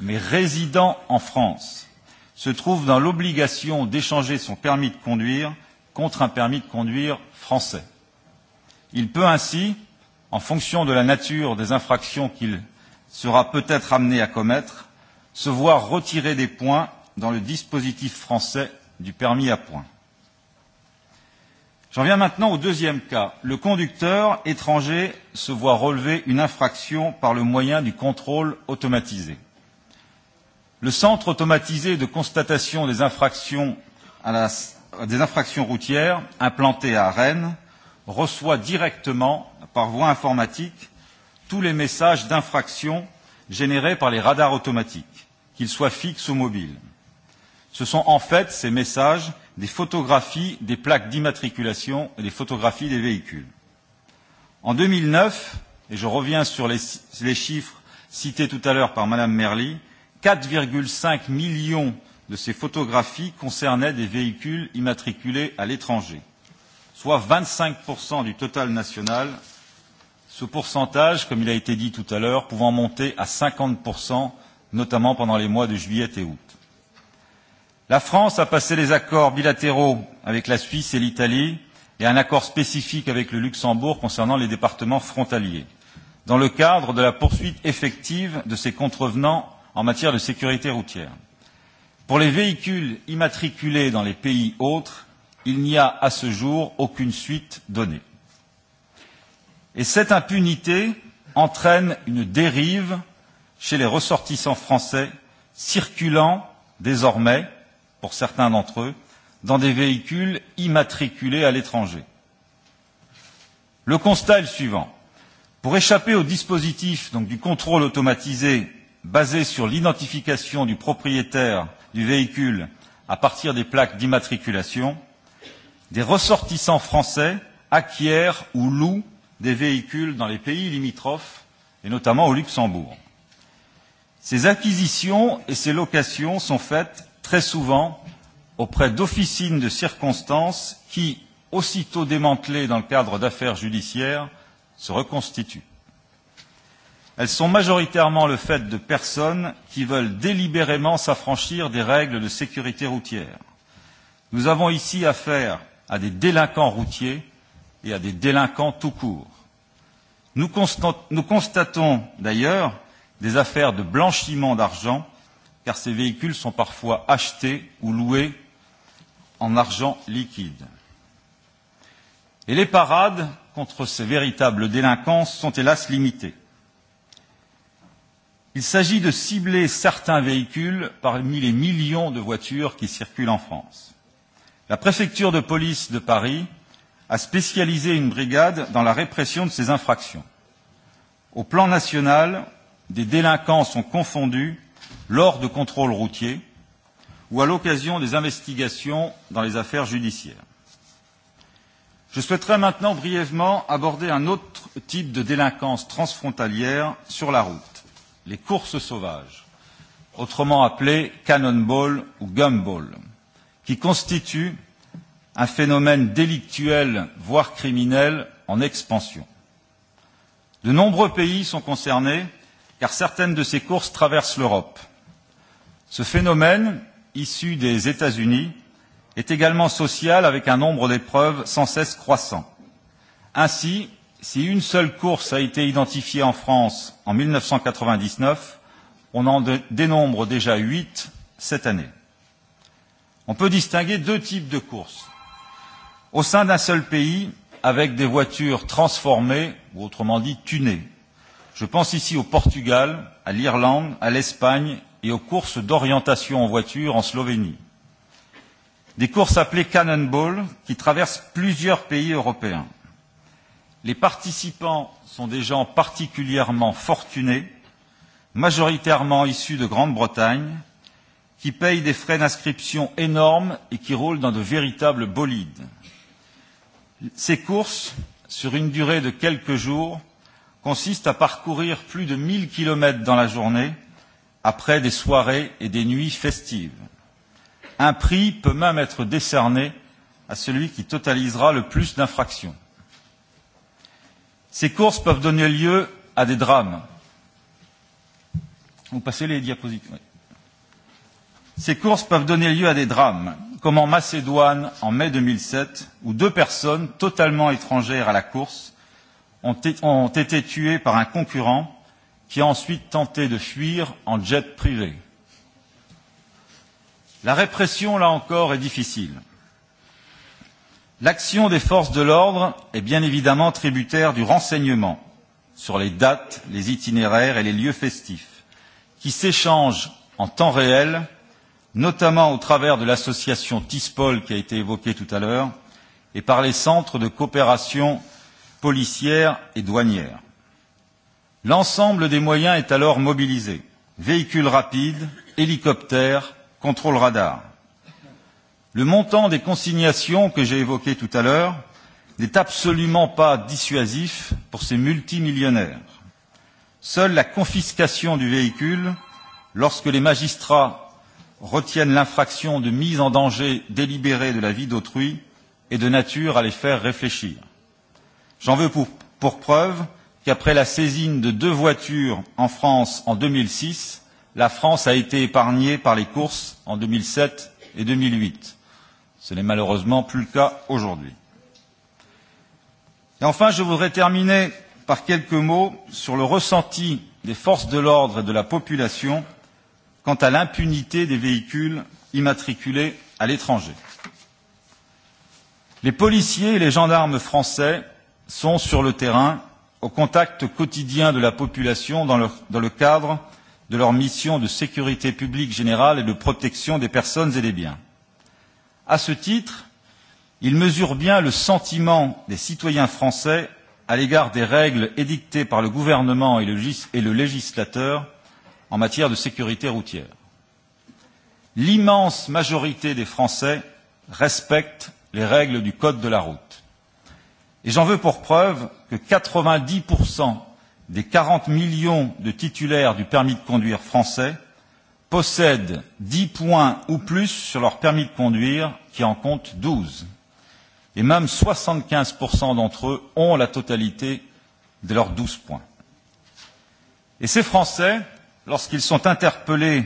Speaker 10: mais résident en France, se trouve dans l'obligation d'échanger son permis de conduire contre un permis de conduire français. Il peut ainsi, en fonction de la nature des infractions qu'il sera peut-être amené à commettre, se voir retirer des points dans le dispositif français du permis à points. J'en viens maintenant au deuxième cas. Le conducteur étranger se voit relever une infraction par le moyen du contrôle automatisé. Le centre automatisé de constatation des infractions, à des infractions routières, implanté à Rennes, reçoit directement par voie informatique tous les messages d'infraction générés par les radars automatiques, qu'ils soient fixes ou mobiles. Ce sont en fait, ces messages, des photographies des plaques d'immatriculation et des photographies des véhicules. En 2009, et je reviens sur les chiffres cités tout à l'heure par Mme Merly, 4,5 millions de ces photographies concernaient des véhicules immatriculés à l'étranger, soit 25% du total national ce pourcentage, comme il a été dit tout à l'heure, pouvant monter à 50%, notamment pendant les mois de juillet et août. La France a passé les accords bilatéraux avec la Suisse et l'Italie et un accord spécifique avec le Luxembourg concernant les départements frontaliers, dans le cadre de la poursuite effective de ces contrevenants en matière de sécurité routière. Pour les véhicules immatriculés dans les pays autres, il n'y a à ce jour aucune suite donnée. Et cette impunité entraîne une dérive chez les ressortissants français circulant désormais, pour certains d'entre eux, dans des véhicules immatriculés à l'étranger. Le constat est le suivant. Pour échapper au dispositif du contrôle automatisé basé sur l'identification du propriétaire du véhicule à partir des plaques d'immatriculation, des ressortissants français acquièrent ou louent des véhicules dans les pays limitrophes, et notamment au Luxembourg. Ces acquisitions et ces locations sont faites très souvent auprès d'officines de circonstances qui, aussitôt démantelées dans le cadre d'affaires judiciaires, se reconstituent. Elles sont majoritairement le fait de personnes qui veulent délibérément s'affranchir des règles de sécurité routière. Nous avons ici affaire à des délinquants routiers et à des délinquants tout court. Nous constatons d'ailleurs des affaires de blanchiment d'argent, car ces véhicules sont parfois achetés ou loués en argent liquide. Et les parades contre ces véritables délinquants sont hélas limitées. Il s'agit de cibler certains véhicules parmi les millions de voitures qui circulent en France. La préfecture de police de Paris à spécialiser une brigade dans la répression de ces infractions. Au plan national, des délinquants sont confondus lors de contrôles routiers ou à l'occasion des investigations dans les affaires judiciaires. Je souhaiterais maintenant brièvement aborder un autre type de délinquance transfrontalière sur la route, les courses sauvages, autrement appelées cannonball ou gumball, qui constituent un phénomène délictuel, voire criminel, en expansion. De nombreux pays sont concernés, car certaines de ces courses traversent l'Europe. Ce phénomène, issu des États-Unis, est également social avec un nombre d'épreuves sans cesse croissant. Ainsi, si une seule course a été identifiée en France en 1999, on en dénombre déjà huit cette année. On peut distinguer deux types de courses au sein d'un seul pays avec des voitures transformées ou autrement dit tunées. Je pense ici au Portugal, à l'Irlande, à l'Espagne et aux courses d'orientation en voiture en Slovénie. Des courses appelées Cannonball qui traversent plusieurs pays européens. Les participants sont des gens particulièrement fortunés, majoritairement issus de Grande-Bretagne, qui payent des frais d'inscription énormes et qui roulent dans de véritables bolides. Ces courses, sur une durée de quelques jours, consistent à parcourir plus de 1000 km dans la journée, après des soirées et des nuits festives. Un prix peut même être décerné à celui qui totalisera le plus d'infractions. Ces courses peuvent donner lieu à des drames. Vous passez les diapositives. Ces courses peuvent donner lieu à des drames comme en Macédoine en mai 2007, où deux personnes totalement étrangères à la course ont été tuées par un concurrent qui a ensuite tenté de fuir en jet privé. La répression, là encore, est difficile. L'action des forces de l'ordre est bien évidemment tributaire du renseignement sur les dates, les itinéraires et les lieux festifs, qui s'échangent en temps réel notamment au travers de l'association TISPOL qui a été évoquée tout à l'heure, et par les centres de coopération policière et douanière. L'ensemble des moyens est alors mobilisé véhicules rapides, hélicoptères, contrôle radar. Le montant des consignations que j'ai évoquées tout à l'heure n'est absolument pas dissuasif pour ces multimillionnaires. Seule la confiscation du véhicule, lorsque les magistrats retiennent l'infraction de mise en danger délibérée de la vie d'autrui et de nature à les faire réfléchir. J'en veux pour preuve qu'après la saisine de deux voitures en France en 2006, la France a été épargnée par les courses en 2007 et 2008. Ce n'est malheureusement plus le cas aujourd'hui. Et enfin, je voudrais terminer par quelques mots sur le ressenti des forces de l'ordre et de la population quant à l'impunité des véhicules immatriculés à l'étranger. Les policiers et les gendarmes français sont sur le terrain au contact quotidien de la population dans le cadre de leur mission de sécurité publique générale et de protection des personnes et des biens. À ce titre, ils mesurent bien le sentiment des citoyens français à l'égard des règles édictées par le gouvernement et le législateur en matière de sécurité routière. L'immense majorité des Français respectent les règles du Code de la route. Et j'en veux pour preuve que 90% des 40 millions de titulaires du permis de conduire français possèdent 10 points ou plus sur leur permis de conduire, qui en compte 12. Et même 75% d'entre eux ont la totalité de leurs 12 points. Et ces Français lorsqu'ils sont interpellés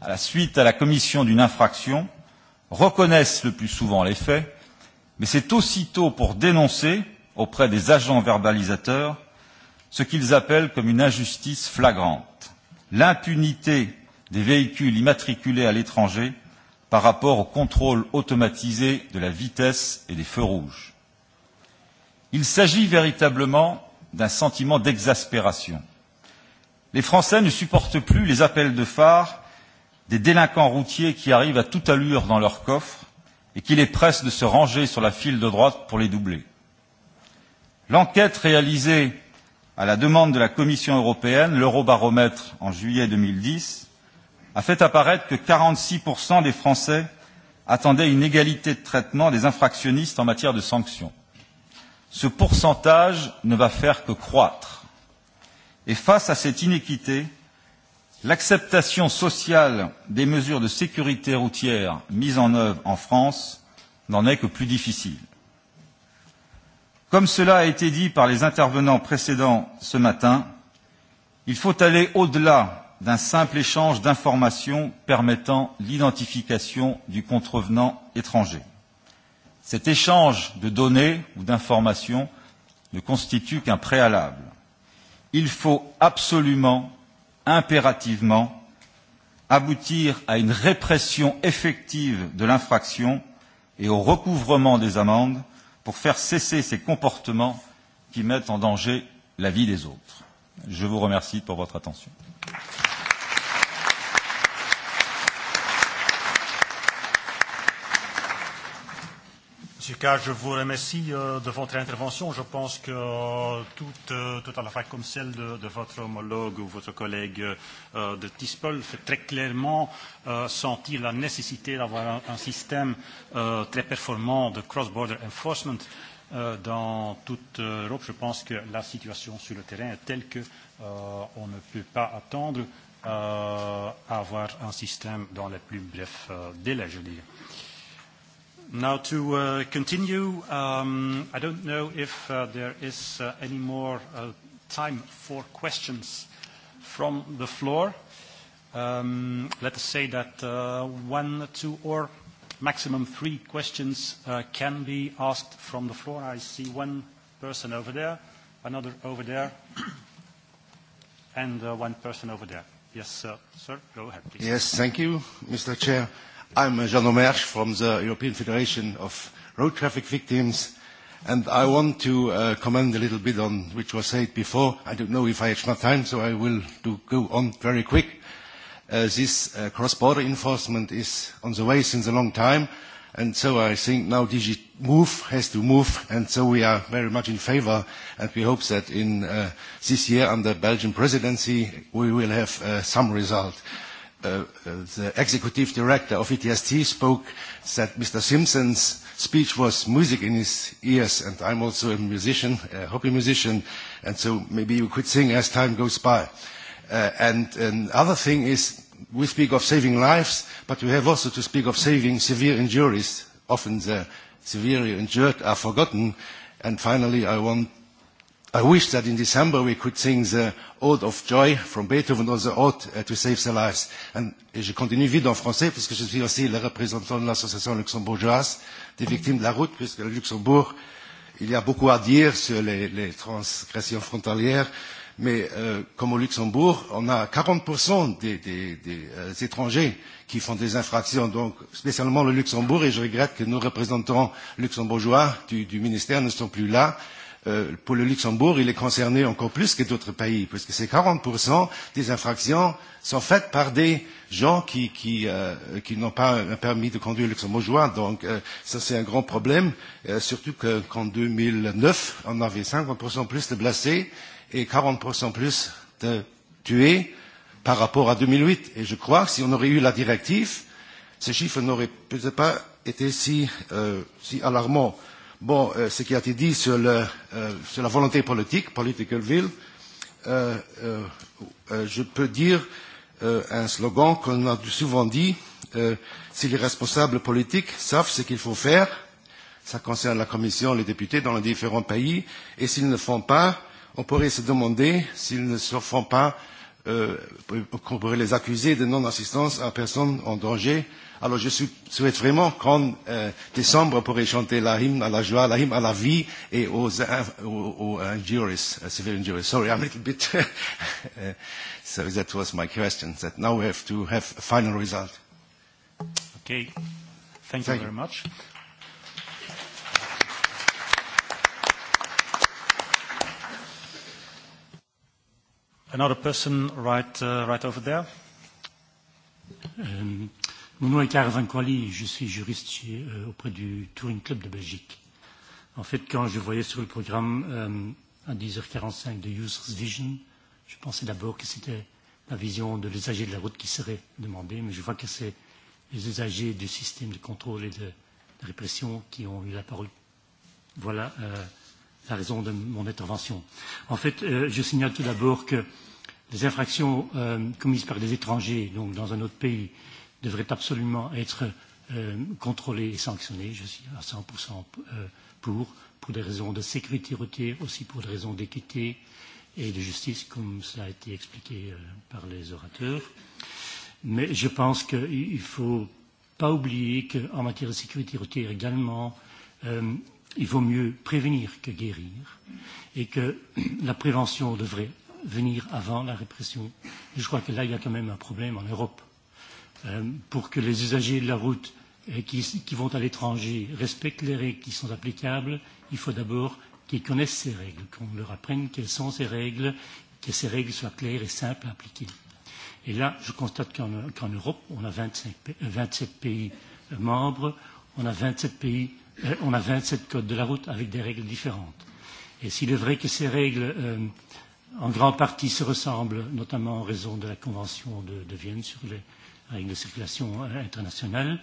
Speaker 10: à la suite à la commission d'une infraction, reconnaissent le plus souvent les faits, mais c'est aussitôt pour dénoncer auprès des agents verbalisateurs ce qu'ils appellent comme une injustice flagrante, l'impunité des véhicules immatriculés à l'étranger par rapport au contrôle automatisé de la vitesse et des feux rouges. Il s'agit véritablement d'un sentiment d'exaspération. Les Français ne supportent plus les appels de phare des délinquants routiers qui arrivent à toute allure dans leur coffre et qui les pressent de se ranger sur la file de droite pour les doubler. L'enquête réalisée à la demande de la Commission européenne, l'Eurobaromètre, en juillet 2010, a fait apparaître que 46% des Français attendaient une égalité de traitement des infractionnistes en matière de sanctions. Ce pourcentage ne va faire que croître. Et face à cette inéquité, l'acceptation sociale des mesures de sécurité routière mises en œuvre en France n'en est que plus difficile. Comme cela a été dit par les intervenants précédents ce matin, il faut aller au-delà d'un simple échange d'informations permettant l'identification du contrevenant étranger. Cet échange de données ou d'informations ne constitue qu'un préalable il faut absolument, impérativement, aboutir à une répression effective de l'infraction et au recouvrement des amendes pour faire cesser ces comportements qui mettent en danger la vie des autres. Je vous remercie pour votre attention.
Speaker 1: Jessica, je vous remercie de votre intervention. Je pense que tout, tout à la fois comme celle de, de votre homologue ou votre collègue de Tispol fait très clairement sentir la nécessité d'avoir un, système très performant de cross-border enforcement dans toute l'Europe. Je pense que la situation sur le terrain est telle qu'on ne peut pas attendre à avoir un système dans les plus brefs délais, je dirais. Now to continue, I don't know if there is any more time for questions from the floor. Let us say that one, two, or maximum three questions can be asked from the floor. I see one person over there, another over there, and one person over there. Yes, sir. Go ahead, please. Yes,
Speaker 11: thank you, Mr. Chair. I'm Jean Omersch from the European Federation of Road Traffic Victims, and I want to comment a little bit on which was said before. I don't know if I have much time, so I will go on very quick. This cross-border enforcement is on the way since a long time, and so I think now move has to move, and so we are very much in favor, and we hope that in this year under Belgian presidency we will have some result the executive director of ETST spoke, that Mr. Simpson's speech was music in his ears, and I'm also a musician, a hobby musician, and so maybe you could sing as time goes by. And another thing is, we speak of saving lives, but we have also to speak of saving severe injuries. Often the severely injured are forgotten. And finally, I want I wish that in December we could sing the Ode of Joy from Beethoven or the Ode to Save the Lives. And je continue vite en français parce je suis aussi le représentant de l'association luxembourgeoise des victimes de la route puisque le Luxembourg, il y a beaucoup à dire sur les, les transgressions frontalières. Mais comme au Luxembourg, on a 40% des, des, étrangers qui font des infractions, donc spécialement le Luxembourg, et je regrette que nos représentants luxembourgeois du, du ministère ne sont plus là Pour le Luxembourg, il est concerné encore plus que d'autres pays, puisque ces 40% des infractions sont faites par des gens qui, qui, qui n'ont pas un permis de conduire luxembourgeois. Donc, ça, c'est un grand problème, surtout qu'en 2009, on avait 50% plus de blessés et 40% plus de tués par rapport à 2008. Et je crois que si on aurait eu la directive, ces chiffres n'auraient peut-être pas été si, si alarmants. Bon, ce qui a été dit sur la volonté politique, political will, je peux dire un slogan qu'on a souvent dit, si les responsables politiques savent ce qu'il faut faire, ça concerne la Commission, les députés dans les différents pays, et s'ils ne font pas, on pourrait se demander s'ils ne se font pas, qu'on pourrait les accuser de non-assistance à personne en danger, Alors je souhaite vraiment qu'en décembre, pourrait chanter la hymne à la joie, la hymne à la vie et aux, aux, injuries, civil injuries. Sorry, I'm a little bit. so that was my question. That now we have to have a final result.
Speaker 1: Okay. Thank you very much. Another person right, right over there. Mon nom est Karl Zankwali, je suis
Speaker 12: juriste auprès du Touring Club de Belgique. En fait, quand je voyais sur le programme à 10h45 de Users Vision, je pensais d'abord que c'était la vision de l'usager de la route qui serait demandée, mais je vois que c'est les usagers du système de contrôle et de répression qui ont eu la parole. Voilà la raison de mon intervention. En fait, je signale tout d'abord que les infractions commises par des étrangers, donc dans un autre pays, devrait absolument être contrôlé et sanctionné. Je suis à 100% pour, pour des raisons de sécurité routière, aussi pour des raisons d'équité et de justice, comme cela a été expliqué par les orateurs. Mais je pense qu'il ne faut pas oublier qu'en matière de sécurité routière également, il vaut mieux prévenir que guérir et que la prévention devrait venir avant la répression. Je crois que là, il y a quand même un problème en Europe pour que les usagers de la route qui vont à l'étranger respectent les règles qui sont applicables, il faut d'abord qu'ils connaissent ces règles, qu'on leur apprenne quelles sont ces règles, que ces règles soient claires et simples à appliquer. Et là, je constate qu'en Europe, on a 27 pays membres, on a 27 pays, on a 27 codes de la route avec des règles différentes. Et s'il est vrai que ces règles, en grande partie, se ressemblent, notamment en raison de la Convention de Vienne sur les avec de circulation internationale,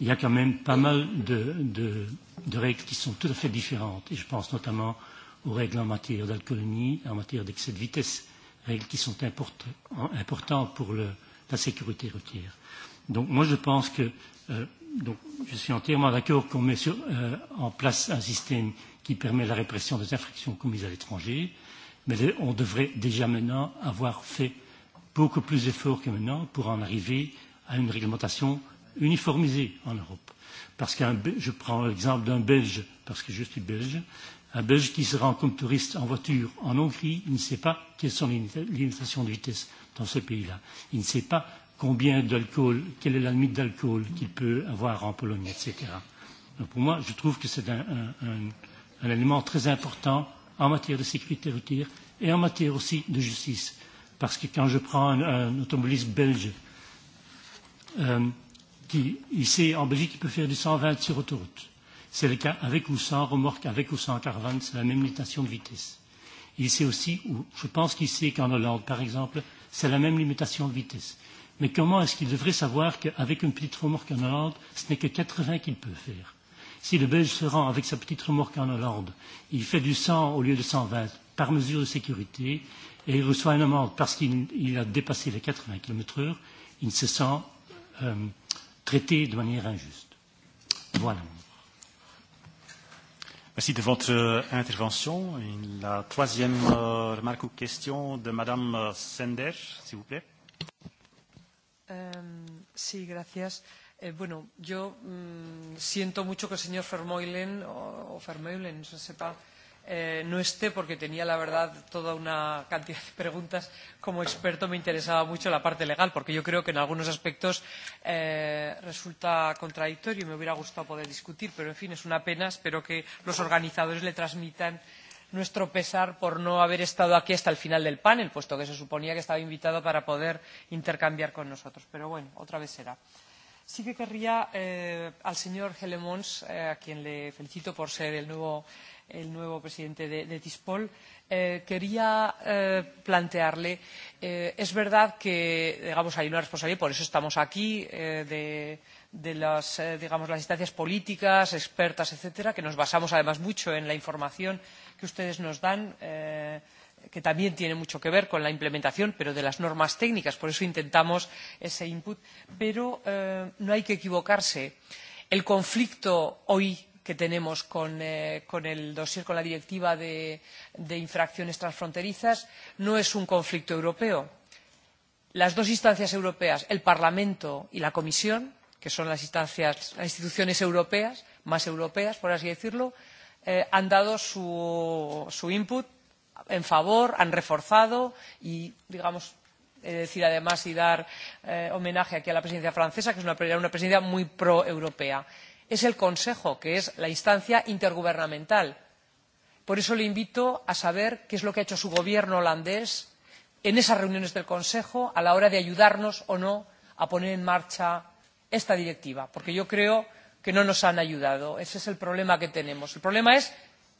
Speaker 12: il y a quand même pas mal de, de, de règles qui sont tout à fait différentes. Et je pense notamment aux règles en matière d'alcoolémie, en matière d'excès de vitesse, règles qui sont importantes pour la sécurité routière. Donc moi je pense que donc, je suis entièrement d'accord qu'on met sur, en place un système qui permet la répression des infractions commises à l'étranger, mais on devrait déjà maintenant avoir fait beaucoup plus d'efforts que maintenant pour en arriver à une réglementation uniformisée en Europe. Parce qu'un, je prends l'exemple d'un Belge, parce que je suis Belge, un Belge qui se rend comme touriste en voiture en Hongrie, il ne sait pas quelles sont les limitations de vitesse dans ce pays-là. Il ne sait pas combien d'alcool, quelle est la limite d'alcool qu'il peut avoir en Pologne, etc. Donc pour moi, je trouve que c'est un, un, un élément très important en matière de sécurité routière et en matière aussi de justice. Parce que quand je prends un automobiliste belge qui, sait en Belgique, peut faire du 120 sur autoroute, c'est le cas avec ou sans remorque, avec ou sans caravane, c'est la même limitation de vitesse. Il sait aussi, ou je pense qu'il sait qu'en Hollande, par exemple, c'est la même limitation de vitesse. Mais comment est-ce qu'il devrait savoir qu'avec une petite remorque en Hollande, ce n'est que 80 qu'il peut faire Si le Belge se rend avec sa petite remorque en Hollande, il fait du 100 au lieu de 120 par mesure de sécurité, et il reçoit une amende parce qu'il a dépassé les 80 km heure, il se sent traité de manière injuste.
Speaker 1: Voilà. Merci de votre intervention. la troisième remarque ou question de Madame Sender, s'il vous plaît.
Speaker 5: Euh, Sí, gracias. Bueno, yo siento mucho que el señor Fermoilen, o je no se sepa, no esté porque tenía, la verdad, toda una cantidad de preguntas. Como experto me interesaba mucho la parte legal, porque yo creo que en algunos aspectos resulta contradictorio y me hubiera gustado poder discutir, pero, en fin, es una pena. Espero que los organizadores le transmitan nuestro pesar por no haber estado aquí hasta el final del panel, puesto que se suponía que estaba invitado para poder intercambiar con nosotros. Pero bueno, otra vez será. Sí que querría al señor Gelemons, a quien le felicito por ser el nuevo el nuevo presidente de Tispol, quería plantearle, es verdad que digamos, hay una responsabilidad, por eso estamos aquí, de las instancias políticas, expertas, etcétera, que nos basamos además mucho en la información que ustedes nos dan que también tiene mucho que ver con la implementación, pero de las normas técnicas. Por eso intentamos ese input. Pero no hay que equivocarse. El conflicto hoy que tenemos con el dossier, con la directiva de infracciones transfronterizas, no es un conflicto europeo. Las dos instancias europeas, el Parlamento y la Comisión, que son las instituciones europeas, más europeas, por así decirlo, han dado su input en favor, han reforzado y, digamos, decir además y dar homenaje aquí a la presidencia francesa, que es una presidencia muy proeuropea. Es el Consejo, que es la instancia intergubernamental. Por eso le invito a saber qué es lo que ha hecho su gobierno holandés en esas reuniones del Consejo a la hora de ayudarnos o no a poner en marcha esta directiva, porque yo creo que no nos han ayudado. Ese es el problema que tenemos. El problema es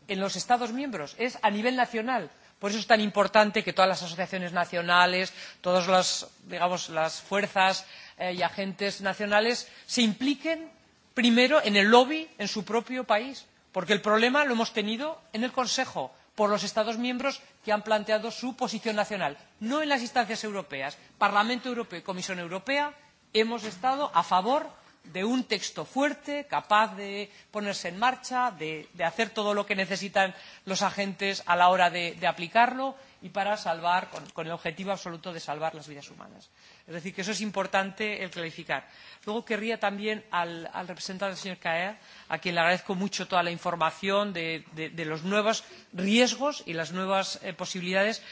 Speaker 5: en los Estados miembros, es a nivel nacional. Por eso es tan importante que todas las asociaciones nacionales, todas las, digamos, las fuerzas y agentes nacionales se impliquen primero en el lobby en su propio país, porque el problema lo hemos tenido en el Consejo por los Estados miembros que han planteado su posición nacional. No en las instancias europeas. Parlamento Europeo y Comisión Europea hemos estado a favor de un texto fuerte, capaz de ponerse en marcha, de hacer todo lo que necesitan los agentes a la hora de aplicarlo y para salvar, con el objetivo absoluto de salvar las vidas humanas. Es decir, que eso es importante el clarificar. Luego querría también al representante del señor Caer, a quien le agradezco mucho toda la información de los nuevos riesgos y las nuevas posibilidades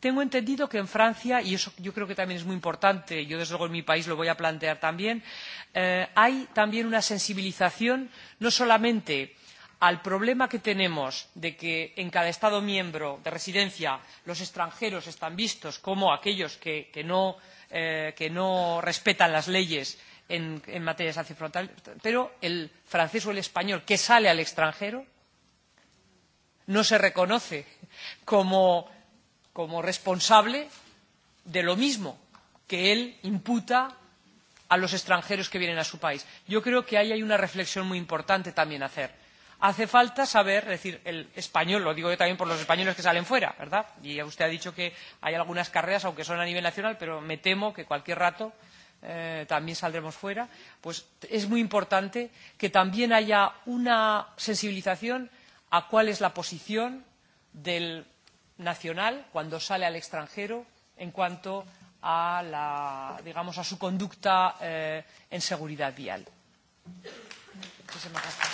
Speaker 5: Tengo entendido que en Francia, y eso yo creo que también es muy importante, yo desde luego en mi país lo voy a plantear también, hay también una sensibilización no solamente al problema que tenemos de que en cada Estado miembro de residencia los extranjeros están vistos como aquellos que no respetan las leyes en materia de sanción frontal, pero el francés o el español que sale al extranjero no se reconoce como como responsable de lo mismo que él imputa a los extranjeros que vienen a su país. Yo creo que ahí hay una reflexión muy importante también hacer. Hace falta saber, es decir, el español, lo digo yo también por los españoles que salen fuera, ¿verdad? Y usted ha dicho que hay algunas carreras, aunque son a nivel nacional, pero me temo que cualquier rato también saldremos fuera. Pues es muy importante que también haya una sensibilización a cuál es la posición del nacional cuando sale al extranjero en cuanto a la digamos a su conducta en seguridad vial. Muchísimas gracias.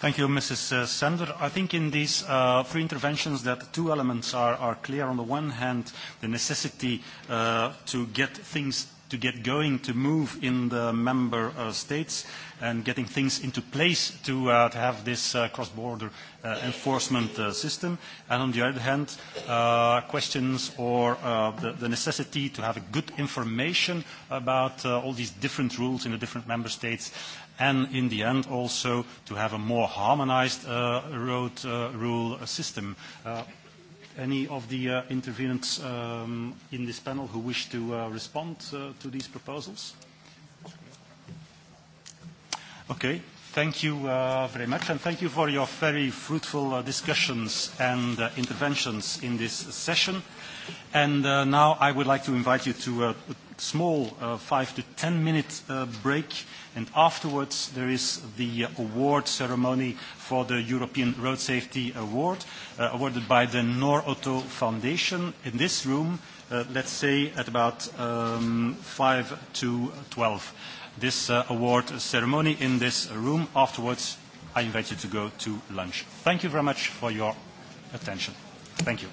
Speaker 1: Thank you, Mrs. Sander. I think in these three interventions that two elements are clear. On the one hand, the necessity to get things to get going, to move in the member states and getting things into place to have this cross-border enforcement system. And on the other hand, questions or the necessity to have good information about all these different rules in the different member states and in the end also to have a more harmonized road rule system any of the intervenants in this panel who wish to respond to these proposals? Okay. Thank you very much, and thank you for your very fruitful discussions and interventions in this session. And now I would like to invite you to small five to 10 minute break and afterwards there is the award ceremony for the European Road Safety Award awarded by the Nor Auto Foundation in this room let's say at about 5 to 12 this award ceremony in this room afterwards I invite you to go to lunch. Thank you very much for your attention. Thank you.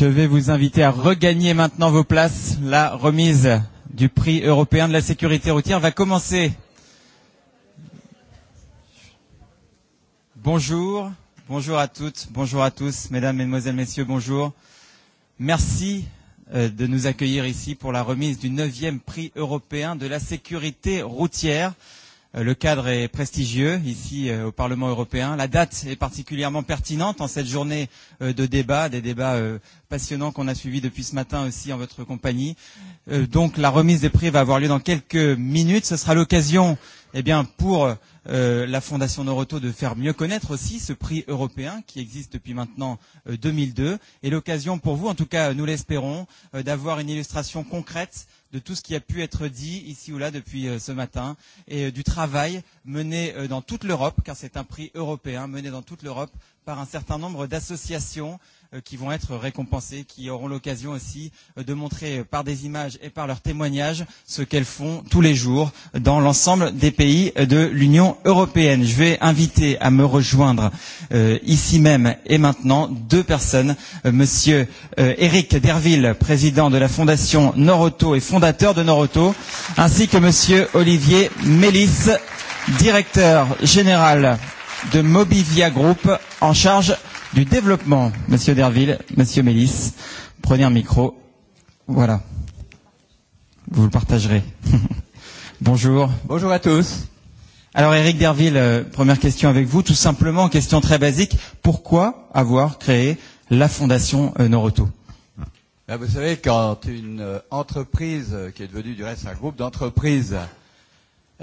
Speaker 13: Je vais vous inviter à regagner maintenant vos places. La remise du prix européen de la sécurité routière va commencer. Bonjour, bonjour à toutes, bonjour à tous, mesdames, mesdemoiselles, messieurs, bonjour. Merci de nous accueillir ici pour la remise du neuvième prix européen de la sécurité routière. Le cadre est prestigieux ici au Parlement européen. La date est particulièrement pertinente en cette journée de débat, des débats passionnants qu'on a suivis depuis ce matin aussi en votre compagnie. Donc la remise des prix va avoir lieu dans quelques minutes. Ce sera l'occasion eh bien, pour la Fondation Noroto de faire mieux connaître aussi ce prix européen qui existe depuis maintenant 2002 et l'occasion pour vous, en tout cas nous l'espérons, d'avoir une illustration concrète de tout ce qui a pu être dit ici ou là depuis ce matin et du travail mené dans toute l'Europe, car c'est un prix européen, mené dans toute l'Europe par un certain nombre d'associations qui vont être récompensées, qui auront l'occasion aussi de montrer par des images et par leurs témoignages ce qu'elles font tous les jours dans l'ensemble des pays de l'Union européenne. Je vais inviter à me rejoindre ici même et maintenant deux personnes, Monsieur Eric Derville, président de la Fondation Noroto et fondateur de Noroto, ainsi que Monsieur Olivier Mélis, directeur général de Mobivia Group en charge du développement. Monsieur Derville, Monsieur Mélis, prenez un micro. Voilà. Vous le partagerez. Bonjour. Bonjour à tous. Alors Eric Derville, première question avec vous, tout simplement, question très basique, pourquoi avoir créé la fondation Noroto
Speaker 14: Vous savez, quand une entreprise, qui est devenue du reste un groupe d'entreprises,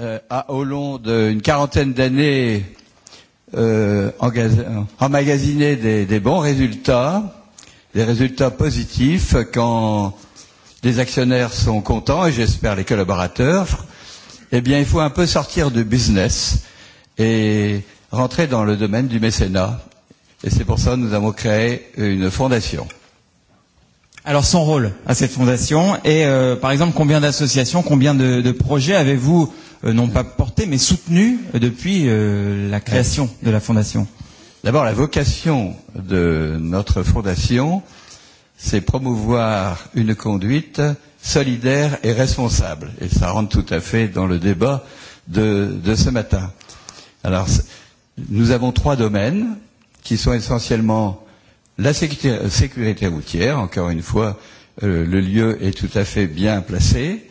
Speaker 14: a au long d'une quarantaine d'années euh, emmagasiner des, des bons résultats, des résultats positifs quand les actionnaires sont contents et j'espère les collaborateurs, eh bien il faut un peu sortir du business et rentrer dans le domaine du mécénat. Et c'est pour ça que nous avons créé une fondation.
Speaker 13: Alors son rôle à cette fondation et par exemple combien d'associations, combien de, de
Speaker 14: projets avez-vous non pas portée, mais soutenue depuis la création de la Fondation D'abord, la vocation de notre Fondation, c'est promouvoir une conduite solidaire et responsable. Et ça rentre tout à fait dans le débat de, de ce matin. Alors, nous avons trois domaines qui sont essentiellement la sécurité, sécurité routière, encore une fois, le lieu est tout à fait bien placé,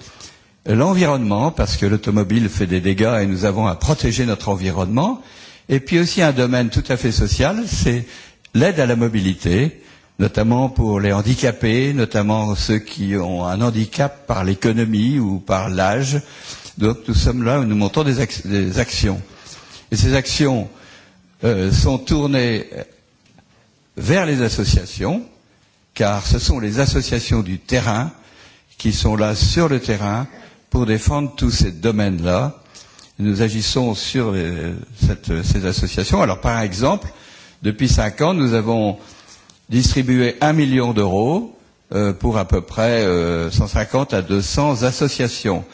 Speaker 14: l'environnement, parce que l'automobile fait des dégâts et nous avons à protéger notre environnement, et puis aussi un domaine tout à fait social, c'est l'aide à la mobilité, notamment pour les handicapés, notamment ceux qui ont un handicap par l'économie ou par l'âge. Donc nous sommes là où nous montons des, actions. Et ces actions sont tournées vers les associations, car ce sont les associations du terrain qui sont là sur le terrain pour défendre tous ces domaines-là. Nous agissons sur ces associations. Alors, par exemple, depuis cinq ans, nous avons distribué un million d'euros pour à peu près 150 à 200 associations.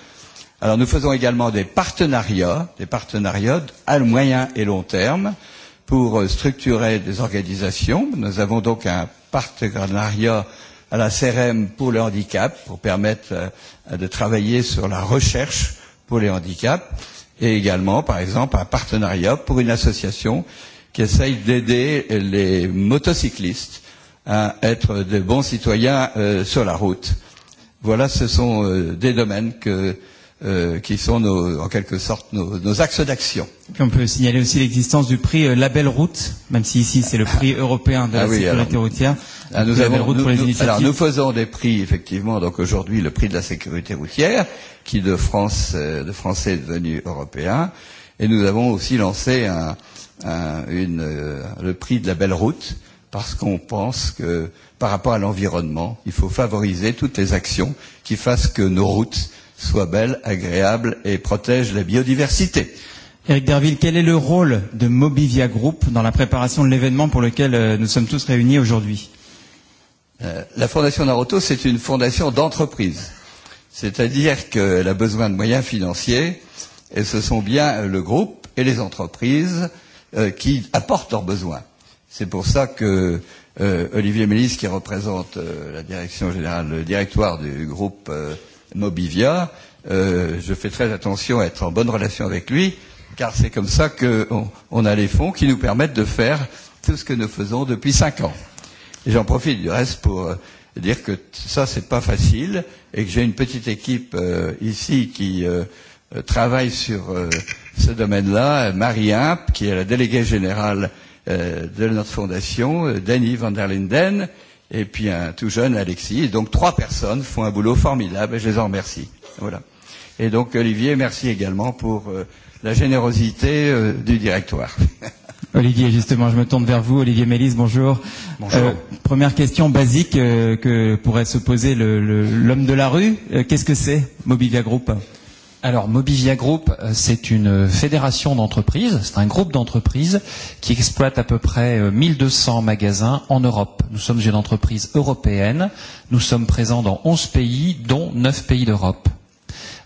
Speaker 14: Alors, nous faisons également des partenariats, des partenariats à moyen et long terme pour structurer des organisations. Nous avons donc un partenariat à la CRM pour le handicap, pour permettre de travailler sur la recherche pour les handicaps, et également, par exemple, un partenariat pour une association qui essaye d'aider les motocyclistes à être de bons citoyens sur la route. Voilà, ce sont des domaines que qui sont nos, en quelque sorte nos, axes d'action.
Speaker 13: on peut signaler aussi l'existence du prix Label Route, même si ici c'est le prix européen de la sécurité routière. nous, avons, nous, alors, nous
Speaker 14: faisons des prix, effectivement, donc aujourd'hui le prix de la sécurité routière, qui de France, de français est devenu européen, et nous avons aussi lancé un, une, le prix de la belle route, parce qu'on pense que par rapport à l'environnement, il faut favoriser toutes les actions qui fassent que nos routes soit belle, agréable et protège la biodiversité.
Speaker 13: Eric Derville, quel est le rôle
Speaker 14: de Mobivia
Speaker 13: Group dans la préparation de l'événement pour lequel nous sommes tous réunis aujourd'hui
Speaker 14: La Fondation Naruto, c'est une fondation d'entreprise. C'est-à-dire qu'elle a besoin de moyens financiers et ce sont bien le groupe et les entreprises qui apportent leurs besoins. C'est pour ça que Olivier Mélis, qui représente la direction générale, le directoire du groupe Mobivia, je fais très attention à être en bonne relation avec lui, car c'est comme ça qu'on a les fonds qui nous permettent de faire tout ce que nous faisons depuis cinq ans. J'en profite du reste pour dire que ça, c'est pas facile et que j'ai une petite équipe ici qui travaille sur ce domaine-là, Marie Imp, qui est la déléguée générale de notre fondation, Danny van der Linden, et puis un tout jeune Alexis. Et donc trois personnes font un boulot formidable et je les en remercie. Voilà. Et donc Olivier, merci également pour la générosité du directoire.
Speaker 13: Olivier, justement, je me tourne vers vous. Olivier Mélis, bonjour. Bonjour. Première question basique
Speaker 15: que pourrait se poser l'homme de la rue. Qu'est-ce que c'est Mobilia Group Alors Mobivia Group, c'est une fédération d'entreprises, c'est un groupe d'entreprises qui exploite à peu près 1200 magasins en Europe. Nous sommes une entreprise européenne, nous sommes présents dans 11 pays, dont 9 pays d'Europe.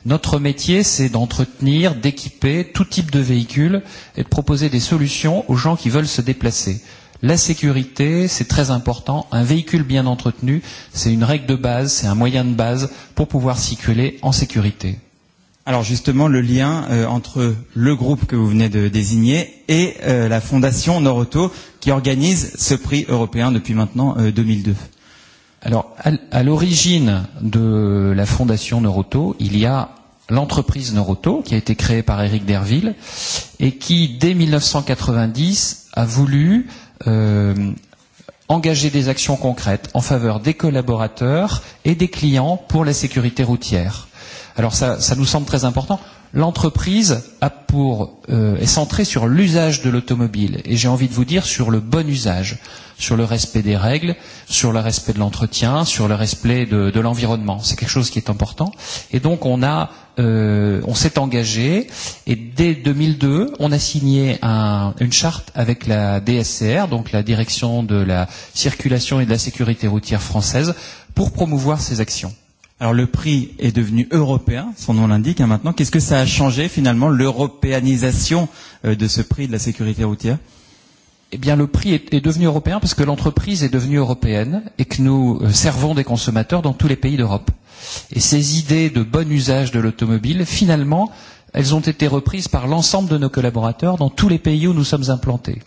Speaker 15: Notre métier, c'est d'entretenir, d'équiper tout type de véhicules et de proposer des solutions aux gens qui veulent se déplacer. La sécurité, c'est très important. Un véhicule bien entretenu, c'est une règle de base, c'est un moyen de base pour pouvoir circuler en sécurité.
Speaker 13: Alors justement, le lien entre le groupe que vous venez de désigner et la
Speaker 15: fondation Noroto qui organise ce prix européen depuis maintenant 2002. Alors, à l'origine de la fondation Noroto, il y a l'entreprise Noroto qui a été créée par Eric Derville et qui, dès 1990, a voulu engager des actions concrètes en faveur des collaborateurs et des clients pour la sécurité routière. Alors ça, ça nous semble très important. L'entreprise a pour, euh, est centrée sur l'usage de l'automobile et j'ai envie de vous dire sur le bon usage, sur le respect des règles, sur le respect de l'entretien, sur le respect de, de l'environnement. C'est quelque chose qui est important. Et donc on a, euh, on s'est engagé et dès 2002, on a signé un, une charte avec la DSCR, donc la Direction de la circulation et de la sécurité routière française, pour promouvoir ces actions. Alors le prix est devenu européen, son nom l'indique
Speaker 13: maintenant. Qu'est-ce que ça a changé finalement, l'européanisation de ce prix de la sécurité routière
Speaker 15: Eh bien le prix est devenu européen parce que l'entreprise est devenue européenne et que nous servons des consommateurs dans tous les pays d'Europe. Et ces idées de bon usage de l'automobile, finalement, elles ont été reprises par l'ensemble de nos collaborateurs dans tous les pays où nous sommes implantés.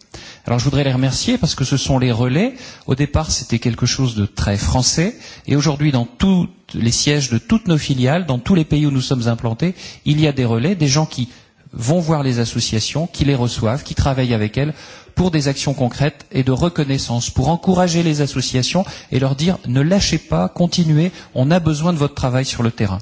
Speaker 15: Alors je voudrais les remercier parce que ce sont les relais. Au départ, c'était quelque chose de très français. Et aujourd'hui, dans tous les sièges de toutes nos filiales, dans tous les pays où nous sommes implantés, il y a des relais, des gens qui vont voir les associations, qui les reçoivent, qui travaillent avec elles pour des actions concrètes et de reconnaissance, pour encourager les associations et leur dire ne lâchez pas, continuez, on a besoin de votre travail sur le terrain.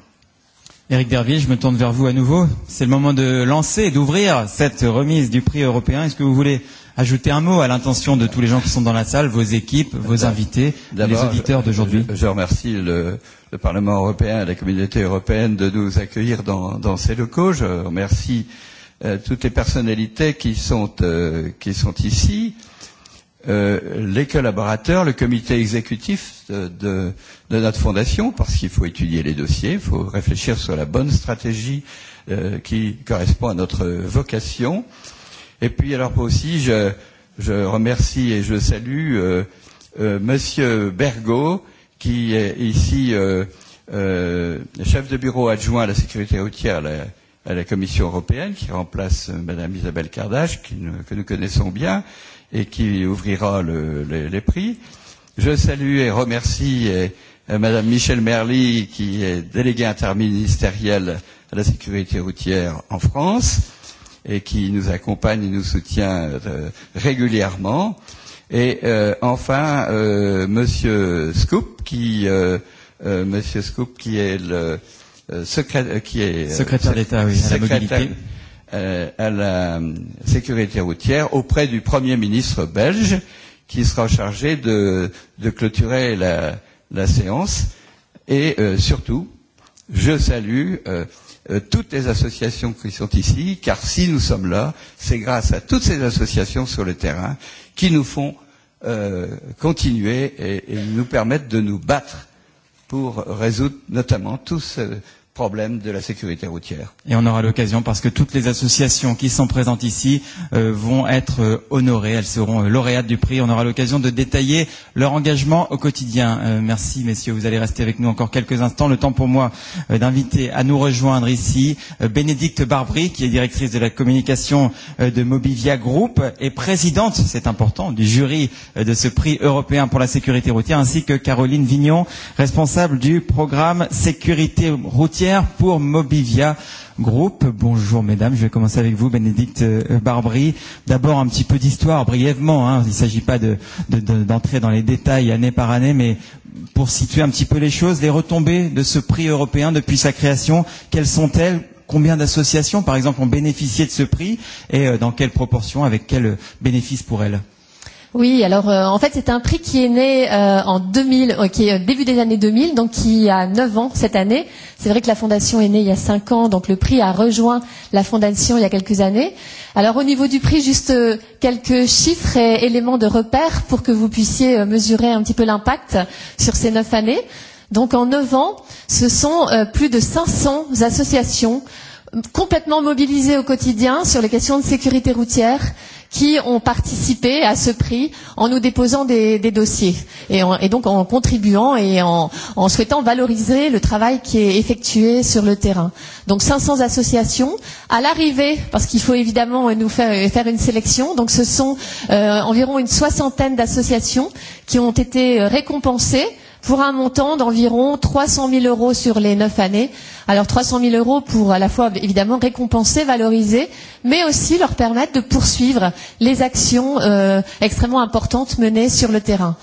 Speaker 15: Eric Derville, je me tourne
Speaker 13: vers vous à nouveau. C'est le moment de lancer, et d'ouvrir cette remise du prix européen. Est-ce que vous voulez
Speaker 14: ajouter un mot à l'intention de tous les gens qui sont dans la salle, vos équipes, vos invités, les auditeurs d'aujourd'hui je, remercie le, le Parlement européen et la communauté européenne de nous accueillir dans, dans ces locaux. Je remercie toutes les personnalités qui sont, qui sont ici les collaborateurs, le comité exécutif de notre fondation, parce qu'il faut étudier les dossiers, il faut réfléchir sur la bonne stratégie qui correspond à notre vocation. Et puis alors aussi, je remercie et je salue Monsieur Bergo, qui est ici chef de bureau adjoint à la sécurité routière à la Commission européenne, qui remplace Madame Isabelle Cardache, que nous connaissons bien et qui ouvrira les prix. Je salue et remercie Madame Michèle Merly, qui est déléguée interministérielle à la sécurité routière en France et qui nous accompagne et nous soutient régulièrement. Et enfin, Monsieur Scoop, qui Monsieur Scoop, qui est le secrétaire, qui est secrétaire d'État, oui, à la mobilité à la sécurité routière auprès du Premier ministre belge qui sera chargé de clôturer la séance. Et surtout, je salue toutes les associations qui sont ici, car si nous sommes là, c'est grâce à toutes ces associations sur le terrain qui nous font continuer et nous permettent de nous battre pour résoudre notamment tout problème de la sécurité routière.
Speaker 13: Et on aura l'occasion parce que toutes les associations qui sont présentes ici vont être honorées, elles seront lauréates du prix. On aura l'occasion de détailler leur engagement au quotidien. Merci messieurs, vous allez rester avec nous encore quelques instants. Le temps pour moi d'inviter à nous rejoindre ici Bénédicte Barbry qui est directrice de la communication de Mobivia Group et présidente, c'est important, du jury de ce prix européen pour la sécurité routière ainsi que Caroline Vignon, responsable du programme sécurité routière Pierre pour Mobivia Group. Bonjour mesdames, je vais commencer avec vous, Bénédicte Barbry. D'abord un petit peu d'histoire, brièvement. Hein. Il ne s'agit pas d'entrer de, dans les détails année par année, mais pour situer un petit peu les choses, les retombées de ce prix européen depuis sa création, quelles sont-elles Combien d'associations, par exemple, ont bénéficié de ce prix et dans quelle proportion, avec quel bénéfice pour elles
Speaker 16: Oui, alors en fait, c'est un prix qui est né en 2000, qui est début des années 2000, donc qui a 9 ans cette année. C'est vrai que la fondation est née il y a 5 ans, donc le prix a rejoint la fondation il y a quelques années. Alors au niveau du prix, juste quelques chiffres et éléments de repère pour que vous puissiez mesurer un petit peu l'impact sur ces 9 années. Donc en 9 ans, ce sont plus de 500 associations complètement mobilisées au quotidien sur les questions de sécurité routière qui ont participé à ce prix en nous déposant des des dossiers et et donc en contribuant et en en souhaitant valoriser le travail qui est effectué sur le terrain. Donc 500 associations. À l'arrivée, parce qu'il faut évidemment nous faire une sélection, donc ce sont environ une soixantaine d'associations qui ont été récompensées pour un montant d'environ 300 000 euros sur les neuf années. Alors 300 000 euros pour à la fois évidemment récompenser, valoriser, mais aussi leur permettre de poursuivre les actions extrêmement importantes menées sur le terrain.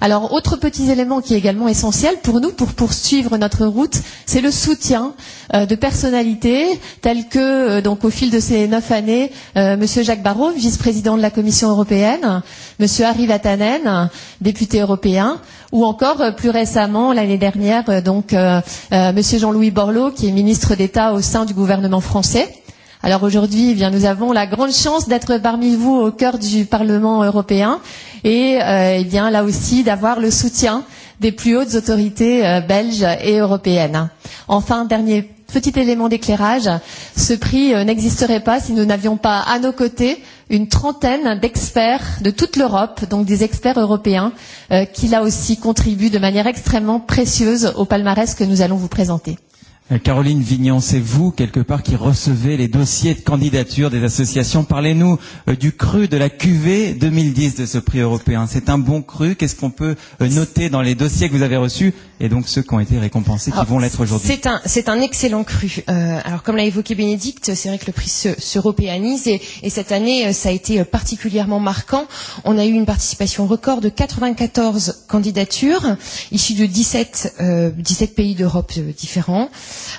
Speaker 16: Alors, autre petit élément qui est également essentiel pour nous, pour poursuivre notre route, c'est le soutien de personnalités telles que, donc, au fil de ces neuf années, Monsieur Jacques Barrault, vice-président de la Commission européenne, Monsieur Harry Vatanen, député européen, ou encore plus récemment l'année dernière donc monsieur Jean-Louis Borloo qui est ministre d'État au sein du gouvernement français. Alors aujourd'hui, bien nous avons la grande chance d'être parmi vous au cœur du Parlement européen et eh bien là aussi d'avoir le soutien des plus hautes autorités belges et européennes. Enfin, dernier petit élément d'éclairage, ce prix n'existerait pas si nous n'avions pas à nos côtés une trentaine d'experts de toute l'Europe, donc des experts européens, qui là aussi contribuent de manière extrêmement précieuse au palmarès que nous allons vous présenter.
Speaker 13: Caroline Vignon, c'est vous, quelque part, qui recevez les dossiers de candidature des associations. Parlez-nous du cru de la QV 2010 de ce prix européen. C'est un bon cru. Qu'est-ce qu'on peut noter dans les dossiers que vous avez reçus et donc ceux qui ont été récompensés, qui vont l'être aujourd'hui
Speaker 17: C'est un, un excellent cru. alors, comme l'a évoqué Bénédicte, c'est vrai que le prix se, européanise et, et cette année, ça a été particulièrement marquant. On a eu une participation record de 94 candidatures, issues de 17, 17 pays d'Europe différents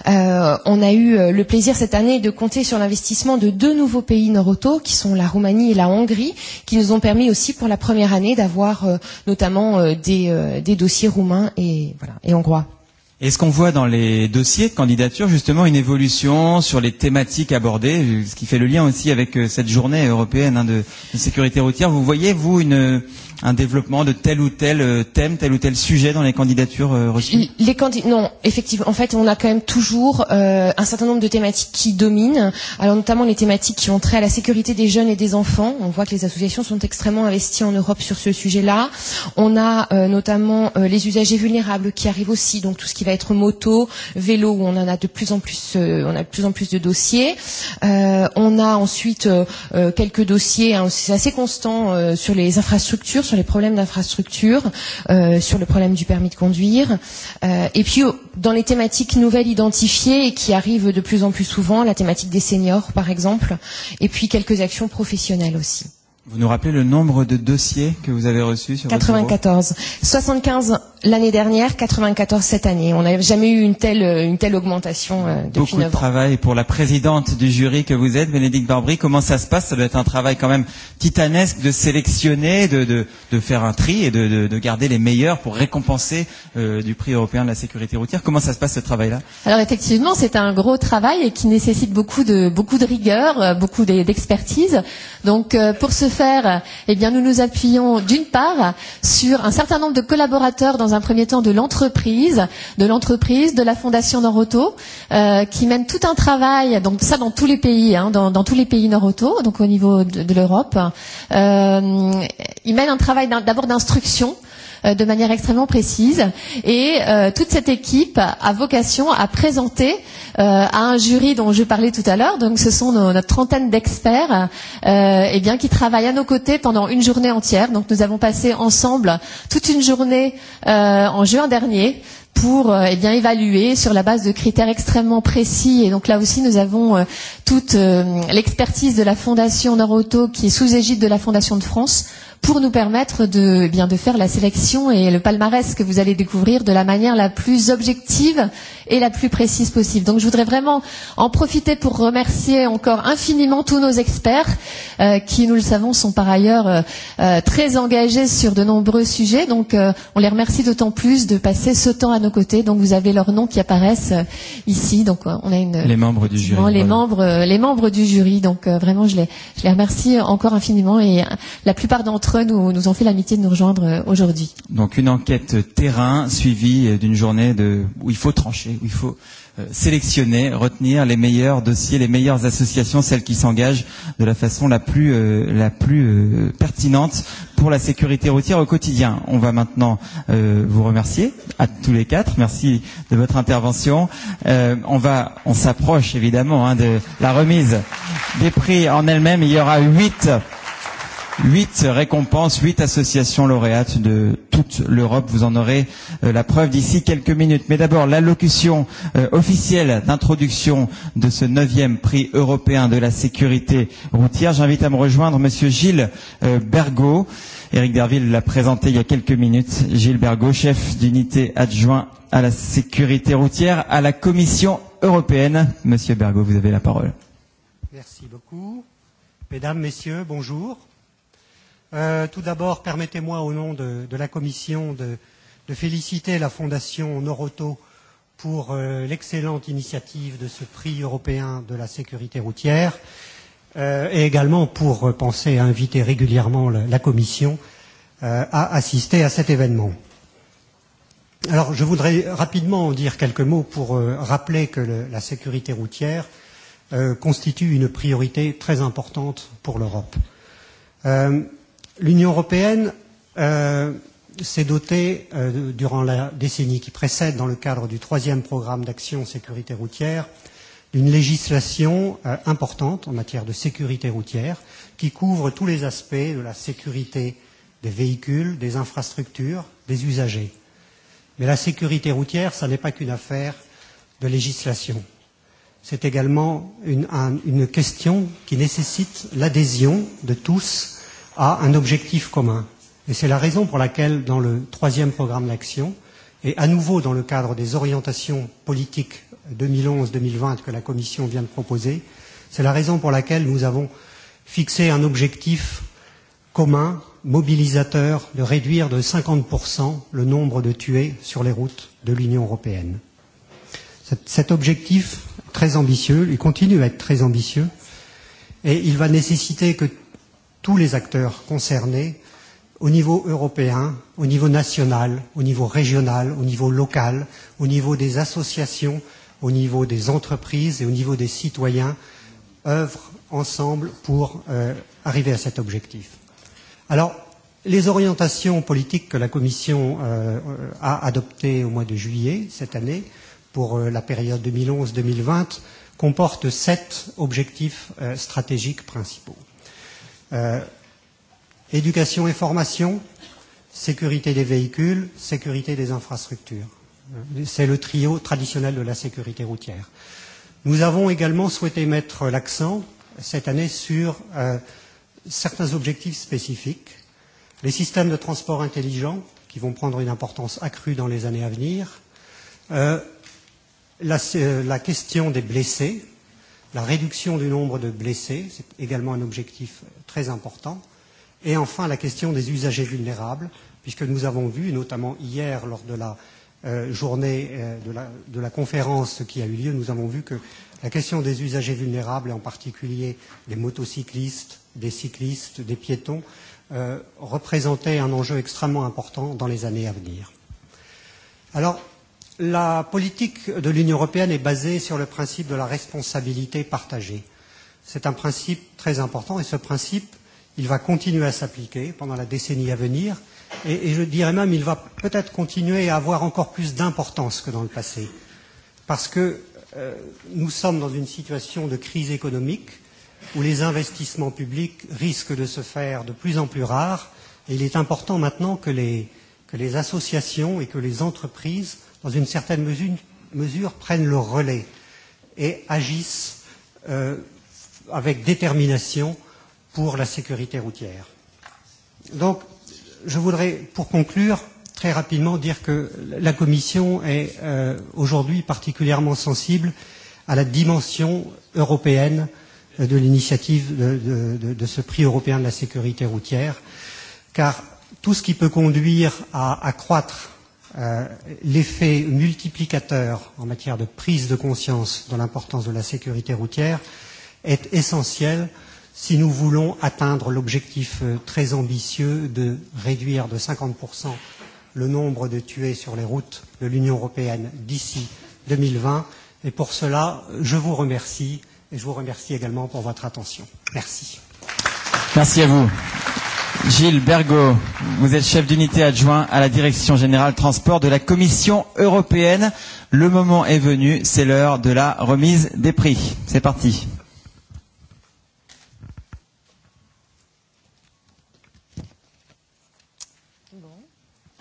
Speaker 17: on a eu le plaisir cette année de compter sur l'investissement de deux nouveaux pays Noroto, qui sont la Roumanie et la Hongrie, qui nous ont permis aussi pour la première année d'avoir notamment des, des dossiers roumains et, voilà, et hongrois.
Speaker 13: Est-ce qu'on voit dans les dossiers de candidature justement une évolution sur les thématiques abordées, ce qui fait le lien aussi avec cette journée européenne de sécurité routière Vous voyez, vous, une, un développement de tel ou tel thème, tel ou tel sujet dans les candidatures reçues
Speaker 17: les Non, effectivement. En fait, on a quand même toujours un certain nombre de thématiques qui dominent. Alors, notamment les thématiques qui ont trait à la sécurité des jeunes et des enfants. On voit que les associations sont extrêmement investies en Europe sur ce sujet-là. On a notamment les usagers vulnérables qui arrivent aussi. Donc, tout ce qui va être moto, vélo, où on en a de plus en plus, on a de plus en plus de dossiers. On a ensuite quelques dossiers, c'est assez constant, sur les infrastructures sur les problèmes d'infrastructure, sur le problème du permis de conduire, et puis dans les thématiques nouvelles identifiées et qui arrivent de plus en plus souvent, la thématique des seniors par exemple, et puis quelques actions professionnelles aussi.
Speaker 13: Vous nous rappelez le nombre de dossiers que vous avez reçus sur 94.
Speaker 17: 75 l'année dernière, 94 cette année. On n'a jamais eu une telle, une telle augmentation depuis Beaucoup de
Speaker 13: travail pour la présidente du jury que vous êtes, Bénédicte Barbry. Comment ça se passe Ça doit être un travail quand même titanesque de sélectionner, de, de, de faire un tri et de, de, de garder les meilleurs pour récompenser du prix européen de la sécurité routière. Comment ça se passe ce travail-là
Speaker 16: Alors effectivement, c'est un gros travail et qui nécessite beaucoup de, beaucoup de rigueur, beaucoup d'expertise. Donc pour ce faire, eh bien, nous nous appuyons d'une part sur un certain nombre de collaborateurs dans dans un premier temps de l'entreprise, de l'entreprise, de la fondation Noroto, euh, qui mène tout un travail, donc ça dans tous les pays, hein, dans, dans tous les pays Noroto, donc au niveau de, de l'Europe. Euh, ils mènent un travail d'abord d'instruction, de manière extrêmement précise. Et toute cette équipe a vocation à présenter à un jury dont je parlais tout à l'heure, donc ce sont notre trentaine d'experts eh bien, qui travaillent à nos côtés pendant une journée entière. Donc nous avons passé ensemble toute une journée en juin dernier pour eh bien évaluer sur la base de critères extrêmement précis et donc là aussi nous avons toute l'expertise de la fondation Noroto qui est sous égide de la fondation de France pour nous permettre de bien de faire la sélection et le palmarès que vous allez découvrir de la manière la plus objective et la plus précise possible. Donc je voudrais vraiment en profiter pour remercier encore infiniment tous nos experts qui nous le savons sont par ailleurs très engagés sur de nombreux sujets. Donc on les remercie d'autant plus de passer ce temps à nos côtés. Donc vous avez leurs noms qui apparaissent ici. Donc on a une les membres du jury. Les membres les membres du jury. Donc vraiment je les je les remercie encore infiniment et la plupart d'entre nous, nous ont fait l'amitié de nous rejoindre aujourd'hui.
Speaker 13: Donc une enquête terrain suivie d'une journée de, où il faut trancher, où il faut sélectionner, retenir les meilleurs dossiers, les meilleures associations, celles qui s'engagent de la façon la plus, la plus pertinente pour la sécurité routière au quotidien. On va maintenant vous remercier à tous les quatre. Merci de votre intervention. On va, on s'approche évidemment de la remise des prix en elle-même. Il y aura huit huit récompenses, huit associations lauréates de toute l'Europe. Vous en aurez la preuve d'ici quelques minutes. Mais d'abord, l'allocution officielle d'introduction de ce neuvième prix européen de la sécurité routière. J'invite à me rejoindre Monsieur Gilles Bergot. Éric Derville l'a présenté il y a quelques minutes. Gilles Bergot, chef d'unité adjoint à la sécurité routière à la Commission européenne. Monsieur Bergot, vous avez la parole.
Speaker 18: Merci beaucoup. Mesdames, Messieurs, bonjour. Tout d'abord, permettez-moi au nom de la Commission de féliciter la Fondation Noroto pour l'excellente initiative de ce prix européen de la sécurité routière et également pour penser à inviter régulièrement la Commission à assister à cet événement. Alors, je voudrais rapidement dire quelques mots pour rappeler que la sécurité routière constitue une priorité très importante pour l'Europe. L'Union européenne s'est dotée, durant la décennie qui précède, dans le cadre du troisième programme d'action sécurité routière, d'une législation importante en matière de sécurité routière, qui couvre tous les aspects de la sécurité des véhicules, des infrastructures, des usagers. Mais la sécurité routière, ce n'est pas qu'une affaire de législation. C'est également une question qui nécessite l'adhésion de tous a un objectif commun. Et c'est la raison pour laquelle, dans le troisième programme d'action, et à nouveau dans le cadre des orientations politiques 2011-2020 que la Commission vient de proposer, c'est la raison pour laquelle nous avons fixé un objectif commun, mobilisateur, de réduire de 50% le nombre de tués sur les routes de l'Union européenne. Cet objectif, très ambitieux, il continue à être très ambitieux, et il va nécessiter que tous les acteurs concernés au niveau européen, au niveau national, au niveau régional, au niveau local, au niveau des associations, au niveau des entreprises et au niveau des citoyens, œuvrent ensemble pour arriver à cet objectif. Alors, les orientations politiques que la Commission a adoptées au mois de juillet cette année, pour la période 2011-2020, comportent sept objectifs stratégiques principaux. Éducation et formation, sécurité des véhicules, sécurité des infrastructures. C'est le trio traditionnel de la sécurité routière. Nous avons également souhaité mettre l'accent cette année sur certains objectifs spécifiques. Les systèmes de transport intelligents, qui vont prendre une importance accrue dans les années à venir. La question des blessés, la réduction du nombre de blessés, c'est également un objectif très important, et enfin la question des usagers vulnérables, puisque nous avons vu, notamment hier lors de la journée de la conférence qui a eu lieu, nous avons vu que la question des usagers vulnérables, et en particulier des motocyclistes, des cyclistes, des piétons, représentait un enjeu extrêmement important dans les années à venir. Alors, La politique de l'Union européenne est basée sur le principe de la responsabilité partagée. C'est un principe très important et ce principe, il va continuer à s'appliquer pendant la décennie à venir et je dirais même il va peut-être continuer à avoir encore plus d'importance que dans le passé. Parce que nous sommes dans une situation de crise économique où les investissements publics risquent de se faire de plus en plus rares et il est important maintenant que les associations et que les entreprises dans une certaine mesure, mesure prennent le relais et agissent avec détermination pour la sécurité routière. Donc, je voudrais, pour conclure, très rapidement dire que la Commission est aujourd'hui particulièrement sensible à la dimension européenne de l'initiative de ce prix européen de la sécurité routière, car tout ce qui peut conduire à accroître l'effet multiplicateur en matière de prise de conscience de l'importance de la sécurité routière est essentiel si nous voulons atteindre l'objectif très ambitieux de réduire de 50% le nombre de tués sur les routes de l'Union européenne d'ici 2020. Et pour cela, je vous remercie et je vous remercie également pour votre attention. Merci.
Speaker 13: Merci à vous. Gilles Bergot, vous êtes chef d'unité adjoint à la Direction générale transport de la Commission européenne. Le moment est venu, c'est l'heure de la remise des prix. C'est parti.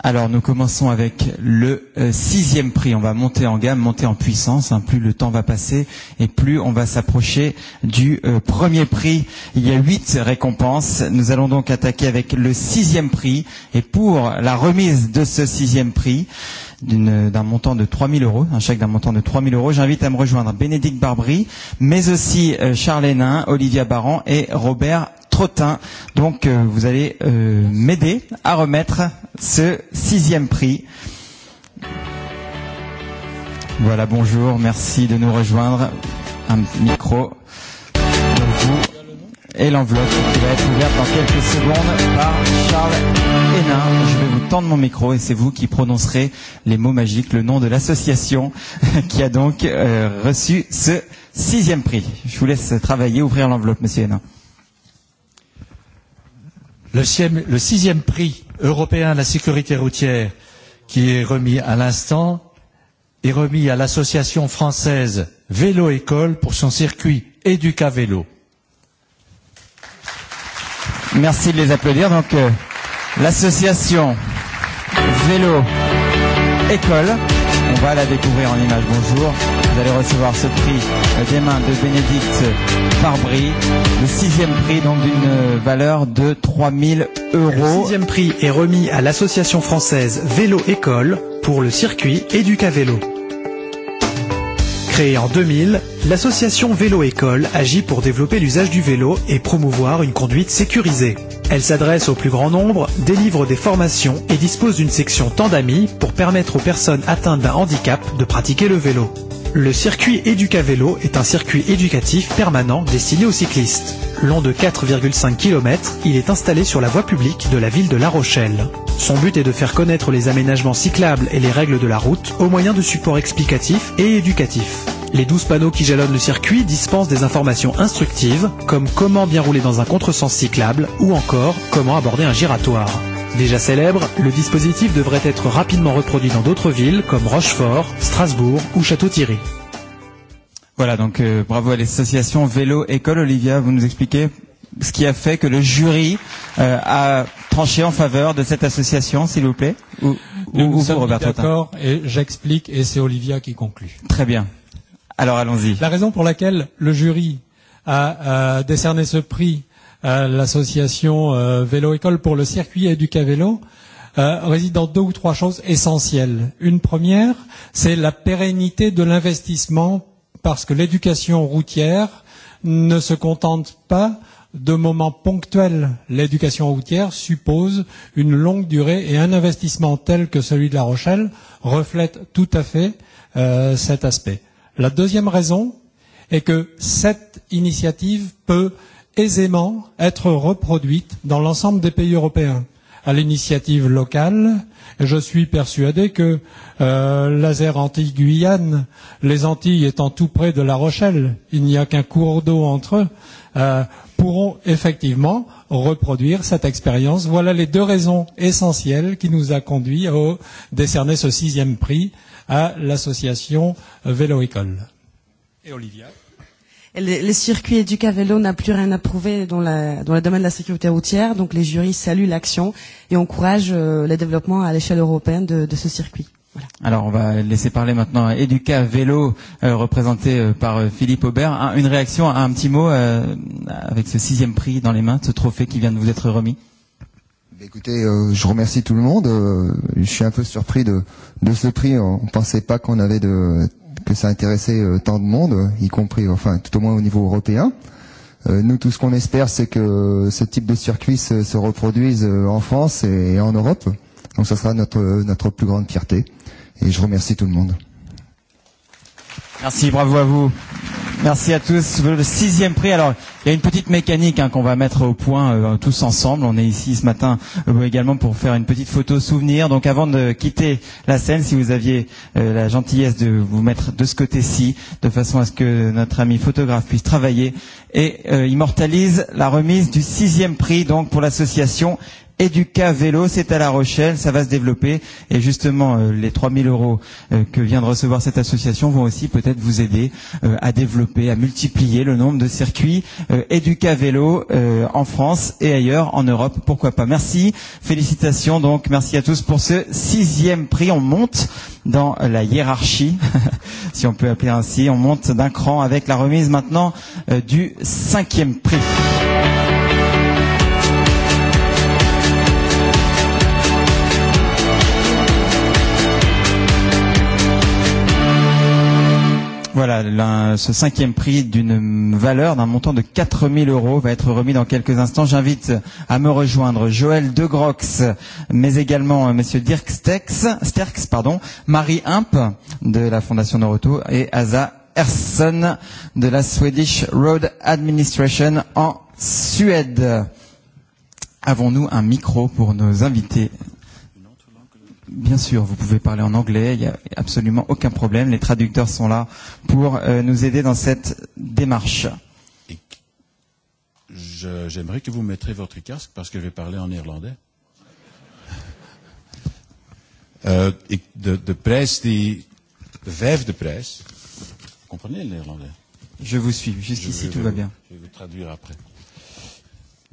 Speaker 13: Alors nous commençons avec le sixième prix. On va monter en gamme, monter en puissance. Plus le temps va passer et plus on va s'approcher du premier prix. Il y a huit récompenses. Nous allons donc attaquer avec le sixième prix. Et pour la remise de ce sixième prix, d'un montant de 3000 euros, un chèque d'un montant de 3000 euros, j'invite à me rejoindre Bénédicte Barbry, mais aussi Charles Hénin, Olivia Baran et Robert Trottin. Donc, vous allez m'aider à remettre ce sixième prix. Voilà, bonjour, merci de nous rejoindre. Un micro pour vous et l'enveloppe qui va être ouverte dans quelques secondes par Charles Hénin. Je vais vous tendre mon micro et c'est vous qui prononcerez les mots magiques, le nom de l'association qui a donc reçu ce sixième prix. Je vous laisse travailler, ouvrir l'enveloppe, monsieur Hénin. Le sixième prix européen de la sécurité routière qui est remis à l'instant
Speaker 19: est remis à l'association française Vélo École pour son circuit
Speaker 13: Éduca Vélo. Merci de les applaudir. Donc, l'association Vélo École. On va la découvrir en image Bonjour. Vous allez recevoir ce prix des mains de Bénédicte Farbry, le sixième prix donc d'une valeur de 3000
Speaker 19: euros. Le sixième prix est remis à l'association française Vélo École pour le circuit Éduca Vélo. Créée en 2000, l'association Vélo École agit pour développer l'usage du vélo et promouvoir une conduite sécurisée. Elle s'adresse au plus grand nombre, délivre des formations et dispose d'une section tant d'amis pour permettre aux personnes atteintes d'un handicap de pratiquer le vélo. Le circuit Educa-Vélo est un circuit éducatif permanent destiné aux cyclistes. Long de 4,5 km, il est installé sur la voie publique de la ville de La Rochelle. Son but est de faire connaître les aménagements cyclables et les règles de la route au moyen de supports explicatifs et éducatifs. Les 12 panneaux qui jalonnent le circuit dispensent des informations instructives comme comment bien rouler dans un contresens cyclable ou encore comment aborder un giratoire. Déjà célèbre, le dispositif devrait être rapidement reproduit dans d'autres villes comme
Speaker 13: Rochefort, Strasbourg ou Château-Thierry. Voilà, donc bravo à l'association Vélo École. Olivia, vous nous expliquez ce qui a fait que le jury a tranché en faveur de cette association, s'il vous plaît Ou, ou, vous, sommes D'accord,
Speaker 20: et j'explique, et c'est Olivia qui conclut. Très bien. Alors allons-y. La raison pour laquelle le jury a décerné ce prix à l'association Vélo École pour le circuit euh, réside dans deux ou trois choses essentielles. Une première, c'est la pérennité de l'investissement parce que l'éducation routière ne se contente pas de moments ponctuels. L'éducation routière suppose une longue durée et un investissement tel que celui de La Rochelle reflète tout à fait cet aspect. La deuxième raison est que cette initiative peut aisément être reproduite dans l'ensemble des pays européens à l'initiative locale. Je suis persuadé que laser Antilles-Guyane, les Antilles étant tout près de La Rochelle, il n'y a qu'un cours d'eau entre eux, pourront effectivement reproduire cette expérience. Voilà les deux raisons essentielles qui nous a conduits à décerner ce sixième prix à l'association Vélo École. Et Olivia le
Speaker 21: circuit Educa Vélo n'a plus rien à prouver dans, la, dans le domaine de la sécurité routière, donc les jurys saluent l'action et encouragent le développement à l'échelle européenne de, de ce circuit.
Speaker 13: Alors on va laisser parler maintenant à Educa Vélo, représenté par Philippe Aubert. Une réaction, un petit mot avec ce sixième prix dans les mains, ce trophée qui vient de vous être remis
Speaker 22: Écoutez, je remercie tout le monde. Je suis un peu surpris de, de ce prix. On ne pensait pas qu'on avait de, que ça intéressait tant de monde, y compris, enfin, tout au moins au niveau européen. Nous, tout ce qu'on espère, c'est que ce type de circuit se, se reproduise en France et en Europe. Donc, ça sera notre, notre plus grande fierté. Et je remercie tout le monde.
Speaker 13: Merci, bravo à vous. Merci à tous. Le sixième prix. Alors, il y a une petite mécanique qu'on va mettre au point tous ensemble. On est ici ce matin également pour faire une petite photo souvenir. Donc, avant de quitter la scène, si vous aviez la gentillesse de vous mettre de ce côté-ci, de façon à ce que notre ami photographe puisse travailler et immortalise la remise du sixième prix donc pour l'association Educa Vélo, c'est à La Rochelle, ça va se développer. Et justement, les 3000 euros que vient de recevoir cette association vont aussi peut-être vous aider à développer, à multiplier le nombre de circuits Educa Vélo en France et ailleurs, en Europe, pourquoi pas. Merci, félicitations donc, merci à tous pour ce sixième prix. On monte dans la hiérarchie, si on peut appeler ainsi, on monte d'un cran avec la remise maintenant du cinquième prix. Voilà, ce cinquième prix d'une valeur, d'un montant de 4000 euros va être remis dans quelques instants. J'invite à me rejoindre Joël De Grox, mais également Monsieur Dirk Stex, Sterks, pardon, Marie Imp de la Fondation Noroto et Asa Ersson de la Swedish Road Administration en Suède. Avons-nous un micro pour nos invités Bien sûr, vous pouvez parler en anglais, il n'y a absolument aucun problème. Les traducteurs sont là pour nous aider dans cette démarche.
Speaker 7: J'aimerais que vous mettrez votre casque parce que je vais parler en néerlandais.
Speaker 22: Uh, ik, de, de prijs die,
Speaker 7: de vijfde prijs. comprenez le néerlandais?
Speaker 22: Je vous suis, jusqu'ici
Speaker 7: tout va bien. Je vais vous traduire après.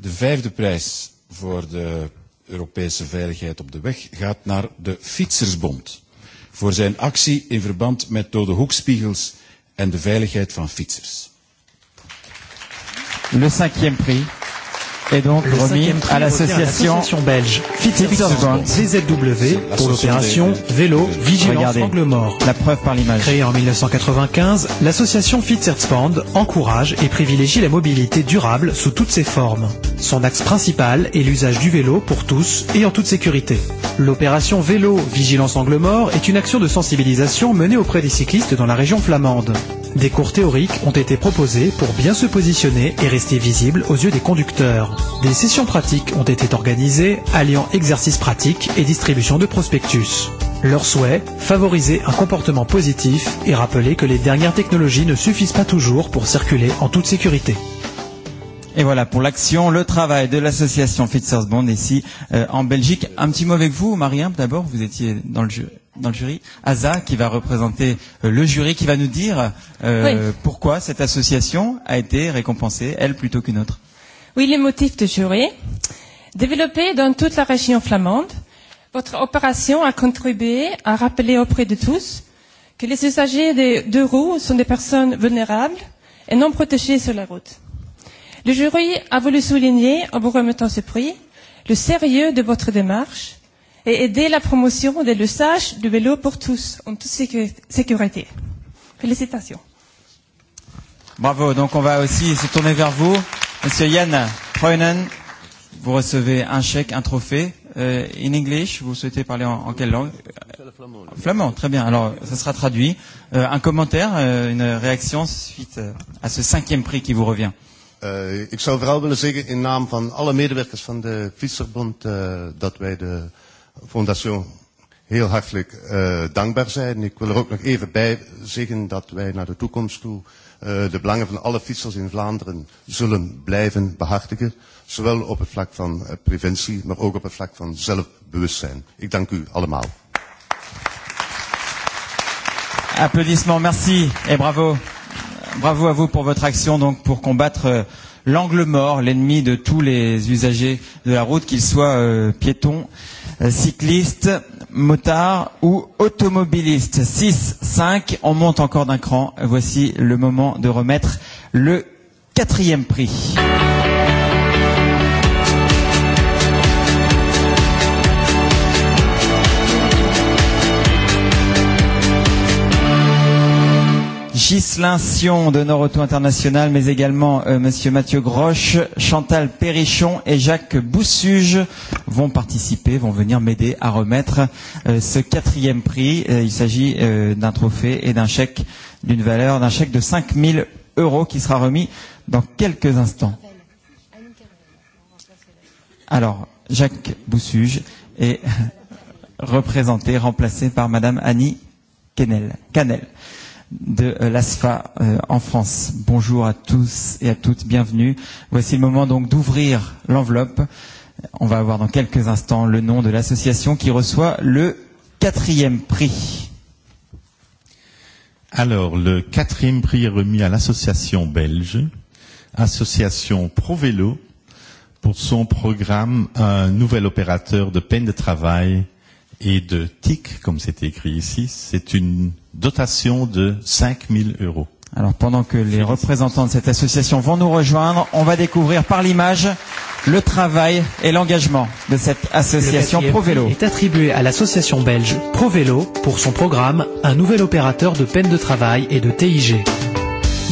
Speaker 7: De vijfde prijs voor de Europese Veiligheid op de Weg gaat naar de Fietsersbond voor zijn actie in verband met dode hoekspiegels en de veiligheid van fietsers. Le cinquième prix et donc remis à l'association
Speaker 13: belge ZZW pour l'opération Vélo Vigilance Angle
Speaker 19: Mort. La preuve par l'image. Créée en 1995, l'association Fitsertspand encourage et privilégie la mobilité durable sous toutes ses formes. Son axe principal est l'usage du vélo pour tous et en toute sécurité. L'opération Vélo Vigilance Angle Mort est une action de sensibilisation menée auprès des cyclistes dans la région flamande. Des cours théoriques ont été proposés pour bien se positionner et rester visible aux yeux des conducteurs. Des sessions pratiques ont été organisées alliant exercices pratiques et distribution de prospectus. Leur souhait, favoriser un comportement positif et rappeler que les dernières technologies ne suffisent pas toujours pour circuler en toute
Speaker 13: sécurité. Et voilà pour l'action, le travail de l'association Fitzers Bond ici en Belgique. Un petit mot avec vous, Marien, d'abord, vous étiez dans le dans le jury, Aza qui va représenter le jury, qui va nous dire pourquoi cette association a été récompensée, elle plutôt qu'une autre.
Speaker 21: Oui, les motifs de jury. Développés dans toute la région flamande, votre opération a contribué à rappeler auprès de tous que les usagers des deux roues sont des personnes vulnérables et non protégées sur la route. Le jury a voulu souligner, en vous remettant ce prix, le sérieux de votre démarche et aider la promotion de l'usage du vélo pour tous, en toute sécurité. Félicitations.
Speaker 13: Bravo, donc on va aussi se tourner vers vous. Monsieur Yann Freunen, vous recevez un chèque, un trophée. Euh, in English, vous souhaitez parler en, en quelle langue Flamand, très bien. Alors, ça sera traduit. un commentaire, une réaction suite à ce cinquième prix qui vous
Speaker 22: revient. ik zou vooral willen zeggen in naam van alle medewerkers van de Fischerbond dat wij de fondation heel hartelijk dankbaar zijn. Ik wil er ook nog even bij zeggen dat wij naar de toekomst toe de belangen van alle fietsers in Vlaanderen zullen blijven behartigen, zowel op het vlak van preventie, maar ook op het vlak van zelfbewustzijn. Ik dank u allemaal.
Speaker 13: Applaudissements, merci et bravo. Bravo à vous pour votre action donc pour combattre l'angle mort, l'ennemi de tous les usagers de la route, qu'ils soient piétons cycliste, motard ou automobiliste 6, 5, on monte encore d'un cran. Voici le moment de remettre le quatrième prix. Ghislain Sion de Noroto International, mais également Monsieur Mathieu Grosch, Chantal Perrichon et Jacques Boussuge vont participer, vont venir m'aider à remettre ce quatrième prix. Il s'agit d'un trophée et d'un chèque d'une valeur d'un chèque de 5000 euros qui sera remis dans quelques instants. Alors, Jacques Boussuge est représenté, remplacé par Madame Annie Canel de l'ASFA en France. Bonjour à tous et à toutes, bienvenue. Voici le moment donc d'ouvrir l'enveloppe. On va avoir dans quelques instants le nom de l'association qui reçoit le quatrième prix.
Speaker 6: Alors, le quatrième prix est remis à l'association belge, association Pro Velo, pour son programme Un nouvel opérateur de peine de travail et de TIC, comme c'est écrit ici, c'est une dotation de 5 000 euros.
Speaker 13: Alors pendant que les représentants de cette association vont nous rejoindre, on va découvrir par l'image le travail et l'engagement de cette association ProVélo. est
Speaker 19: attribué à l'association belge ProVélo pour son programme Un nouvel opérateur de peine de travail et de TIG.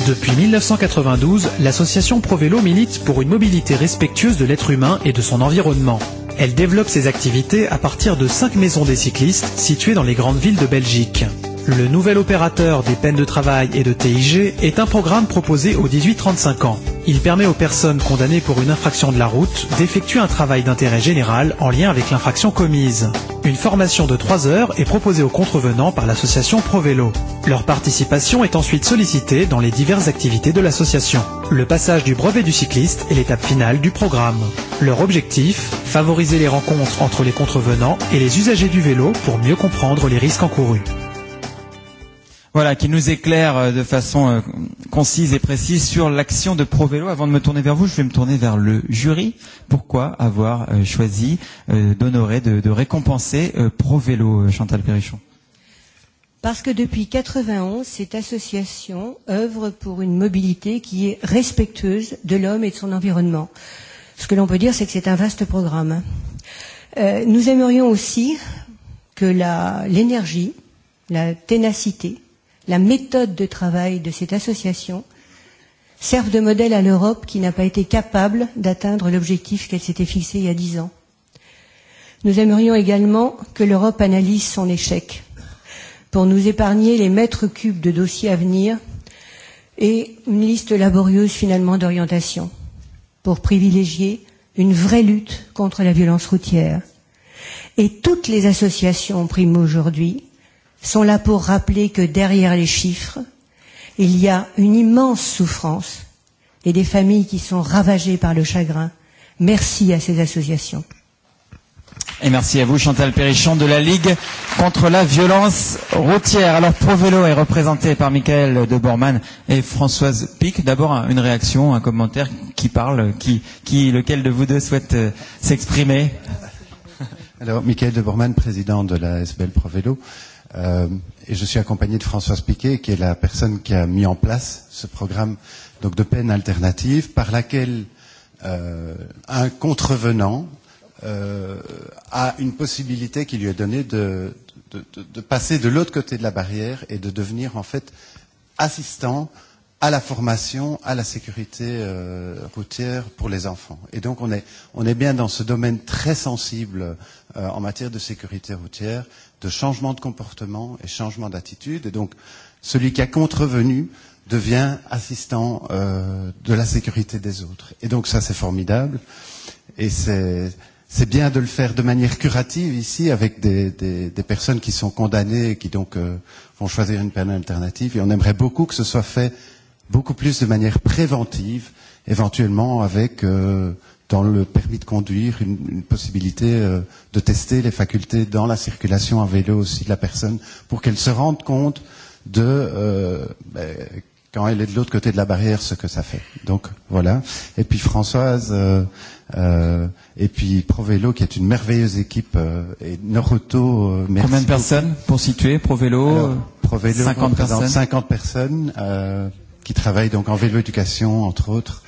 Speaker 19: Depuis 1992, l'association ProVélo milite pour une mobilité respectueuse de l'être humain et de son environnement. Elle développe ses activités à partir de 5 maisons des cyclistes situées dans les grandes villes de Belgique. Le nouvel opérateur des peines de travail et de TIG est un programme proposé aux 18-35 ans. Il permet aux personnes condamnées pour une infraction de la route d'effectuer un travail d'intérêt général en lien avec l'infraction commise. Une formation de 3 heures est proposée aux contrevenants par l'association ProVélo. Leur participation est ensuite sollicitée dans les diverses activités de l'association. Le passage du brevet du cycliste est l'étape finale du programme. Leur objectif, favoriser les rencontres entre les contrevenants et les usagers du vélo pour mieux comprendre les risques encourus.
Speaker 13: Voilà, qui nous éclaire de façon concise et précise sur l'action de ProVélo. Avant de me tourner vers vous, je vais me tourner vers le jury. Pourquoi avoir choisi d'honorer, de, de récompenser ProVélo, Chantal Perrichon
Speaker 23: Parce que depuis 91, cette association œuvre pour une mobilité qui est respectueuse de l'homme et de son environnement. Ce que l'on peut dire, c'est que c'est un vaste programme. Nous aimerions aussi que l'énergie, la ténacité, la méthode de travail de cette association servent de modèle à l'Europe qui n'a pas été capable d'atteindre l'objectif qu'elle s'était fixé il y a dix ans. Nous aimerions également que l'Europe analyse son échec pour nous épargner les mètres cubes de dossiers à venir et une liste laborieuse finalement d'orientation pour privilégier une vraie lutte contre la violence routière. Et toutes les associations primes aujourd'hui sont là pour rappeler que derrière les chiffres, il y a une immense souffrance et des familles qui sont ravagées par le chagrin. Merci à ces associations.
Speaker 13: Et merci à vous, Chantal Perrichon, de la Ligue contre la violence routière. Alors, ProVélo est représenté par Michael de Bormann et Françoise Pic. D'abord, une réaction, un commentaire qui parle, qui, qui, lequel de vous deux souhaite s'exprimer
Speaker 22: Alors, Michael de Borman, président de la SBL ProVélo. Euh, et je suis accompagné de Françoise Piquet, qui est la personne qui a mis en place ce programme donc de peine alternative, par laquelle euh, un contrevenant à une possibilité qui lui est donnée de, de, de passer de l'autre côté de la barrière et de devenir en fait assistant à la formation, à la sécurité routière pour les enfants. Et donc on est, on est bien dans ce domaine très sensible en matière de sécurité routière, de changement de comportement et changement d'attitude. Et donc celui qui a contrevenu devient assistant de la sécurité des autres. Et donc ça c'est formidable. Et c'est c'est bien de le faire de manière curative ici avec des, des, des personnes qui sont condamnées et qui donc vont choisir une peine alternative. Et on aimerait beaucoup que ce soit fait beaucoup plus de manière préventive, éventuellement avec dans le permis de conduire une, possibilité de tester les facultés dans la circulation à vélo aussi de la personne pour qu'elle se rende compte de euh, quand elle est de l'autre côté de la barrière ce que ça fait. Donc voilà. Et puis Françoise et puis Provélo qui est une merveilleuse équipe et Noroto merci Combien de personnes
Speaker 13: pour situer Provélo Provélo 50 personnes
Speaker 22: 50 personnes qui travaillent donc en vélo éducation entre autres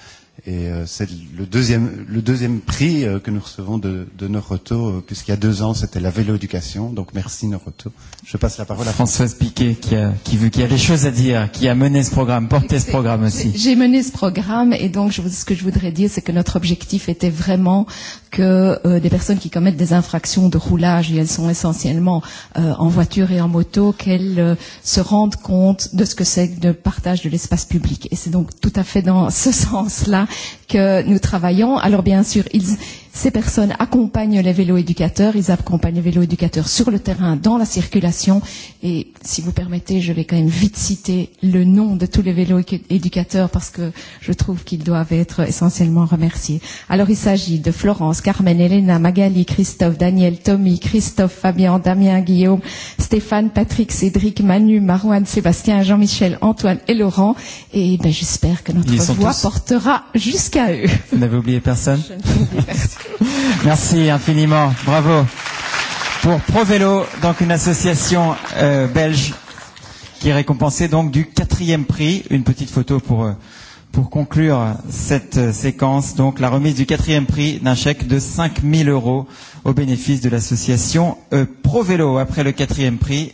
Speaker 22: Et c'est le deuxième, le deuxième prix que nous recevons de, de Noroto, puisqu'il y a deux ans, c'était la vélo-éducation. Donc merci Noroto. Je passe la parole à Françoise Piquet, qui, a, qui, qui a des choses à dire, qui a mené ce programme, porté ce programme aussi. J'ai
Speaker 17: mené ce programme et donc ce que je voudrais dire, c'est que notre objectif était vraiment que des personnes qui commettent des infractions de roulage, et elles sont essentiellement en voiture et en moto, qu'elles se rendent compte de ce que c'est le partage de l'espace public. Et c'est donc tout à fait dans ce sens-là que nous travaillons. Alors bien sûr, ils Ces personnes accompagnent les vélos educateurs ils accompagnent les vélo-éducateurs sur le terrain, dans la circulation. Et si vous permettez, je vais quand même vite citer le nom de tous les vélos educateurs parce que je trouve qu'ils doivent être essentiellement remerciés. Alors il s'agit de Florence, Carmen, Elena, Magali, Christophe, Daniel, Tommy, Christophe, Fabien, Damien, Guillaume, Stéphane, Patrick, Cédric, Manu, Marouane, Sébastien, Jean-Michel, Antoine et Laurent. Et ben, j'espère que notre voix portera jusqu'à eux.
Speaker 13: Vous n'avez oublié personne Merci infiniment. Bravo. Pour ProVélo, donc une association belge qui est récompensée donc du quatrième prix. Une petite photo pour, pour conclure cette séquence. Donc la remise du quatrième prix d'un chèque de 5000 euros au bénéfice de l'association ProVélo. Après le quatrième prix,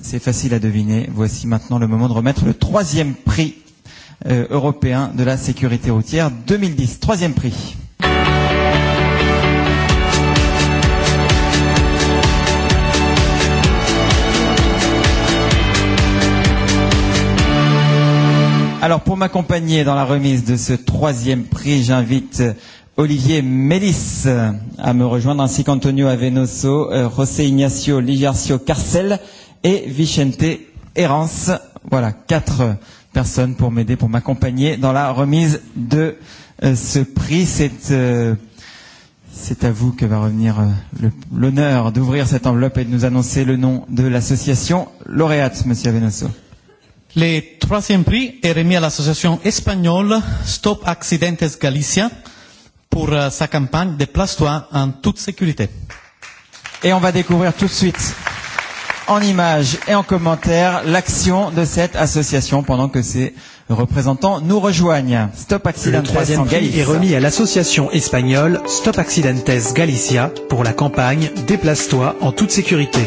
Speaker 13: c'est facile à deviner. Voici maintenant le moment de remettre le troisième prix européen de la sécurité routière 2010. Troisième prix. Alors pour m'accompagner dans la remise de ce troisième prix, j'invite Olivier Mélis à me rejoindre, ainsi qu'Antonio Avenoso, José Ignacio Ligarcio Carcel et Vicente Herrance. Voilà, quatre personnes pour m'aider, pour m'accompagner dans la remise de ce prix. C'est c'est à vous que va revenir l'honneur d'ouvrir cette enveloppe et de nous annoncer le nom de l'association lauréate, Monsieur Avenoso.
Speaker 3: Le troisième prix est remis à l'association espagnole Stop Accidentes Galicia pour sa campagne Déplace-toi en toute sécurité. Et on va découvrir tout de suite en images et en commentaires
Speaker 13: l'action de cette association pendant que ses représentants nous rejoignent. Stop Accidentes Le troisième prix est remis
Speaker 19: à l'association espagnole Stop Accidentes Galicia pour la campagne Déplace-toi en toute sécurité.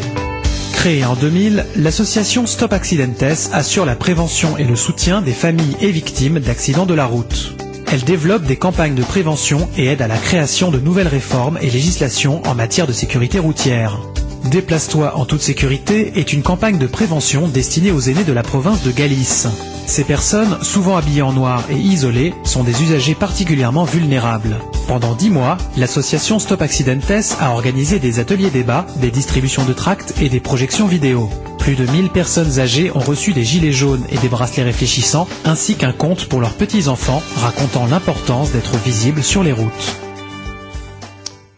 Speaker 19: Créée en 2000, l'association Stop Accidentes assure la prévention et le soutien des familles et victimes d'accidents de la route. Elle développe des campagnes de prévention et aide à la création de nouvelles réformes et législations en matière de sécurité routière. Déplace-toi en toute sécurité est une campagne de prévention destinée aux aînés de la province de Galice. Ces personnes, souvent habillées en noir et isolées, sont des usagers particulièrement vulnérables. Pendant 10 mois, l'association Stop Accidentes a organisé des ateliers débats, des distributions de tracts et des projections vidéo. Plus de 1000 personnes âgées ont reçu des gilets jaunes et des bracelets réfléchissants, ainsi qu'un compte pour leurs petits-enfants racontant
Speaker 13: l'importance d'être visible sur les routes.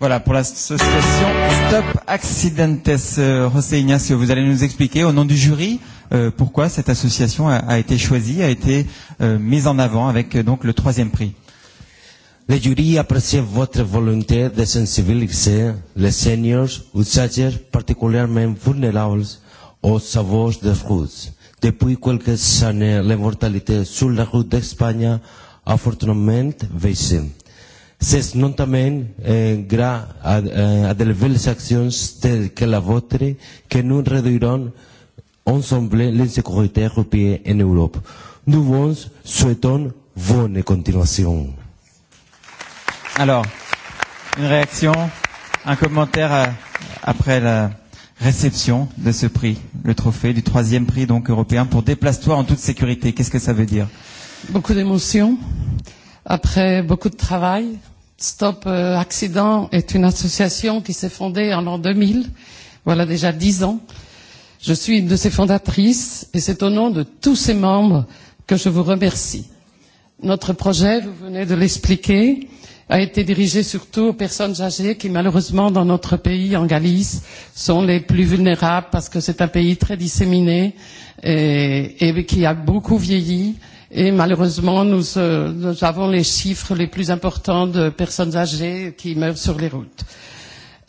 Speaker 13: Voilà, pour l'association Stop Accidentes, José Ignacio, vous allez nous expliquer au nom du jury pourquoi cette association a été choisie, a été mise en avant avec donc le troisième
Speaker 11: prix. Le jury apprécie votre volonté de sensibiliser les seniors, usagers particulièrement vulnérables aux savoirs de routes. Depuis quelques années, la mortalité sur la route d'Espagne a fortement baissé c'est notamment grâce à de nouvelles actions telles que la vôtre que nous réduirons ensemble l'insécurité européenne en Europe. Nous vous souhaitons bonne continuation.
Speaker 13: Alors, une réaction, un commentaire après la réception de ce prix, le trophée du troisième prix donc européen pour Déplace-toi en toute sécurité. Qu'est-ce que ça veut dire
Speaker 24: Beaucoup d'émotions, après beaucoup de travail, Stop Accident est une association qui s'est fondée en l'an 2000, voilà déjà dix ans. Je suis une de ses fondatrices et c'est au nom de tous ses membres que je vous remercie. Notre projet, vous venez de l'expliquer, a été dirigé surtout aux personnes âgées qui, malheureusement, dans notre pays, en Galice, sont les plus vulnérables parce que c'est un pays très disséminé et qui a beaucoup vieilli Et malheureusement, nous avons les chiffres les plus importants de personnes âgées qui meurent sur les routes.